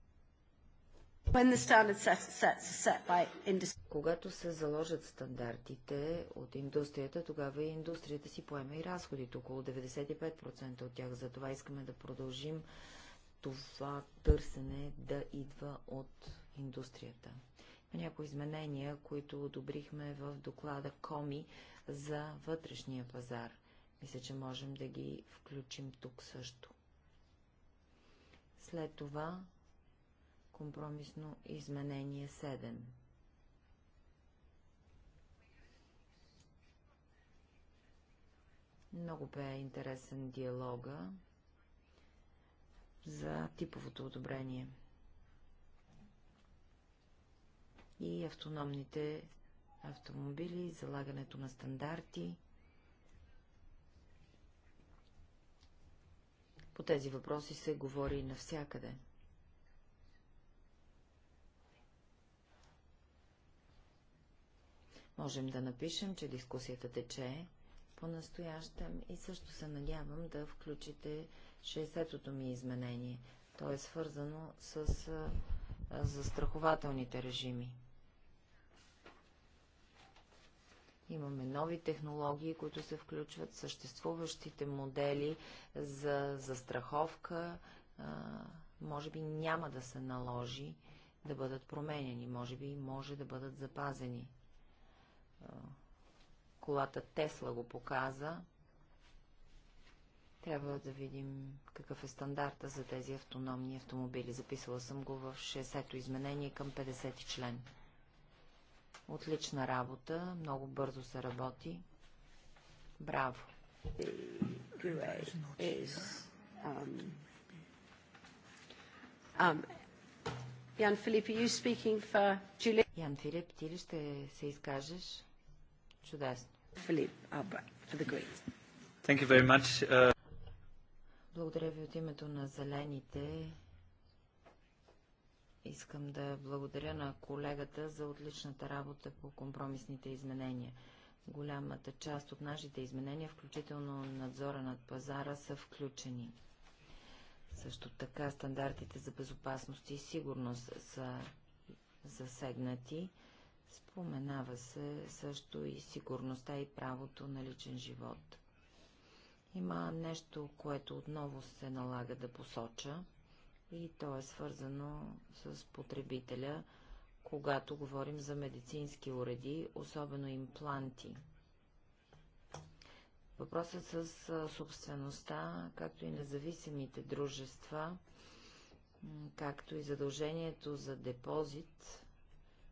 Когато се заложат стандартите от индустрията, тогава и индустрията си поема и разходите, около 95% от тях. Затова искаме да продължим това търсене да идва от индустрията. Има някои изменения, които одобрихме в доклада КОМИ за вътрешния пазар. Мисля, че можем да ги включим тук също. След това компромисно изменение 7. Много бе интересен диалога за типовото одобрение и автономните автомобили, залагането на стандарти. По тези въпроси се говори навсякъде. Можем да напишем, че дискусията тече по-настоящем и също се надявам да включите 60-тото ми изменение. То е свързано с застрахователните режими. Имаме нови технологии, които се включват, съществуващите модели за застраховка може би няма да се наложи да бъдат променени, може би може да бъдат запазени. Колата Тесла го показа, трябва да видим какъв е стандарта за тези автономни автомобили. Записала съм го в 60-то изменение към 50 ти член. Отлична работа, много бързо се работи. Браво! Ян Филип, Ян Филип, ти ли ще се изкажеш? Чудесно. Филип, for the Greens. Thank you very much. Uh... Благодаря ви от името на зелените. Искам да благодаря на колегата за отличната работа по компромисните изменения. Голямата част от нашите изменения, включително надзора над пазара, са включени. Също така стандартите за безопасност и сигурност са засегнати. Споменава се също и сигурността и правото на личен живот. Има нещо, което отново се налага да посоча и то е свързано с потребителя, когато говорим за медицински уреди, особено импланти. Въпросът с собствеността, както и независимите дружества, както и задължението за депозит,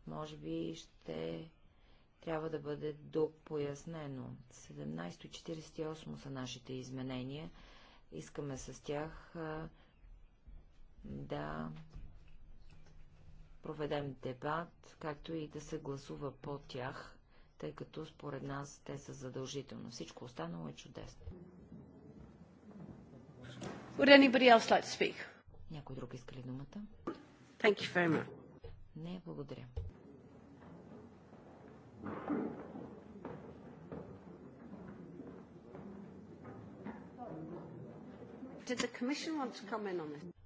може би ще трябва да бъде допояснено. 1748 са нашите изменения. Искаме с тях да проведем дебат, както и да се гласува по тях, тъй като според нас те са задължително. Всичко останало е чудесно. Like Някой друг иска ли думата? Не, благодаря.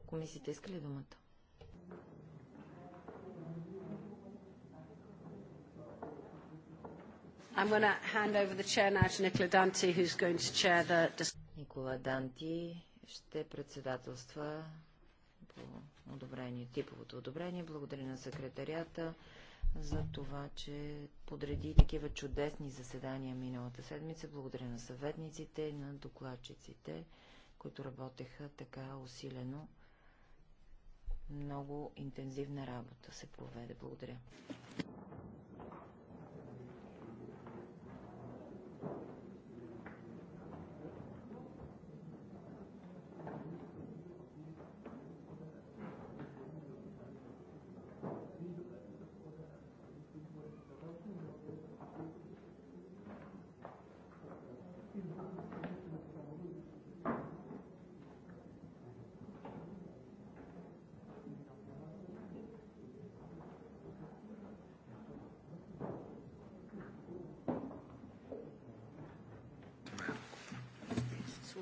Комисията иска ли думата? I'm going to hand over the chair now to Nicola Danti, who's going to chair the... Никола Данти ще председателства по одобрение, типовото одобрение. Благодаря на секретарията за това, че подреди такива чудесни заседания миналата седмица. Благодаря на съветниците и на докладчиците, които работеха така усилено. Много интензивна работа се проведе. Благодаря.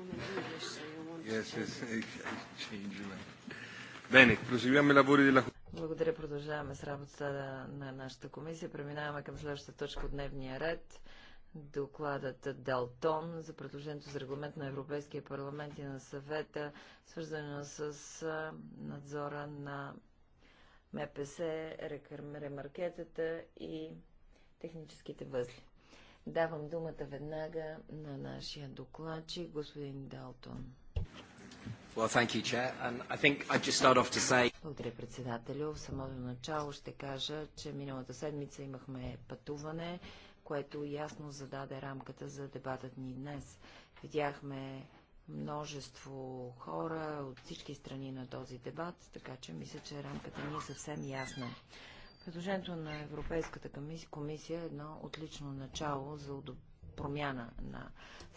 Благодаря. Продължаваме с работата на нашата комисия. Преминаваме към следващата точка от дневния ред. Докладът Далтон за предложението за регламент на Европейския парламент и на съвета, свързано с надзора на МПС, ремаркетата и техническите възли. Давам думата веднага на нашия докладчик, господин Далтон. Um, Благодаря, председателю. В самото начало ще кажа, че миналата седмица имахме пътуване, което ясно зададе рамката за дебатът ни днес. Видяхме множество хора от всички страни на този дебат, така че мисля, че рамката ни е съвсем ясна. Предложението на Европейската комисия е едно отлично начало за промяна на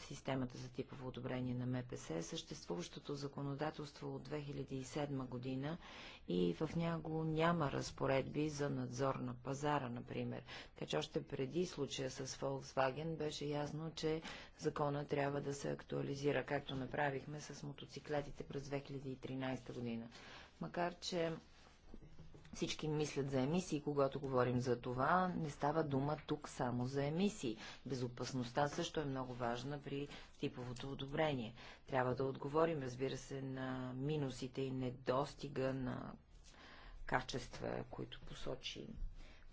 системата за типово одобрение на МПС, съществуващото законодателство от 2007 година и в него няма разпоредби за надзор на пазара, например. Така че още преди случая с Volkswagen беше ясно, че закона трябва да се актуализира, както направихме с мотоциклетите през 2013 година. Макар, че всички мислят за емисии, когато говорим за това, не става дума тук само за емисии. Безопасността също е много важна при типовото одобрение. Трябва да отговорим, разбира се, на минусите и недостига на качества, които посочи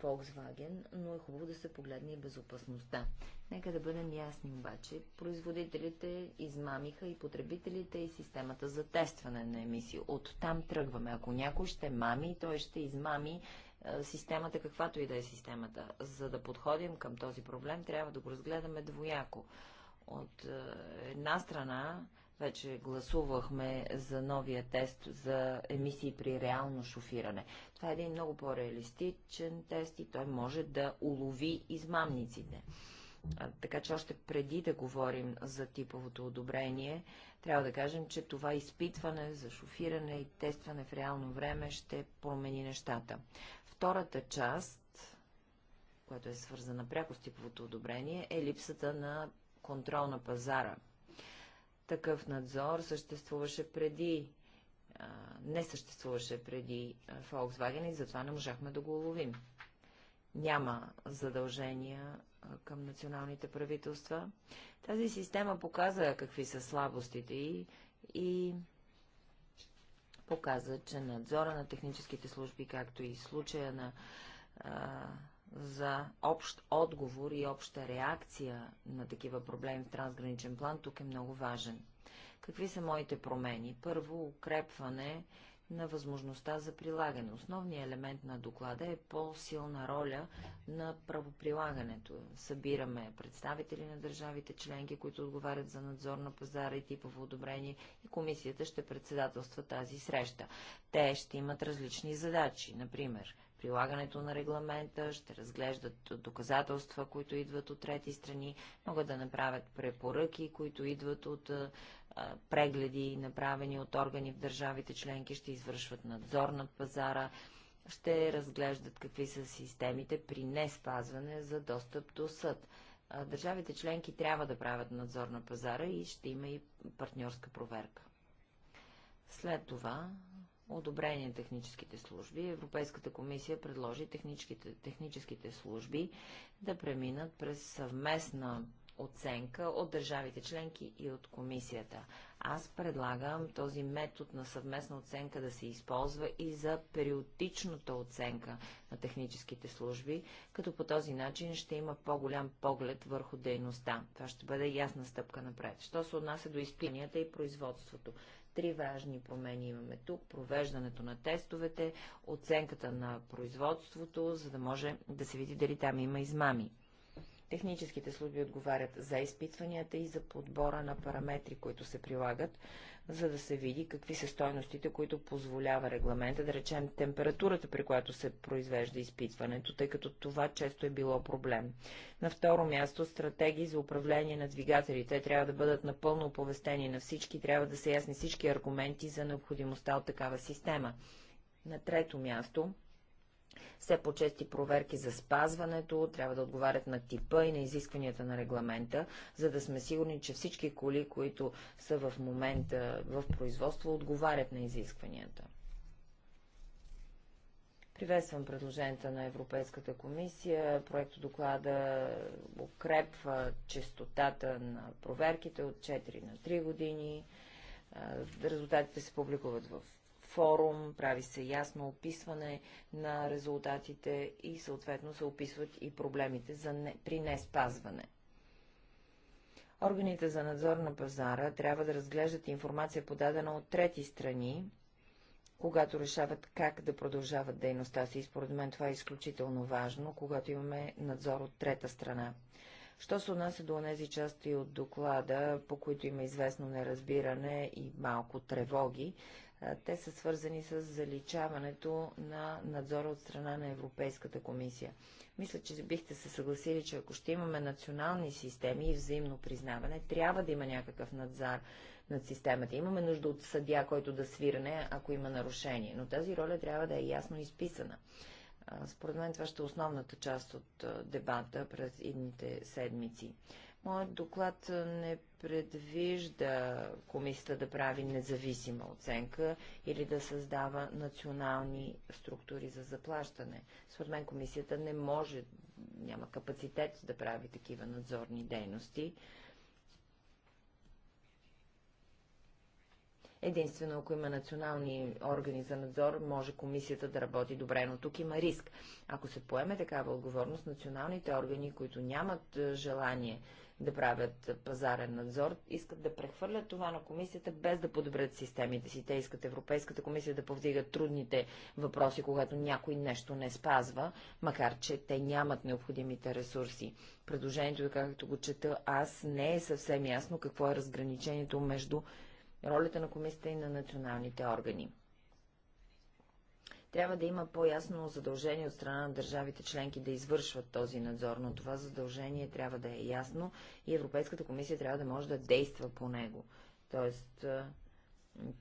Volkswagen, но е хубаво да се погледне и безопасността. Нека да бъдем ясни обаче. Производителите измамиха и потребителите и системата за тестване на емисии. От там тръгваме. Ако някой ще мами, той ще измами е, системата, каквато и да е системата. За да подходим към този проблем, трябва да го разгледаме двояко. От е, една страна, вече гласувахме за новия тест за емисии при реално шофиране. Това е един много по-реалистичен тест и той може да улови измамниците. Така че още преди да говорим за типовото одобрение, трябва да кажем, че това изпитване за шофиране и тестване в реално време ще промени нещата. Втората част, която е свързана пряко с типовото одобрение, е липсата на контрол на пазара – такъв надзор съществуваше преди, а, не съществуваше преди Volkswagen и затова не можахме да го уловим. Няма задължения към националните правителства. Тази система показа какви са слабостите и, и показа, че надзора на техническите служби, както и случая на а, за общ отговор и обща реакция на такива проблеми в трансграничен план тук е много важен. Какви са моите промени? Първо, укрепване на възможността за прилагане. Основният елемент на доклада е по-силна роля на правоприлагането. Събираме представители на държавите членки, които отговарят за надзор на пазара и типово одобрение и комисията ще председателства тази среща. Те ще имат различни задачи, например прилагането на регламента, ще разглеждат доказателства, които идват от трети страни, могат да направят препоръки, които идват от прегледи, направени от органи в държавите членки, ще извършват надзор над пазара, ще разглеждат какви са системите при не спазване за достъп до съд. Държавите членки трябва да правят надзор на пазара и ще има и партньорска проверка. След това Одобрение на техническите служби. Европейската комисия предложи техническите, техническите служби да преминат през съвместна оценка от държавите членки и от комисията. Аз предлагам този метод на съвместна оценка да се използва и за периодичната оценка на техническите служби, като по този начин ще има по-голям поглед върху дейността. Това ще бъде ясна стъпка напред. Що се отнася до изпитанията и производството? Три важни промени имаме тук. Провеждането на тестовете, оценката на производството, за да може да се види дали там има измами. Техническите служби отговарят за изпитванията и за подбора на параметри, които се прилагат за да се види какви са стойностите, които позволява регламента, да речем температурата, при която се произвежда изпитването, тъй като това често е било проблем. На второ място, стратегии за управление на двигателите трябва да бъдат напълно оповестени на всички, трябва да се ясни всички аргументи за необходимостта от такава система. На трето място, все по-чести проверки за спазването, трябва да отговарят на типа и на изискванията на регламента, за да сме сигурни, че всички коли, които са в момента в производство, отговарят на изискванията. Приветствам предложенията на Европейската комисия. Проекто доклада укрепва честотата на проверките от 4 на 3 години. Резултатите се публикуват в форум, прави се ясно описване на резултатите и съответно се описват и проблемите за не, при неспазване. Органите за надзор на пазара трябва да разглеждат информация подадена от трети страни, когато решават как да продължават дейността си. И според мен това е изключително важно, когато имаме надзор от трета страна. Що се отнася до тези части от доклада, по които има известно неразбиране и малко тревоги, те са свързани с заличаването на надзора от страна на Европейската комисия. Мисля, че бихте се съгласили, че ако ще имаме национални системи и взаимно признаване, трябва да има някакъв надзор над системата. Имаме нужда от съдя, който да свирне, ако има нарушение, но тази роля трябва да е ясно изписана. Според мен това ще е основната част от дебата през идните седмици. Моят доклад не предвижда комисията да прави независима оценка или да създава национални структури за заплащане. Според мен комисията не може, няма капацитет да прави такива надзорни дейности. Единствено, ако има национални органи за надзор, може комисията да работи добре, но тук има риск. Ако се поеме такава отговорност, националните органи, които нямат желание да правят пазарен надзор, искат да прехвърлят това на комисията, без да подобрят системите си. Те искат Европейската комисия да повдига трудните въпроси, когато някой нещо не спазва, макар че те нямат необходимите ресурси. Предложението, както го чета аз, не е съвсем ясно какво е разграничението между ролята на комисията и на националните органи. Трябва да има по-ясно задължение от страна на държавите членки да извършват този надзор, но това задължение трябва да е ясно и Европейската комисия трябва да може да действа по него. Тоест,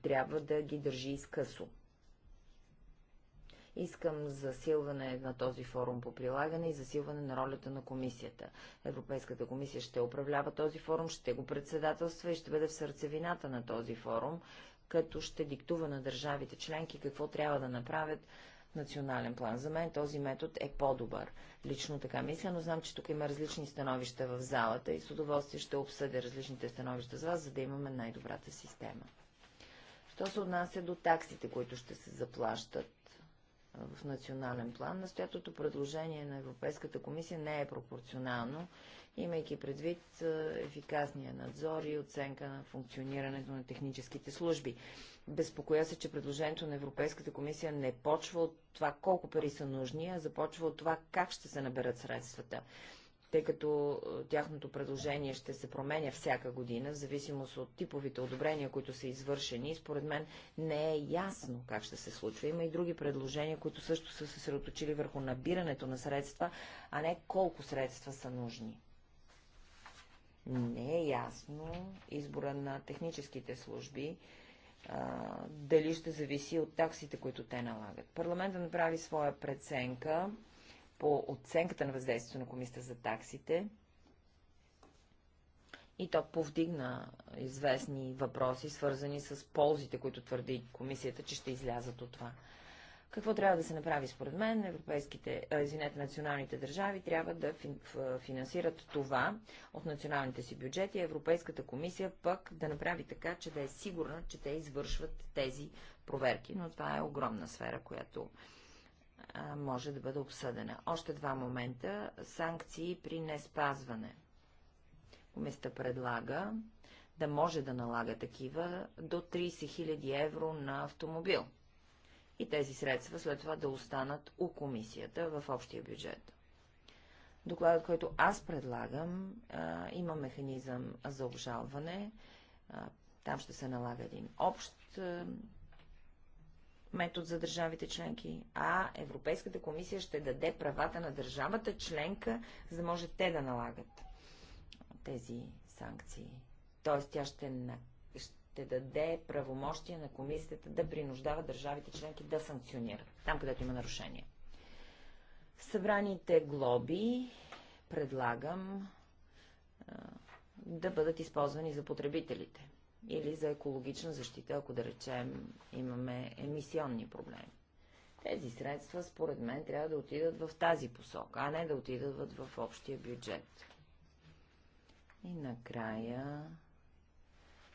трябва да ги държи изкъсо. Искам засилване на този форум по прилагане и засилване на ролята на комисията. Европейската комисия ще управлява този форум, ще го председателства и ще бъде в сърцевината на този форум като ще диктува на държавите членки какво трябва да направят в национален план. За мен този метод е по-добър. Лично така мисля, но знам, че тук има различни становища в залата и с удоволствие ще обсъдя различните становища с вас, за да имаме най-добрата система. Що се отнася до таксите, които ще се заплащат в национален план, настоятото предложение на Европейската комисия не е пропорционално имайки предвид ефикасния надзор и оценка на функционирането на техническите служби. Безпокоя се, че предложението на Европейската комисия не почва от това колко пари са нужни, а започва от това как ще се наберат средствата тъй като тяхното предложение ще се променя всяка година, в зависимост от типовите одобрения, които са извършени. Според мен не е ясно как ще се случва. Има и други предложения, които също са се съсредоточили върху набирането на средства, а не колко средства са нужни не е ясно избора на техническите служби, а, дали ще зависи от таксите, които те налагат. Парламента направи своя преценка по оценката на въздействието на комисията за таксите и то повдигна известни въпроси, свързани с ползите, които твърди комисията, че ще излязат от това. Какво трябва да се направи според мен? Европейските, извинете, националните държави трябва да финансират това от националните си бюджети, Европейската комисия пък да направи така, че да е сигурна, че те извършват тези проверки. Но това е огромна сфера, която може да бъде обсъдена. Още два момента. Санкции при неспазване. Комисията предлага да може да налага такива до 30 000 евро на автомобил и тези средства след това да останат у комисията в общия бюджет. Докладът, който аз предлагам, а, има механизъм за обжалване. А, там ще се налага един общ а, метод за държавите членки, а Европейската комисия ще даде правата на държавата членка, за да може те да налагат тези санкции. Тоест тя ще накара ще даде правомощия на комисията да принуждава държавите членки да санкционират, там където има нарушение. Събраните глоби предлагам а, да бъдат използвани за потребителите или за екологична защита, ако да речем имаме емисионни проблеми. Тези средства, според мен, трябва да отидат в тази посока, а не да отидат в общия бюджет. И накрая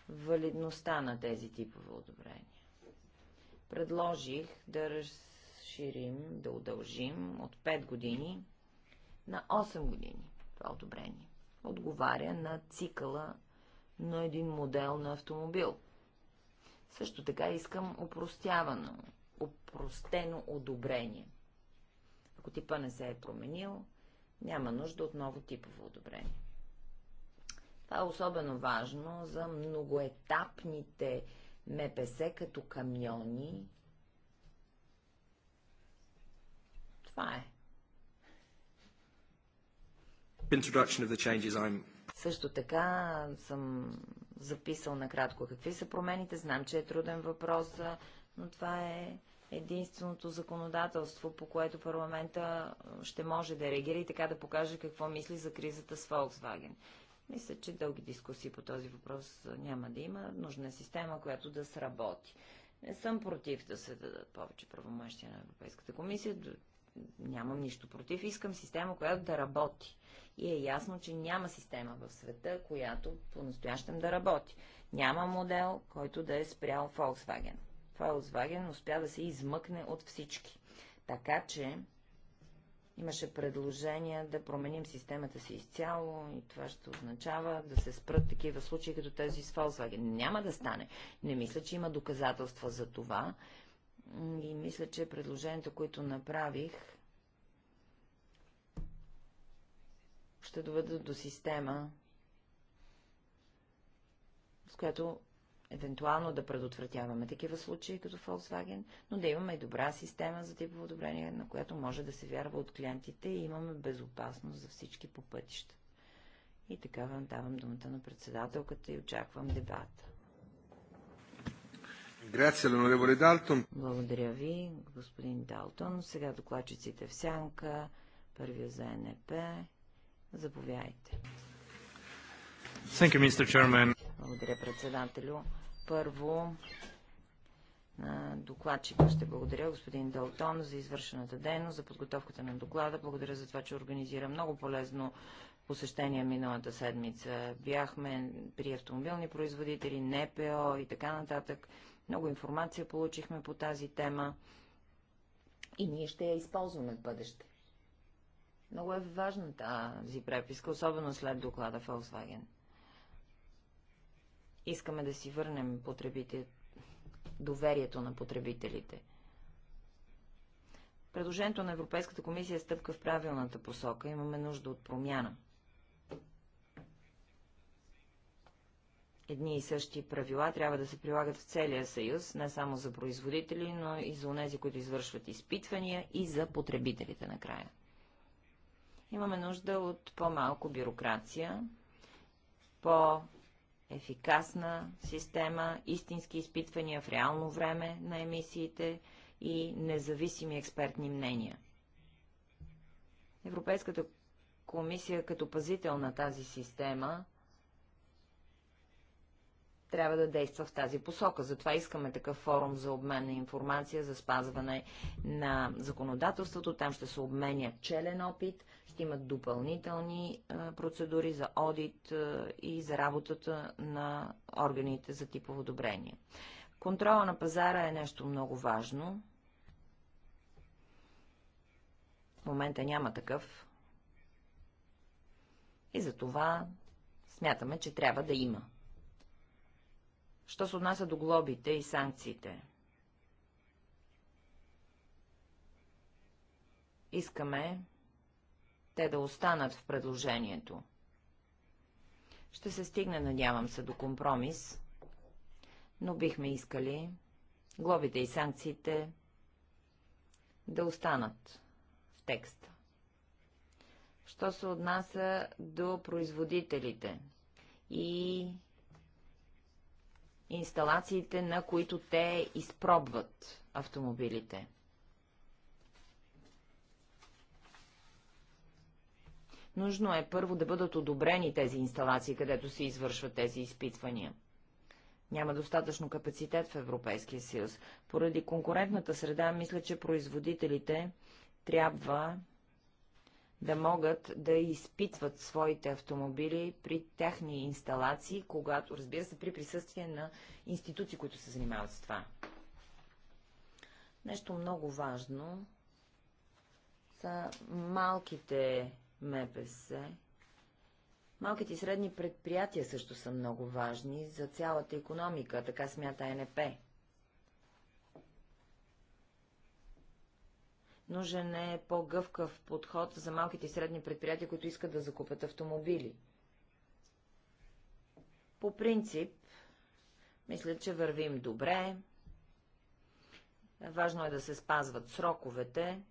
валидността на тези типове одобрения. Предложих да разширим, да удължим от 5 години на 8 години това одобрение. Отговаря на цикъла на един модел на автомобил. Също така искам упростявано, опростено одобрение. Ако типа не се е променил, няма нужда от ново типово одобрение. Това е особено важно за многоетапните МПС като камиони. Това е. Също така съм записал накратко какви са промените. Знам, че е труден въпрос, но това е единственото законодателство, по което парламента ще може да реагира и така да покаже какво мисли за кризата с Volkswagen. Мисля, че дълги дискусии по този въпрос няма да има. Нужна е система, която да сработи. Не съм против да се дадат повече правомощия на Европейската комисия. Нямам нищо против. Искам система, която да работи. И е ясно, че няма система в света, която по-настоящем да работи. Няма модел, който да е спрял Volkswagen. Volkswagen успя да се измъкне от всички. Така че Имаше предложения да променим системата си изцяло и това ще означава да се спрат такива случаи като тези с Volkswagen. Няма да стане. Не мисля, че има доказателства за това. И мисля, че предложението, които направих, ще доведат до система, с която евентуално да предотвратяваме такива случаи като Volkswagen, но да имаме и добра система за типово одобрение, на която може да се вярва от клиентите и имаме безопасност за всички по пътища. И така вам давам думата на председателката и очаквам дебата. Благодаря ви, господин Далтон. Сега докладчиците в сянка, първия за НП. Заповядайте. You, Благодаря, председателю. Първо, на докладчика ще благодаря господин Далтон за извършената дейност, за подготовката на доклада. Благодаря за това, че организира много полезно посещение миналата седмица. Бяхме при автомобилни производители, НПО и така нататък. Много информация получихме по тази тема и ние ще я използваме в бъдеще. Много е важна тази преписка, особено след доклада Volkswagen. Искаме да си върнем потребите... доверието на потребителите. Предложението на Европейската комисия е стъпка в правилната посока. Имаме нужда от промяна. Едни и същи правила трябва да се прилагат в целия съюз, не само за производители, но и за онези, които извършват изпитвания и за потребителите накрая. Имаме нужда от по-малко бюрокрация, по ефикасна система, истински изпитвания в реално време на емисиите и независими експертни мнения. Европейската комисия като пазител на тази система трябва да действа в тази посока. Затова искаме такъв форум за обмен на информация, за спазване на законодателството. Там ще се обменя челен опит – ще имат допълнителни процедури за одит и за работата на органите за типово одобрение. Контрола на пазара е нещо много важно. В момента няма такъв. И за това смятаме, че трябва да има. Що се отнася до глобите и санкциите? Искаме те да останат в предложението. Ще се стигне, надявам се, до компромис, но бихме искали глобите и санкциите да останат в текста. Що се отнася до производителите и инсталациите, на които те изпробват автомобилите. Нужно е първо да бъдат одобрени тези инсталации, където се извършват тези изпитвания. Няма достатъчно капацитет в Европейския съюз. Поради конкурентната среда, мисля, че производителите трябва да могат да изпитват своите автомобили при техни инсталации, когато, разбира се, при присъствие на институции, които се занимават с това. Нещо много важно са малките МПС. Малките и средни предприятия също са много важни за цялата економика, така смята НП. Нужен е по-гъвкав подход за малките и средни предприятия, които искат да закупят автомобили. По принцип, мисля, че вървим добре. Важно е да се спазват сроковете,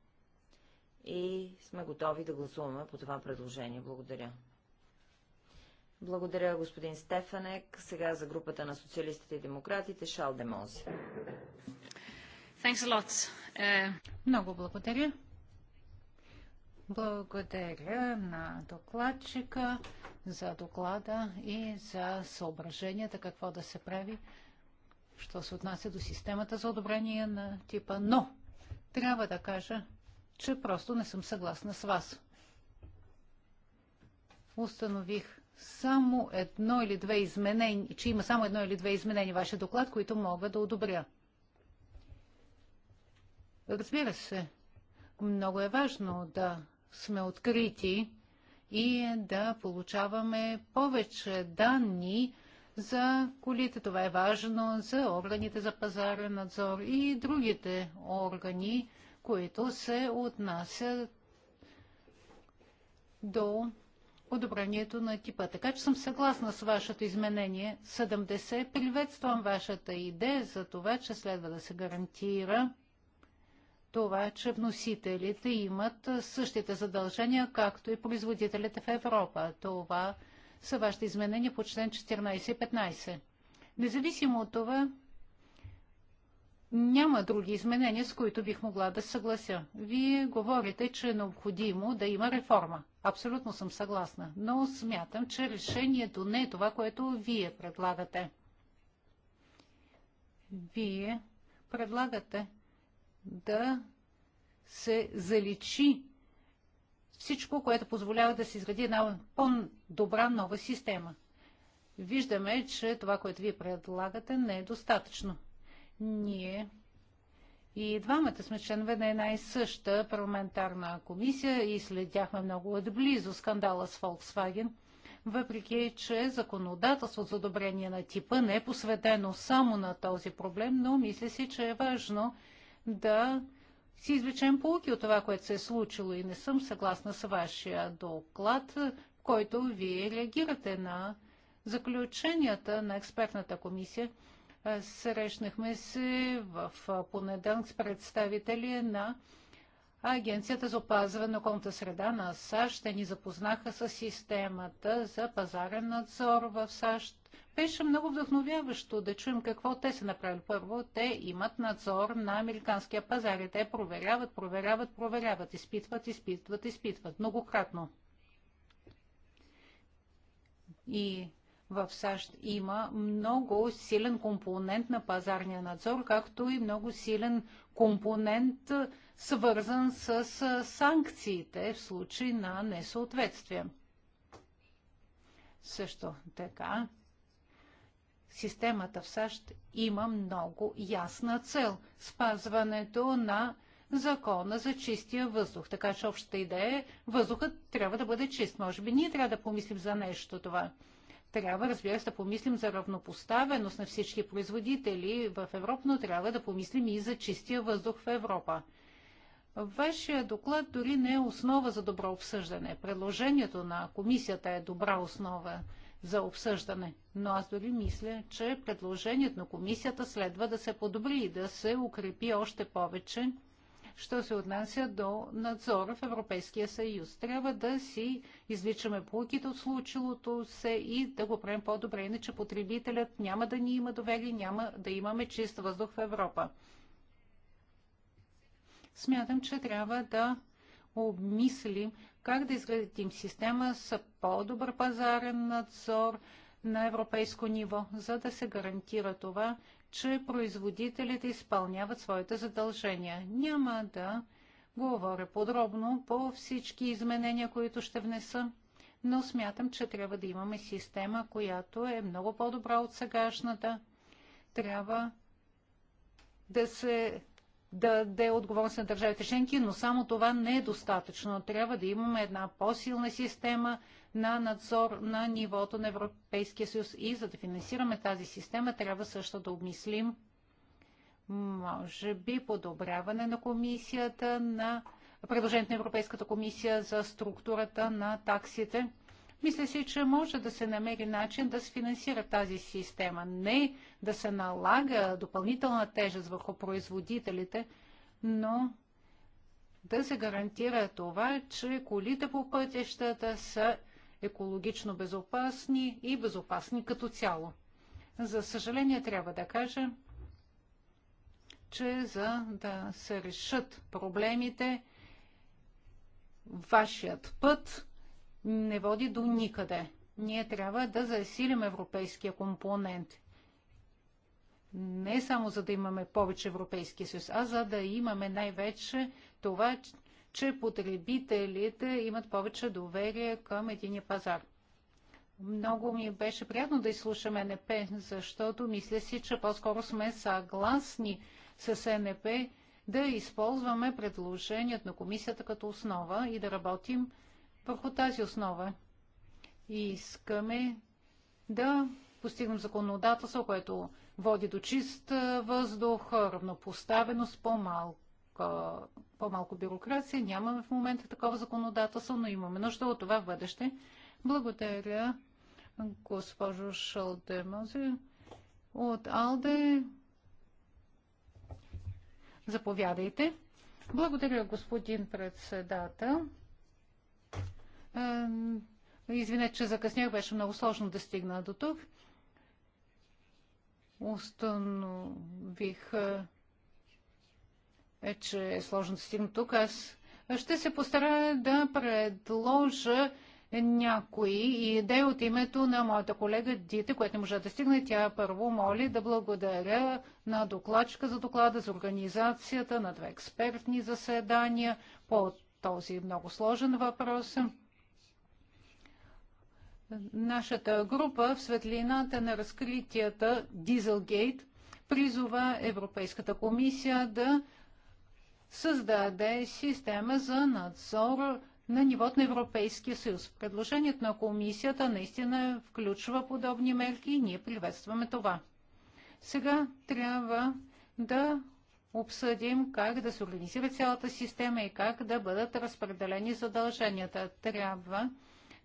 и сме готови да гласуваме по това предложение. Благодаря. Благодаря, господин Стефанек. Сега за групата на социалистите и демократите Шал Демози. Uh, Много благодаря. Благодаря на докладчика за доклада и за съображенията какво да се прави, що се отнася до системата за одобрение на типа. Но трябва да кажа, че просто не съм съгласна с вас. Установих само едно или две изменения, че има само едно или две изменения вашия доклад, които мога да одобря. Разбира се, много е важно да сме открити и да получаваме повече данни за колите. Това е важно за органите за пазарен надзор и другите органи, които се отнасят до одобрението на типа. Така че съм съгласна с вашето изменение 70. Приветствам вашата идея за това, че следва да се гарантира това, че вносителите имат същите задължения, както и производителите в Европа. Това са вашите изменения по член 14 и 15. Независимо от това, няма други изменения, с които бих могла да съглася. Вие говорите, че е необходимо да има реформа. Абсолютно съм съгласна, но смятам, че решението не е това, което вие предлагате. Вие предлагате да се заличи всичко, което позволява да се изгради една по-добра нова система. Виждаме, че това, което вие предлагате, не е достатъчно. Ние и двамата сме членове на една и съща парламентарна комисия и следяхме много отблизо скандала с Volkswagen, въпреки че законодателство за одобрение на типа не е посветено само на този проблем, но мисля си, че е важно да си извлечем полки от това, което се е случило и не съм съгласна с вашия доклад, в който вие реагирате на заключенията на експертната комисия – Срещнахме се в понеделник с представители на Агенцията за опазване на околната среда на САЩ. Те ни запознаха с системата за пазарен надзор в САЩ. Беше много вдъхновяващо да чуем какво те са направили. Първо, те имат надзор на американския пазар и те проверяват, проверяват, проверяват, изпитват, изпитват, изпитват многократно. И в САЩ има много силен компонент на пазарния надзор, както и много силен компонент, свързан с санкциите в случай на несъответствие. Също така, системата в САЩ има много ясна цел – спазването на закона за чистия въздух. Така че общата идея е, въздухът трябва да бъде чист. Може би ние трябва да помислим за нещо това. Трябва, разбира се, да помислим за равнопоставеност на всички производители в Европа, но трябва да помислим и за чистия въздух в Европа. Вашия доклад дори не е основа за добро обсъждане. Предложението на комисията е добра основа за обсъждане, но аз дори мисля, че предложението на комисията следва да се подобри и да се укрепи още повече що се отнася до надзора в Европейския съюз. Трябва да си извличаме полуките от случилото се и да го правим по-добре, иначе потребителят няма да ни има доверие, няма да имаме чист въздух в Европа. Смятам, че трябва да обмислим как да изградим система с по-добър пазарен надзор на европейско ниво, за да се гарантира това, че производителите изпълняват своите задължения. Няма да говоря подробно по всички изменения, които ще внеса, но смятам, че трябва да имаме система, която е много по-добра от сегашната. Трябва да се да даде отговорност на държавите членки, но само това не е достатъчно. Трябва да имаме една по-силна система, на надзор на нивото на Европейския съюз. И за да финансираме тази система, трябва също да обмислим, може би, подобряване на комисията, на предложението на Европейската комисия за структурата на таксите. Мисля си, че може да се намери начин да се финансира тази система. Не да се налага допълнителна тежест върху производителите, но да се гарантира това, че колите по пътищата са екологично безопасни и безопасни като цяло. За съжаление трябва да кажа, че за да се решат проблемите, вашият път не води до никъде. Ние трябва да засилим европейския компонент. Не само за да имаме повече Европейски съюз, а за да имаме най-вече това, че потребителите имат повече доверие към единия пазар. Много ми беше приятно да изслушам НП, защото мисля си, че по-скоро сме съгласни с НП да използваме предложението на комисията като основа и да работим върху тази основа. И искаме да постигнем законодателство, което води до чист въздух, равнопоставеност, по-малко по-малко бюрокрация. Нямаме в момента такова законодателство, но имаме нужда от това в бъдеще. Благодаря, госпожо Шалдемози. От Алде заповядайте. Благодаря, господин председател. Извинете, че закъснях, беше много сложно да стигна до тук. Установих е, че е сложно да стигна тук. Аз ще се постарая да предложа някои идеи от името на моята колега Дите, която не може да стигне. Тя първо моли да благодаря на докладчика за доклада, за организацията на две експертни заседания по този много сложен въпрос. Нашата група в светлината на разкритията Дизелгейт призова Европейската комисия да създаде система за надзор на нивото на Европейския съюз. Предложението на комисията наистина включва подобни мерки и ние приветстваме това. Сега трябва да обсъдим как да се организира цялата система и как да бъдат разпределени задълженията. Трябва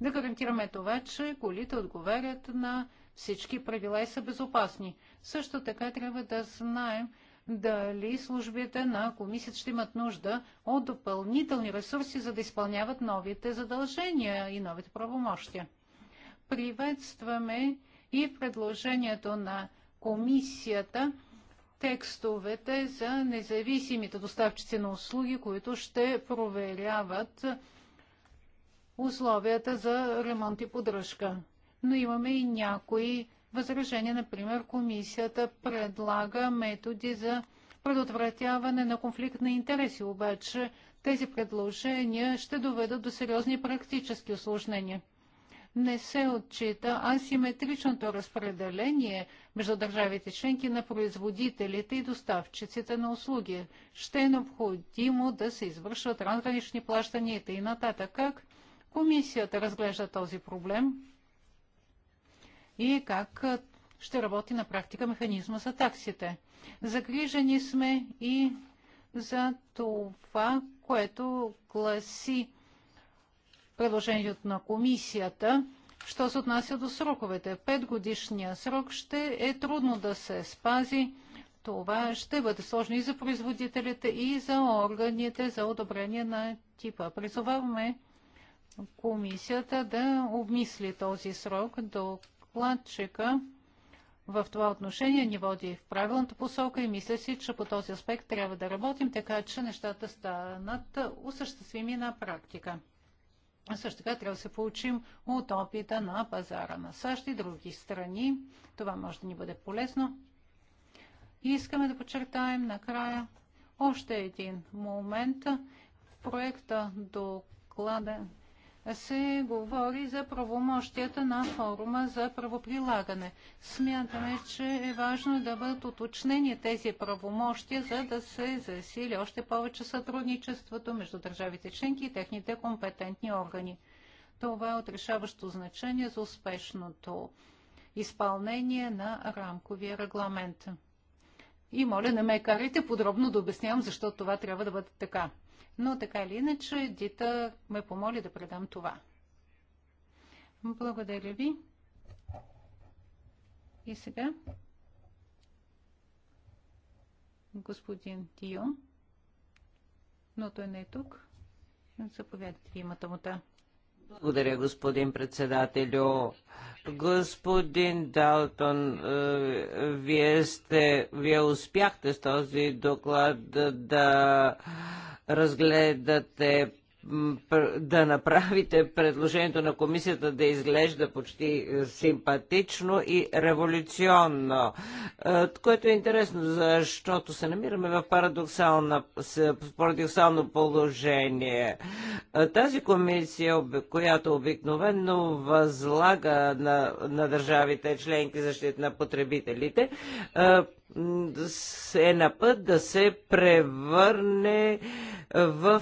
да гарантираме това, че колите отговарят на всички правила и са безопасни. Също така трябва да знаем, дали службите на комисията ще имат нужда от допълнителни ресурси, за да изпълняват новите задължения и новите правомощия. Приветстваме и предложението на комисията текстовете за независимите доставчици на услуги, които ще проверяват условията за ремонт и поддръжка. Но имаме и някои възражения. Например, комисията предлага методи за предотвратяване на конфликт на интереси, обаче тези предложения ще доведат до сериозни практически осложнения. Не се отчита асиметричното разпределение между държавите членки на производителите и доставчиците на услуги. Ще е необходимо да се извършват трансгранични плащания и т.н. Как комисията разглежда този проблем? и как ще работи на практика механизма за таксите. Загрижени сме и за това, което гласи предложението на комисията, що се отнася до сроковете. Петгодишния срок ще е трудно да се спази. Това ще бъде сложно и за производителите, и за органите за одобрение на типа. Призоваваме комисията да обмисли този срок, докато докладчика в това отношение ни води в правилната посока и мисля си, че по този аспект трябва да работим, така че нещата станат осъществими на практика. А също така трябва да се получим от опита на пазара на САЩ и други страни. Това може да ни бъде полезно. И искаме да подчертаем накрая още един момент. В проекта доклада се говори за правомощията на форума за правоприлагане. Смятаме, че е важно да бъдат уточнени тези правомощия, за да се засили още повече сътрудничеството между държавите членки и техните компетентни органи. Това е отрешаващо значение за успешното изпълнение на рамковия регламент. И моля, не ме карайте подробно да обяснявам защо това трябва да бъде така но така или иначе Дита ме помоли да предам това. Благодаря ви. И сега господин Тио, но той не е тук. Заповядайте, имате мута. Благодаря, господин председателю. Господин Далтон, е, вие, сте, вие успяхте с този доклад да разгледате да направите предложението на комисията да изглежда почти е, симпатично и революционно, е, което е интересно, защото се намираме в парадоксално, парадоксално положение. Е, тази комисия, която обикновено възлага на, на държавите членки защита на потребителите, е на път да се превърне в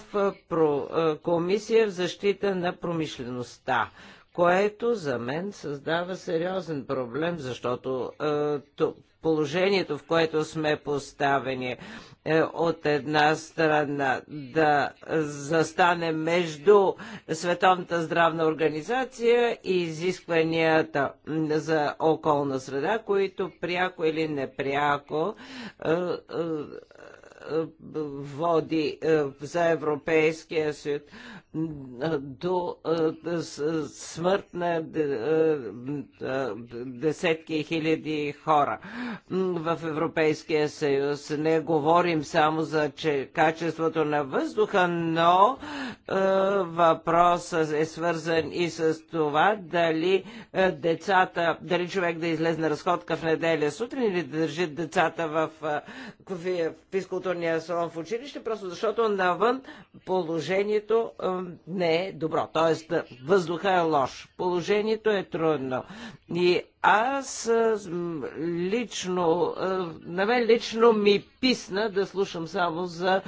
Комисия в защита на промишлеността което за мен създава сериозен проблем, защото е, положението, в което сме поставени е, от една страна да застане между Световната здравна организация и изискванията за околна среда, които пряко или непряко е, е, е, е, води е, за Европейския съюз до смърт на десетки хиляди хора в Европейския съюз. Не говорим само за че качеството на въздуха, но въпросът е свързан и с това дали децата, дали човек да излезе на разходка в неделя сутрин или да държи децата в, в физкултурния салон в училище, просто защото навън положението не е добро. Тоест, въздуха е лош. Положението е трудно. И аз лично, на мен лично ми писна да слушам само за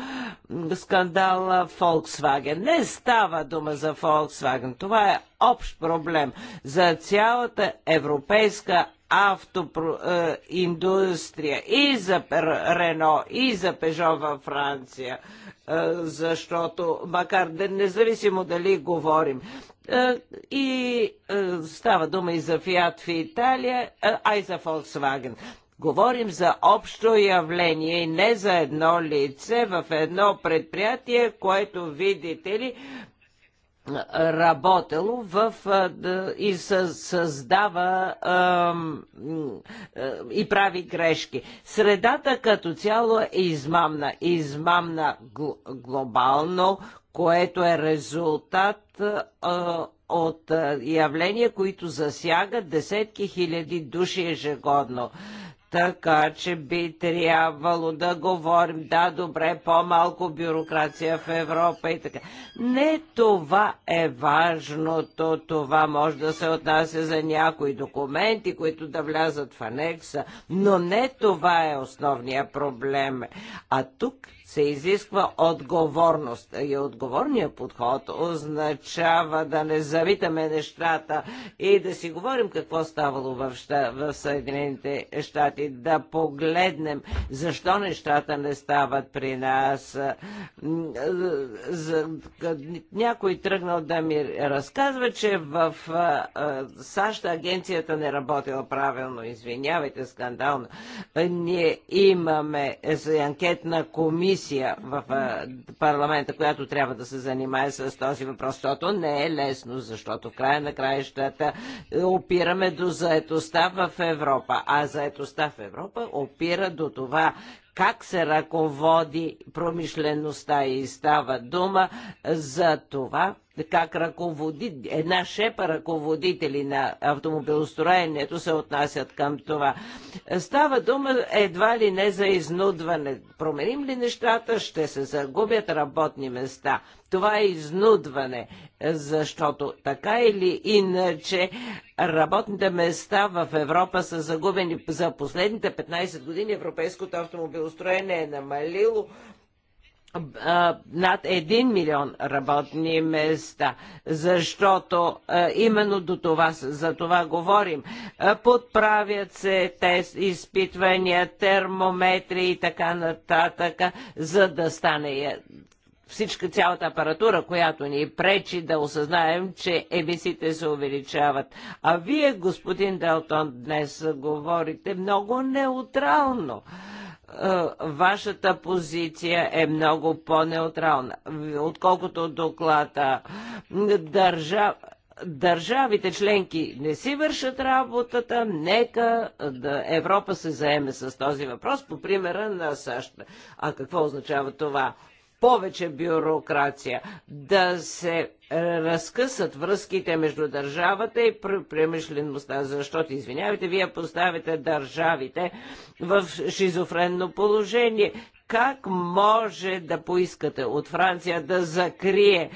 скандала Volkswagen. Не става дума за Volkswagen. Това е общ проблем за цялата европейска автоиндустрия е, и за Рено, и за Пежо във Франция, е, защото макар да независимо дали говорим, е, и става дума и за Фиат в Италия, а и за Фолксваген. Говорим за общо явление и не за едно лице в едно предприятие, което, видите ли, работело в, и създава и прави грешки. Средата като цяло е измамна. Измамна глобално, което е резултат от явления, които засягат десетки хиляди души ежегодно. Така че би трябвало да говорим, да, добре, по-малко бюрокрация в Европа и така. Не това е важното. Това може да се отнася за някои документи, които да влязат в анекса, но не това е основният проблем. А тук се изисква отговорност. И отговорният подход означава да не завитаме нещата и да си говорим какво ставало в, в Съединените щати, да погледнем защо нещата не стават при нас. Някой тръгнал да ми разказва, че в САЩ агенцията не работила правилно. Извинявайте, скандално. Ние имаме анкетна комисия комисия в парламента, която трябва да се занимае с този въпрос, защото не е лесно, защото в края на краищата опираме до заетостта в Европа, а заетостта в Европа опира до това как се ръководи промишлеността и става дума за това, как ръководи, една шепа ръководители на автомобилостроението се отнасят към това. Става дума едва ли не за изнудване. Променим ли нещата, ще се загубят работни места. Това е изнудване, защото така или иначе работните места в Европа са загубени за последните 15 години. Европейското автомобилостроене е намалило над 1 милион работни места, защото именно до това, за това говорим. Подправят се тест, изпитвания, термометри и така нататък, за да стане всичка цялата апаратура, която ни пречи да осъзнаем, че емисиите се увеличават. А вие, господин Делтон, днес говорите много неутрално е, вашата позиция е много по-неутрална, отколкото доклада. Държа... Държавите членки не си вършат работата, нека да Европа се заеме с този въпрос по примера на САЩ. А какво означава това? повече бюрокрация, да се е, разкъсат връзките между държавата и премишлеността, защото, извинявайте, вие поставите държавите в шизофренно положение. Как може да поискате от Франция да закрие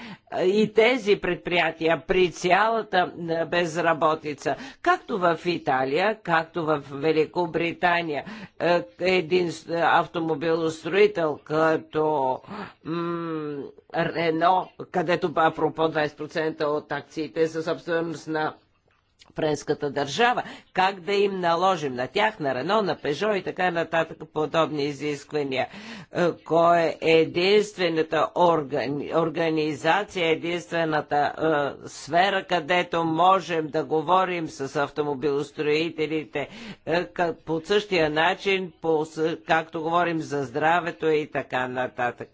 и тези предприятия при цялата безработица, както в Италия, както в Великобритания. Е, един автомобилостроител като Рено, където апропо 20% от акциите са собственост на френската държава, как да им наложим на тях, на Рено, на Пежо и така нататък подобни изисквания. Е, кой е единствената органи, организация, единствената е, сфера, където можем да говорим с автомобилостроителите е, по същия начин, по, както говорим за здравето и така нататък.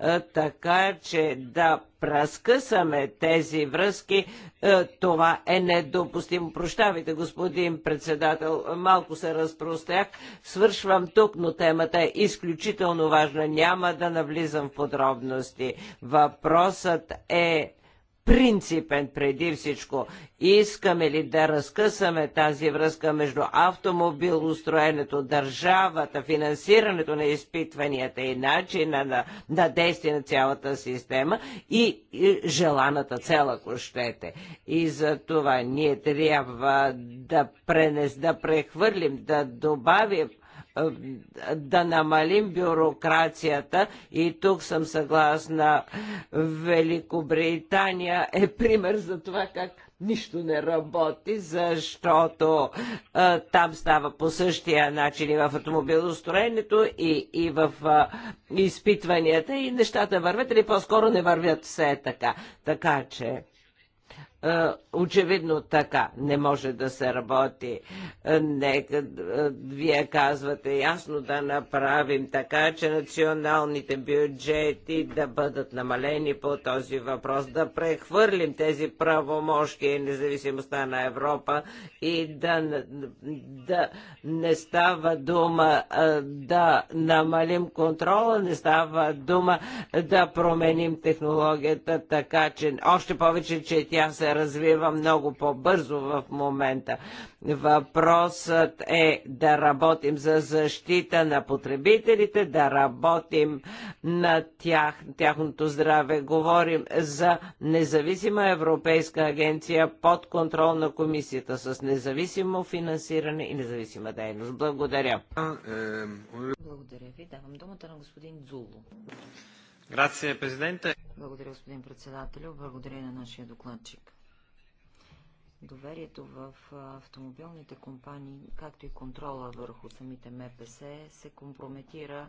Е, така е, че да разкъсаме тези връзки, е, това е недопустимо. Прощавайте, господин председател, малко се разпростях. Свършвам тук, но темата е изключително важна. Няма да навлизам в подробности. Въпросът е принципен преди всичко. Искаме ли да разкъсаме тази връзка между автомобилостроенето, държавата, финансирането на изпитванията и начина на, на действие на цялата система и, и желаната цел, ако щете. И за това ние трябва да, пренес, да прехвърлим, да добавим да намалим бюрокрацията и тук съм съгласна. Великобритания е пример за това как нищо не работи, защото а, там става по същия начин и в автомобилостроенето, и, и в а, изпитванията, и нещата вървят, или по-скоро не вървят все така. Така че е, очевидно така не може да се работи. Е, нека е, вие казвате ясно да направим така, че националните бюджети да бъдат намалени по този въпрос, да прехвърлим тези правомощи, и независимостта на Европа и да, да не става дума да намалим контрола, не става дума да променим технологията така, че още повече, че тя се развива много по-бързо в момента. Въпросът е да работим за защита на потребителите, да работим на тях, тяхното здраве. Говорим за независима Европейска агенция под контрол на комисията с независимо финансиране и независима дейност. Благодаря. Благодаря ви. Давам думата на господин Дзуло. Благодаря, господин председател, Благодаря на нашия докладчик. Доверието в автомобилните компании, както и контрола върху самите МПС, се компрометира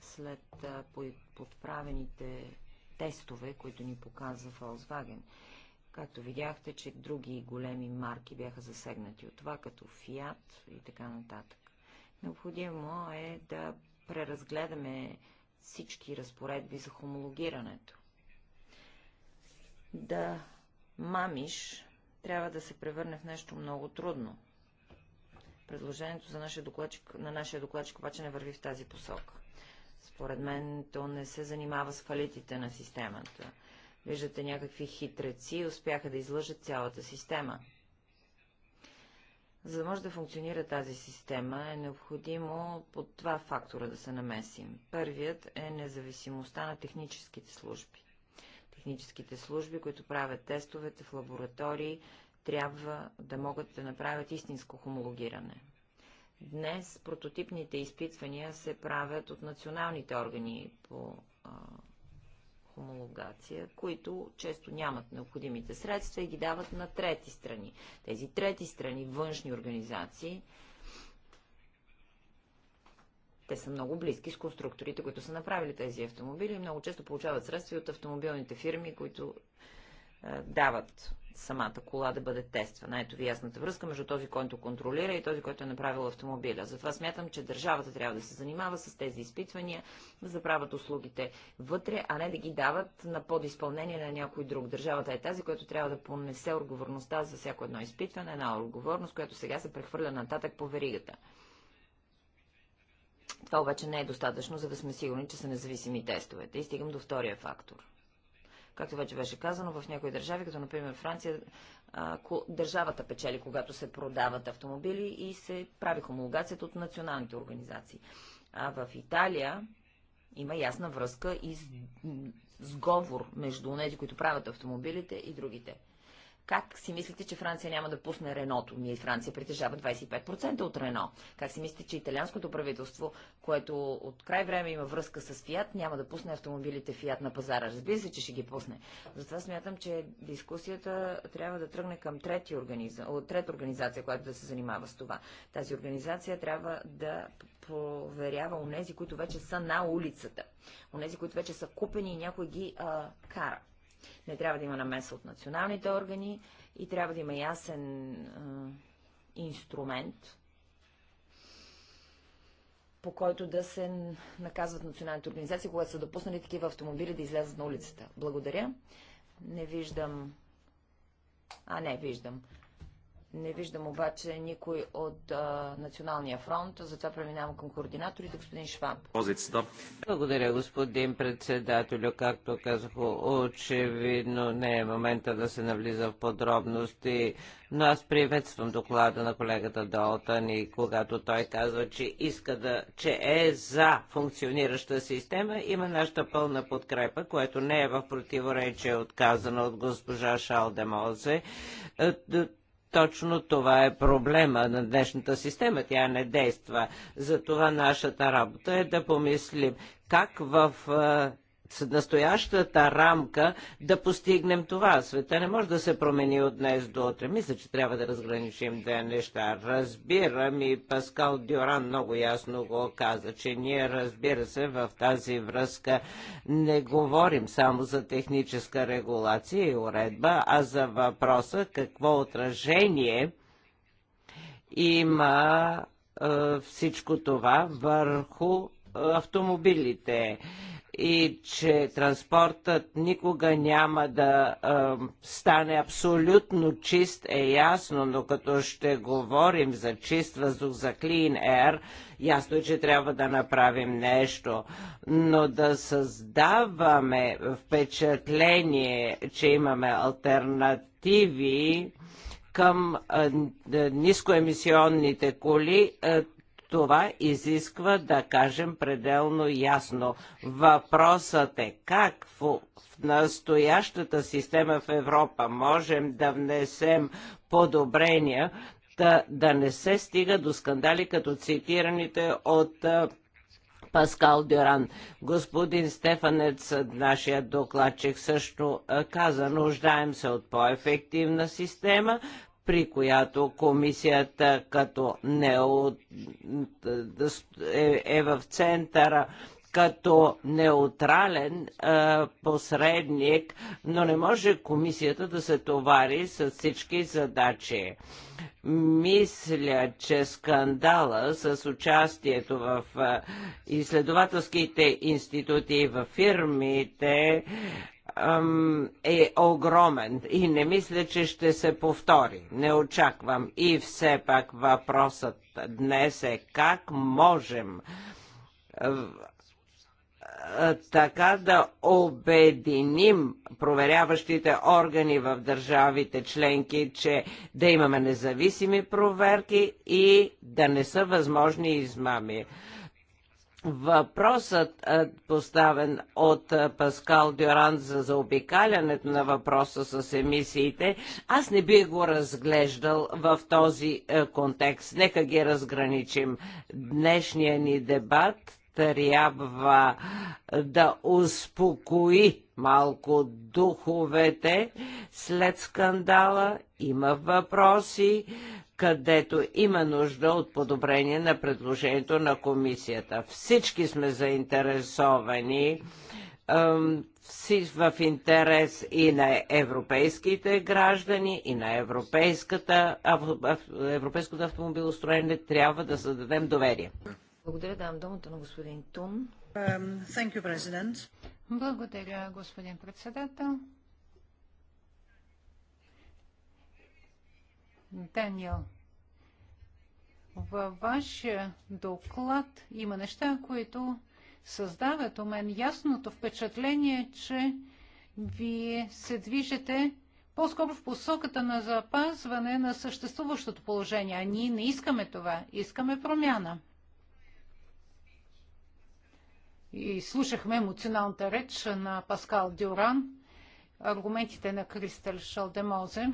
след подправените тестове, които ни показа Volkswagen. Както видяхте, че други големи марки бяха засегнати от това, като Фиат и така нататък. Необходимо е да преразгледаме всички разпоредби за хомологирането. Да мамиш трябва да се превърне в нещо много трудно. Предложението за нашия докладчик, на нашия докладчик обаче не върви в тази посока. Според мен то не се занимава с фалитите на системата. Виждате някакви хитреци и успяха да излъжат цялата система. За да може да функционира тази система, е необходимо по два фактора да се намесим. Първият е независимостта на техническите служби техническите служби, които правят тестовете в лаборатории, трябва да могат да направят истинско хомологиране. Днес прототипните изпитвания се правят от националните органи по а, хомологация, които често нямат необходимите средства и ги дават на трети страни. Тези трети страни, външни организации, те са много близки с конструкторите, които са направили тези автомобили и много често получават средства от автомобилните фирми, които е, дават самата кола да бъде тествана. Ето ви ясната връзка между този, който контролира и този, който е направил автомобиля. Затова смятам, че държавата трябва да се занимава с тези изпитвания, да заправят услугите вътре, а не да ги дават на подиспълнение на някой друг. Държавата е тази, която трябва да понесе отговорността за всяко едно изпитване, една отговорност, която сега се прехвърля нататък по веригата. Това обаче не е достатъчно, за да сме сигурни, че са независими тестовете. И стигам до втория фактор. Както вече беше казано, в някои държави, като например Франция, държавата печели, когато се продават автомобили и се прави хомологацията от националните организации. А в Италия има ясна връзка и сговор между тези, които правят автомобилите и другите. Как си мислите, че Франция няма да пусне Реното? Ние Франция притежава 25% от Рено. Как си мислите, че италианското правителство, което от край време има връзка с Фиат, няма да пусне автомобилите Фиат на пазара? Разбира се, че ще ги пусне. Затова смятам, че дискусията трябва да тръгне към трети организа... трета организация, която да се занимава с това. Тази организация трябва да проверява нези, които вече са на улицата. нези, които вече са купени и някой ги а, кара. Не трябва да има намеса от националните органи и трябва да има ясен а, инструмент, по който да се наказват националните организации, когато са допуснали такива автомобили да излязат на улицата. Благодаря. Не виждам. А, не, виждам. Не виждам обаче никой от а, Националния фронт, затова преминавам към координаторите, господин Шваб. Благодаря, господин председателю. Както казах, очевидно не е момента да се навлиза в подробности, но аз приветствам доклада на колегата Долтън и когато той казва, че иска да, че е за функционираща система, има нашата пълна подкрепа, което не е в противоречие отказано от госпожа Шалдемозе е, точно това е проблема на днешната система. Тя не действа. Затова нашата работа е да помислим как в е, настоящата рамка да постигнем това. Света не може да се промени от днес до утре. Мисля, че трябва да разграничим две неща. Разбирам и Паскал Дюран много ясно го каза, че ние разбира се в тази връзка не говорим само за техническа регулация и уредба, а за въпроса какво отражение има е, всичко това върху автомобилите и че транспортът никога няма да а, стане абсолютно чист е ясно, но като ще говорим за чист въздух, за clean air, ясно е, че трябва да направим нещо. Но да създаваме впечатление, че имаме альтернативи към а, нискоемисионните коли, това изисква да кажем пределно ясно. Въпросът е как в, настоящата система в Европа можем да внесем подобрения, да, да не се стига до скандали, като цитираните от Паскал Дюран. Господин Стефанец, нашия докладчик, също каза, нуждаем се от по-ефективна система, при която комисията като не е, е в центъра като неутрален а, посредник, но не може комисията да се товари с всички задачи. Мисля, че скандала с участието в а, изследователските институти и в фирмите е огромен и не мисля, че ще се повтори. Не очаквам. И все пак въпросът днес е как можем така да обединим проверяващите органи в държавите членки, че да имаме независими проверки и да не са възможни измами. Въпросът, е, поставен от е, Паскал Дюран за заобикалянето на въпроса с емисиите, аз не би го разглеждал в този е, контекст. Нека ги разграничим. Днешния ни дебат трябва да успокои малко духовете след скандала. Има въпроси, където има нужда от подобрение на предложението на комисията. Всички сме заинтересовани в интерес и на европейските граждани, и на европейската, европейското автомобилостроене трябва да създадем доверие. Благодаря, давам думата на господин Тун. Um, you, Благодаря, господин председател. Даниел във вашия доклад има неща, които създават у мен ясното впечатление, че вие се движете по-скоро в посоката на запазване на съществуващото положение. А ние не искаме това. Искаме промяна. И слушахме емоционалната реч на Паскал Дюран, аргументите на Кристал Шалдемозе.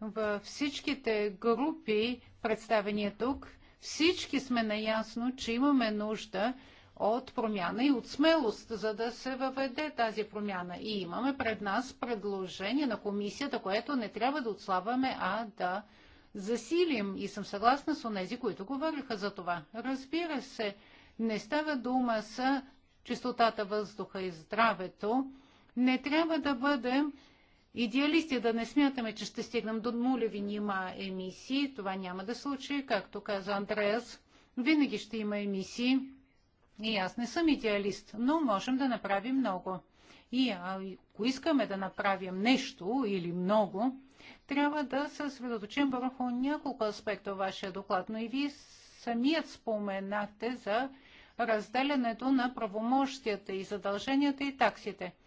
Във всичките групи представения тук, всички сме наясно, че имаме нужда от промяна и от смелост, за да се въведе тази промяна. И имаме пред нас предложение на комисията, което не трябва да отслабваме, а да засилим. И съм съгласна с онези, които говориха за това. Разбира се, не става дума с чистотата въздуха и здравето. Не трябва да бъдем идеалисти, да не смятаме, че ще стигнем до нулеви нима емисии. Това няма да случи. Както каза Андреас, винаги ще има емисии. И аз не съм идеалист, но можем да направим много. И ако искаме да направим нещо или много, трябва да се съсредоточим върху няколко аспекта в вашия доклад. Но и вие самият споменахте за разделянето на правомощията и задълженията и таксите –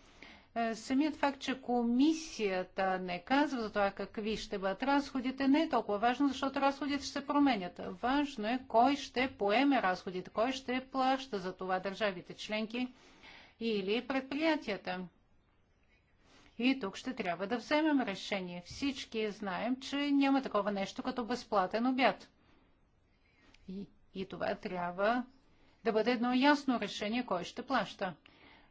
е, самият факт, че комисията не казва за това какви ще бъдат разходите, не е толкова важно, защото разходите ще се променят. Важно е кой ще поеме разходите, кой ще плаща за това държавите членки или предприятията. И тук ще трябва да вземем решение. Всички знаем, че няма такова нещо като безплатен обяд. И, и това трябва да бъде едно ясно решение, кой ще плаща.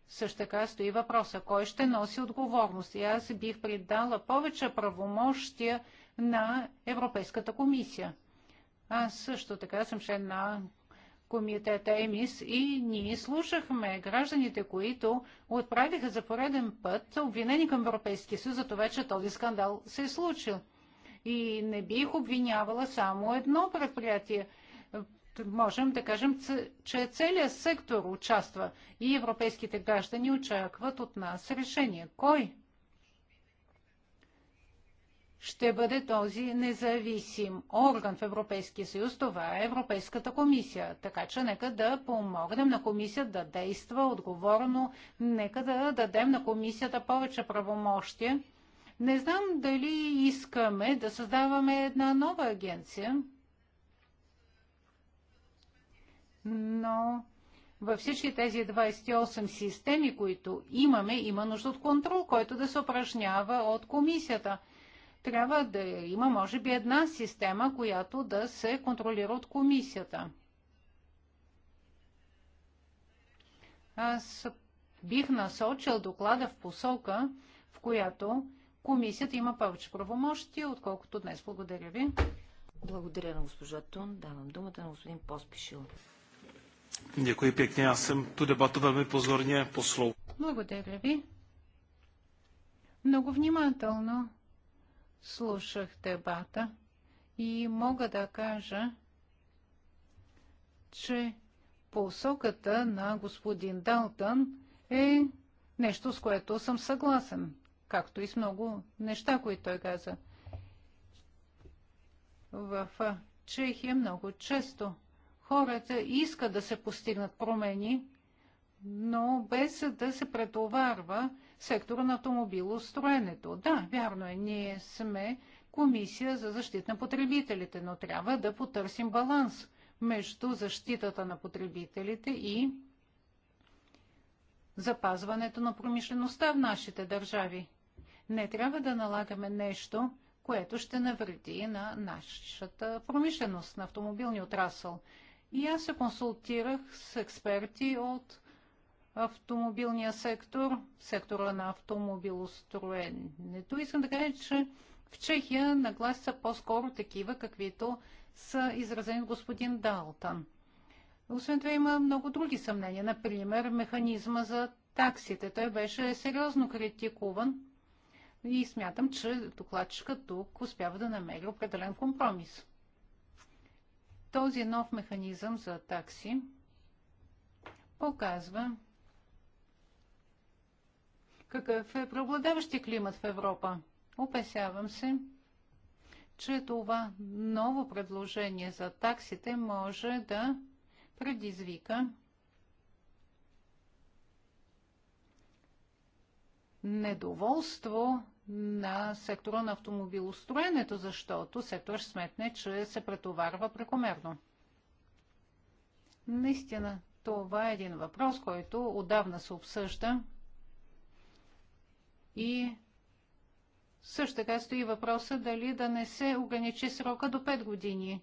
Също така стои въпроса, кой ще носи отговорност. И аз бих придала повече правомощия на Европейската комисия. Аз също така съм член на комитета ЕМИС и ние слушахме гражданите, които отправиха за пореден път обвинени към Европейския съюз за това, че този скандал се е случил. И не бих обвинявала само едно предприятие – можем да кажем, че целият сектор участва и европейските граждани очакват от нас решение. Кой ще бъде този независим орган в Европейския съюз? Това е Европейската комисия. Така че нека да помогнем на комисията да действа отговорно, нека да дадем на комисията повече правомощия. Не знам дали искаме да създаваме една нова агенция но във всички тези 28 системи, които имаме, има нужда от контрол, който да се упражнява от комисията. Трябва да има, може би, една система, която да се контролира от комисията. Аз бих насочил доклада в посока, в която комисията има повече правомощи, отколкото днес. Благодаря ви. Благодаря на госпожа Тун. Давам думата на господин Поспишил. Děkuji pěkně, já jsem tu debatu velmi pozorně poslou. Благодаря ви. Много внимателно слушах дебата и мога да кажа, че посоката на господин Далтън е нещо, с което съм съгласен, както и с много неща, които той каза. В Чехия много често Хората искат да се постигнат промени, но без да се претоварва сектора на автомобилостроенето. Да, вярно е, ние сме комисия за защита на потребителите, но трябва да потърсим баланс между защитата на потребителите и запазването на промишлеността в нашите държави. Не трябва да налагаме нещо, което ще навреди на нашата промишленост, на автомобилния отрасъл. И аз се консултирах с експерти от автомобилния сектор, сектора на автомобилостроенето. Искам да кажа, че в Чехия нагласи са по-скоро такива, каквито са изразени от господин Далтан. Освен това има много други съмнения. Например, механизма за таксите. Той беше сериозно критикуван и смятам, че докладчика тук успява да намери определен компромис. Този нов механизъм за такси показва какъв е преобладаващи климат в Европа. Опасявам се, че това ново предложение за таксите може да предизвика недоволство на сектора на автомобилостроенето, защото сектор ще сметне, че се претоварва прекомерно. Наистина, това е един въпрос, който отдавна се обсъжда и също така стои въпроса дали да не се ограничи срока до 5 години.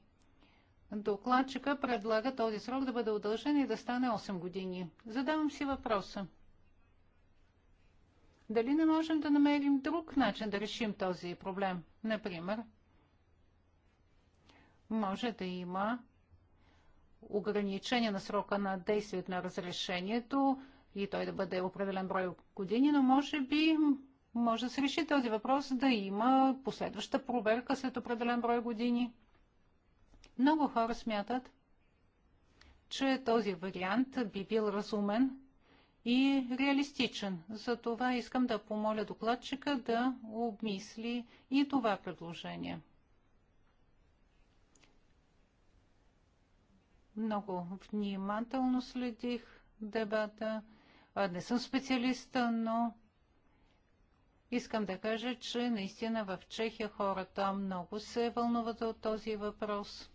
Докладчика предлага този срок да бъде удължен и да стане 8 години. Задавам си въпроса. Дали не можем да намерим друг начин да решим този проблем? Например, може да има ограничение на срока на действието на разрешението и той да бъде определен брой години, но може би може да се реши този въпрос да има последваща проверка след определен брой години. Много хора смятат, че този вариант би бил разумен и реалистичен. Затова искам да помоля докладчика да обмисли и това предложение. Много внимателно следих дебата. Не съм специалиста, но искам да кажа, че наистина в Чехия хората много се вълнуват от този въпрос –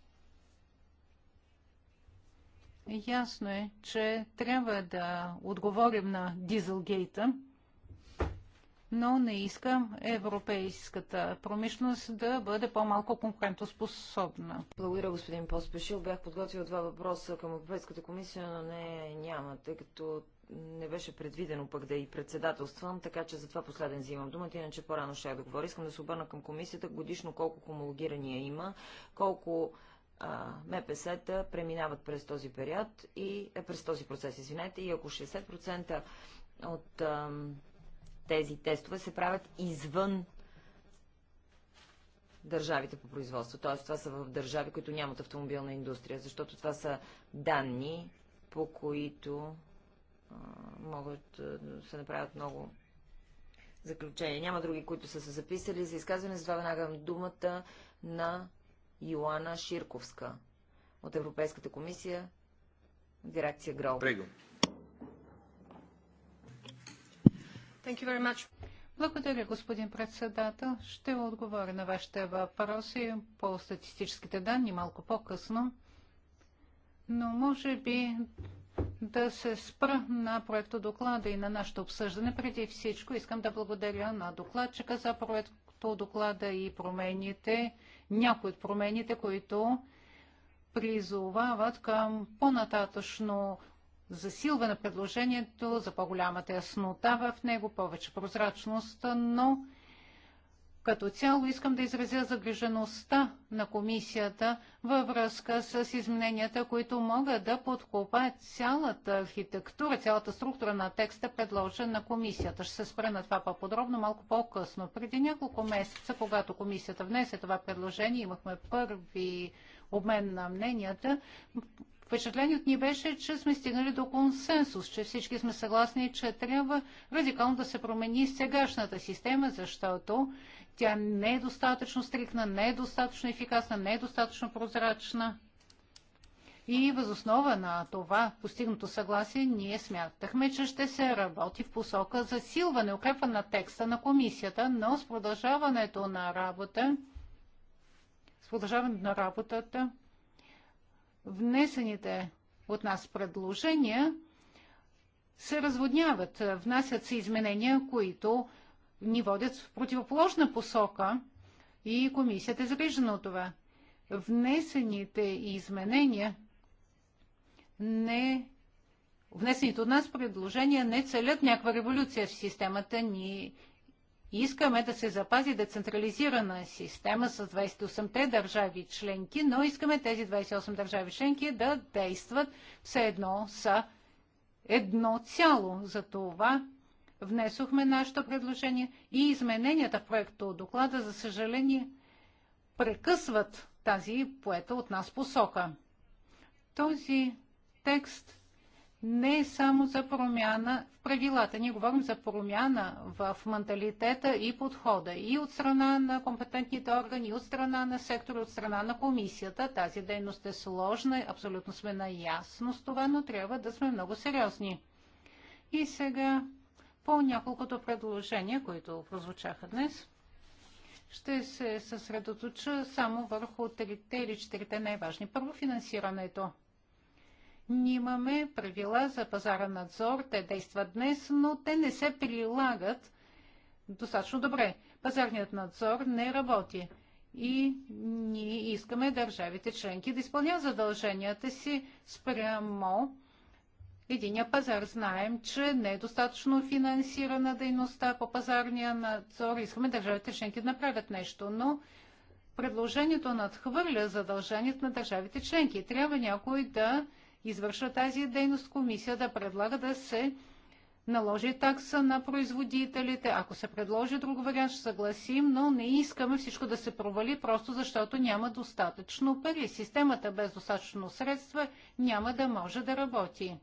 Ясно е, че трябва да отговорим на дизелгейта, но не искам европейската промишленост да бъде по-малко конкурентоспособна. Благодаря, господин Поспешил. Бях подготвил два въпроса към Европейската комисия, но не няма, тъй като не беше предвидено пък да и председателствам, така че затова последен взимам думата, иначе по-рано ще я да говоря. Искам да се обърна към комисията годишно колко хомологирания има, колко МПС-та преминават през този период и е, през този процес, извинете, и ако 60% от а, тези тестове се правят извън държавите по производство. Т.е. това са в държави, които нямат автомобилна индустрия, защото това са данни, по които а, могат да се направят много заключения. Няма други, които са се записали за изказване. Затова веднага думата на Йоана Ширковска от Европейската комисия, дирекция ГРОЛ. Благодаря, господин председател. Ще отговоря на вашите въпроси по статистическите данни малко по-късно, но може би да се спра на проекто доклада и на нашето обсъждане. Преди всичко искам да благодаря на докладчика за проект по доклада и промените, някои от промените, които призовават към по-нататъчно засилване на предложението за по-голямата яснота в него, повече прозрачност, но като цяло искам да изразя загрижеността на комисията във връзка с измененията, които могат да подкопаят цялата архитектура, цялата структура на текста, предложен на комисията. Ще се спра на това по-подробно малко по-късно. Преди няколко месеца, когато комисията внесе това предложение, имахме първи обмен на мненията. Впечатлението ни беше, че сме стигнали до консенсус, че всички сме съгласни, че трябва радикално да се промени сегашната система, защото тя не е достатъчно стрикна, не е достатъчно ефикасна, не е достатъчно прозрачна. И възоснова на това постигнато съгласие ние смятахме, че ще се работи в посока засилване, укрепване на текста на комисията, но с продължаването на работа, с продължаването на работата, внесените от нас предложения се разводняват. Внасят се изменения, които ни водят в противоположна посока и комисията е загрижена от това. Внесените изменения не Внесените от нас предложения не целят някаква революция в системата ни. Искаме да се запази децентрализирана система с 28-те държави членки, но искаме тези 28 държави членки да действат все едно са едно цяло. За това внесохме нашето предложение и измененията в проекта от доклада, за съжаление, прекъсват тази поета от нас посока. Този текст не е само за промяна в правилата. Ние говорим за промяна в менталитета и подхода и от страна на компетентните органи, и от страна на сектора, и от страна на комисията. Тази дейност е сложна, абсолютно сме наясно с това, но трябва да сме много сериозни. И сега по няколкото предложения, които прозвучаха днес. Ще се съсредоточа само върху трите или четирите най-важни. Първо финансирането. Ние имаме правила за пазара надзор, те действат днес, но те не се прилагат достатъчно добре. Пазарният надзор не работи и ние искаме държавите членки да изпълнят задълженията си спрямо единия пазар. Знаем, че не е достатъчно финансирана дейността по пазарния надзор. Искаме държавите членки да направят нещо, но предложението надхвърля задължението на държавите членки. Трябва някой да извършва тази дейност, комисия да предлага да се наложи такса на производителите. Ако се предложи друг вариант, ще съгласим, но не искаме всичко да се провали, просто защото няма достатъчно пари. Системата без достатъчно средства няма да може да работи.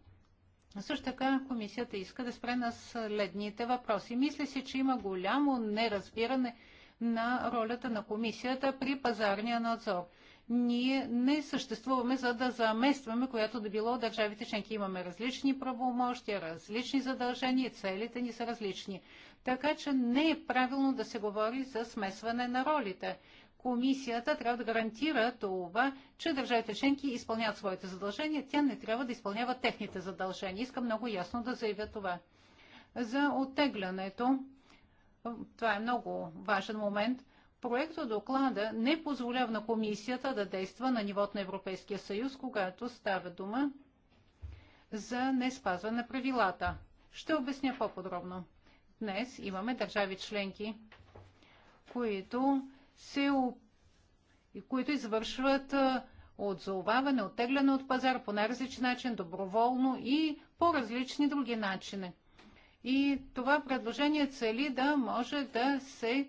Също така комисията иска да спре на следните въпроси. Мисля си, че има голямо неразбиране на ролята на комисията при пазарния надзор. Ние не съществуваме за да заместваме, която да било държавите членки. Имаме различни правомощия, различни задължения, целите ни са различни. Така че не е правилно да се говори за смесване на ролите комисията трябва да гарантира това, че държавите членки изпълняват своите задължения, тя не трябва да изпълнява техните задължения. Искам много ясно да заявя това. За оттеглянето, това е много важен момент, проектът доклада не позволява на комисията да действа на нивото на Европейския съюз, когато става дума за не спазване на правилата. Ще обясня по-подробно. Днес имаме държави членки, които се, които извършват отзоваване, оттегляне от пазар по най-различен начин, доброволно и по различни други начини. И това предложение цели да може да се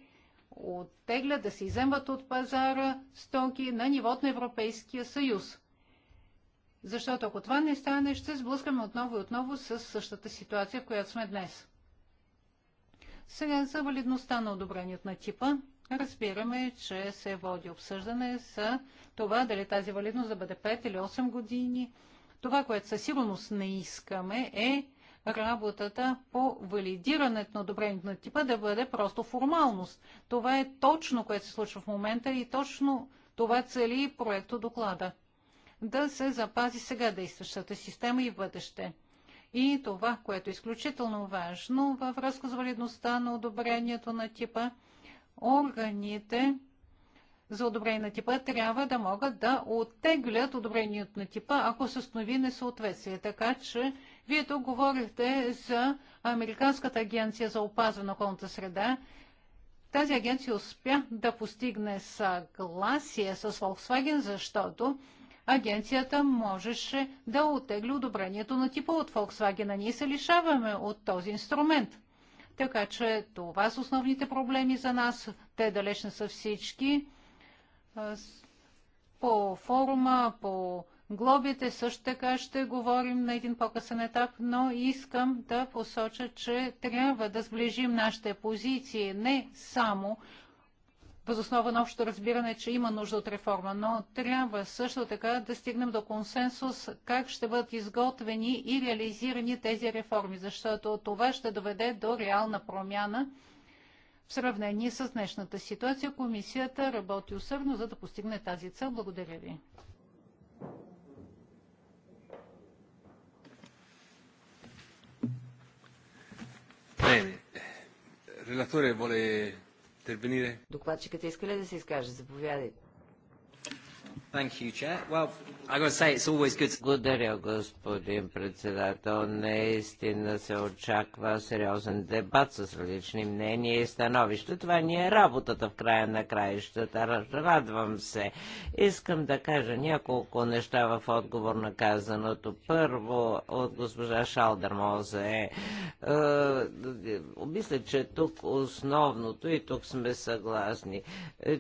оттегля, да се иземват от пазара стоки на нивото на Европейския съюз. Защото ако това не стане, ще сблъскаме отново и отново с същата ситуация, в която сме днес. Сега за валидността на одобрението на типа разбираме, че се води обсъждане за това дали тази валидност да бъде 5 или 8 години. Това, което със сигурност не искаме е работата по валидирането на одобрението на типа да бъде просто формалност. Това е точно, което се случва в момента и точно това цели проекто доклада. Да се запази сега действащата система и бъдеще. И това, което е изключително важно във връзка с валидността на одобрението на типа – органите за одобрение на типа трябва да могат да оттеглят одобрението на типа, ако се установи несъответствие. Така че вие тук говорихте за Американската агенция за опазване на околната среда. Тази агенция успя да постигне съгласие с Volkswagen, защото агенцията можеше да отегли одобрението на типа от Volkswagen. Ние се лишаваме от този инструмент. Така че това са основните проблеми за нас. Те далеч не са всички. По форума, по глобите също така ще говорим на един по-късен етап, но искам да посоча, че трябва да сближим нашите позиции не само възоснова на общото разбиране, че има нужда от реформа, но трябва също така да стигнем до консенсус как ще бъдат изготвени и реализирани тези реформи, защото това ще доведе до реална промяна в сравнение с днешната ситуация. Комисията работи усърдно, за да постигне тази цел. Благодаря ви. Bene. Il intervenire? Докладчикът иска ли да се изкаже? Заповядайте. Благодаря, господин председател. Наистина се очаква сериозен дебат с различни мнения и становища. Това ни е работата в края на краищата. Радвам се. Искам да кажа няколко неща в отговор на казаното. Първо от госпожа Шалдермозе. Е, е, мисля, че тук основното и тук сме съгласни. Е,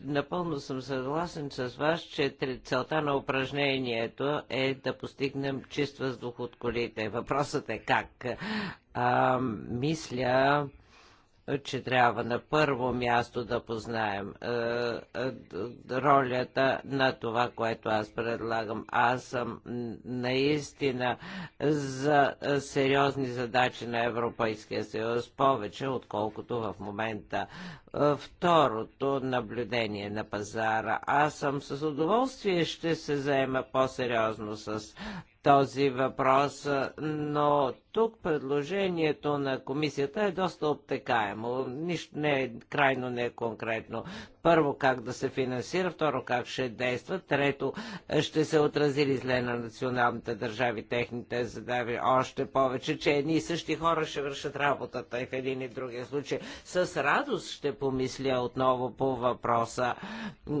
напълно съм съгласен с вас, че целта на упражнението е да постигнем чист въздух от колите. Въпросът е как. А, мисля, че трябва на първо място да познаем а, ролята на това, което аз предлагам. Аз съм наистина за сериозни задачи на Европейския съюз повече, отколкото в момента второто наблюдение на пазара. Аз съм с удоволствие ще се заема по-сериозно с този въпрос, но тук предложението на комисията е доста обтекаемо, нищо не е крайно не е конкретно първо как да се финансира, второ как ще действа, трето ще се отрази ли зле на националните държави техните задави още повече, че едни и същи хора ще вършат работата и в един и другия случай. С радост ще помисля отново по въпроса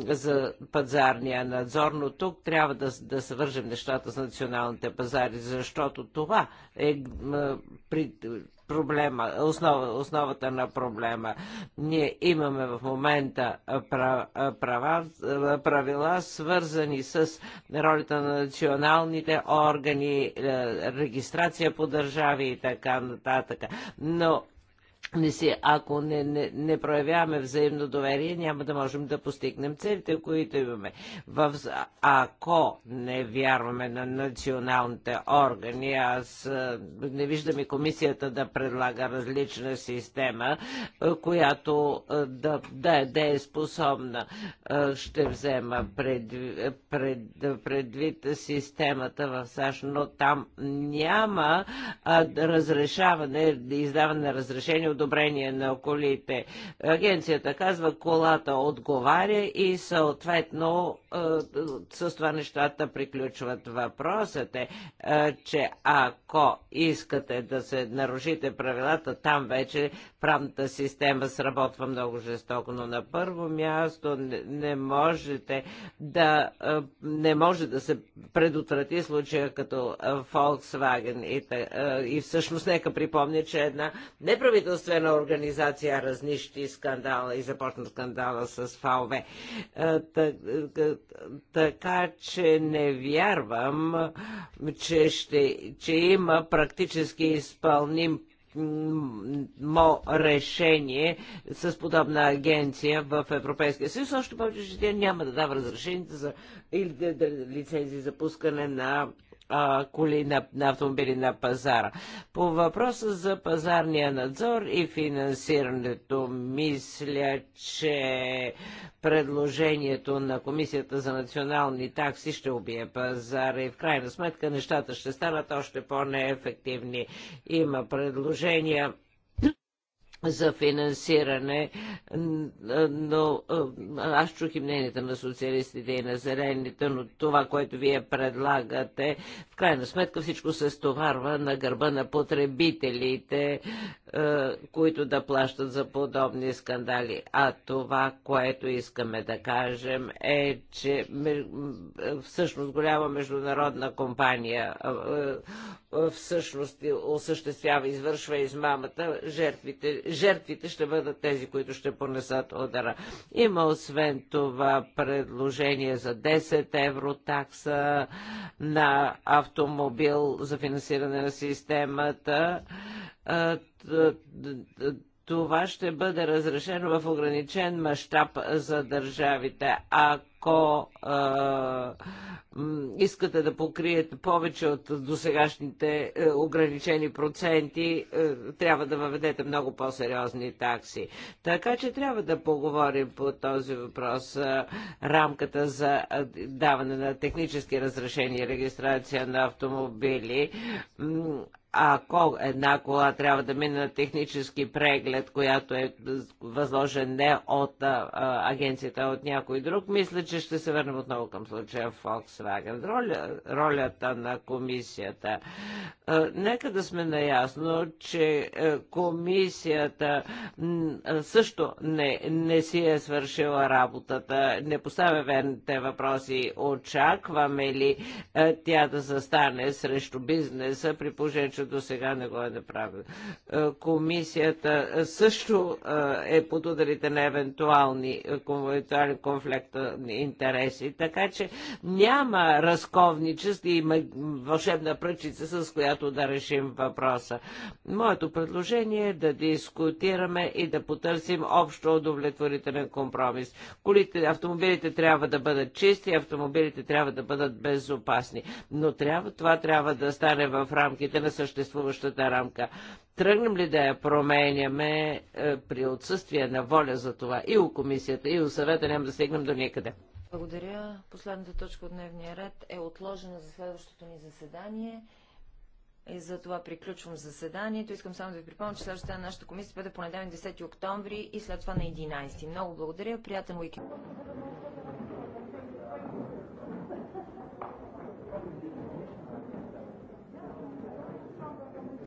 за пазарния надзор, но тук трябва да, да свържем нещата с националните пазари, защото това е при проблема, основ, основата на проблема. Ние имаме в момента права, правила, свързани с ролята на националните органи, регистрация по държави и така нататък. Но не си, ако не, не, не проявяваме взаимно доверие, няма да можем да постигнем целите, които имаме. В, ако не вярваме на националните органи, аз не виждам и комисията да предлага различна система, която да, да, е, да е способна. Ще взема пред, пред, предвид системата в САЩ, но там няма разрешаване, издаване на разрешение от одобрение на колите. Агенцията казва, колата отговаря и съответно е, с това нещата приключват. Въпросът е, е, че ако искате да се нарушите правилата, там вече правната система сработва много жестоко, но на първо място не, не можете да е, не може да се предотврати случая като Volkswagen и, и всъщност нека припомня, че една неправителствена неправителствена организация разнищи скандала и започна скандала с ФАОВ. Е, е, така че не вярвам, че, ще, че има практически изпълним мо решение с подобна агенция в Европейския съюз, още повече, че тя няма да дава разрешение за, или да, да, лицензии за пускане на а, коли на, на автомобили на пазара. По въпроса за пазарния надзор и финансирането, мисля, че предложението на Комисията за национални такси ще убие пазара и в крайна сметка нещата ще станат още по-неефективни. Има предложения за финансиране, но аз чух и мнението на социалистите и на зелените, но това, което вие предлагате, в крайна сметка всичко се стоварва на гърба на потребителите, които да плащат за подобни скандали. А това, което искаме да кажем е, че всъщност голяма международна компания всъщност осъществява, извършва измамата, жертвите жертвите ще бъдат тези, които ще понесат удара. Има освен това предложение за 10 евро такса на автомобил за финансиране на системата това ще бъде разрешено в ограничен мащаб за държавите. Ако а, искате да покриете повече от досегашните е, ограничени проценти, е, трябва да въведете много по-сериозни такси. Така че трябва да поговорим по този въпрос. Е, рамката за даване на технически разрешения и регистрация на автомобили ако една кола трябва да мине на технически преглед, която е възложен не от а, агенцията, а от някой друг, мисля, че ще се върнем отново към случая Volkswagen. Роля, ролята на комисията. А, нека да сме наясно, че комисията също не, не си е свършила работата, не поставя верните въпроси. Очакваме ли а, тя да застане срещу бизнеса при положение, че до сега не го е направил. Е, комисията е, също е, е под ударите на евентуални, конфликта конфликт на интереси, така че няма разковничество и вълшебна пръчица, с която да решим въпроса. Моето предложение е да дискутираме и да потърсим общо удовлетворителен компромис. Колите, автомобилите трябва да бъдат чисти, автомобилите трябва да бъдат безопасни, но трябва, това трябва да стане в рамките на същото съществуващата рамка. Тръгнем ли да я променяме е, при отсъствие на воля за това и у комисията, и у съвета, няма да стигнем до никъде. Благодаря. Последната точка от дневния ред е отложена за следващото ни заседание. И за това приключвам заседанието. Искам само да ви припомня, че следващата е на нашата комисия бъде понеделник 10 октомври и след това на 11. Много благодаря. Приятен уикенд.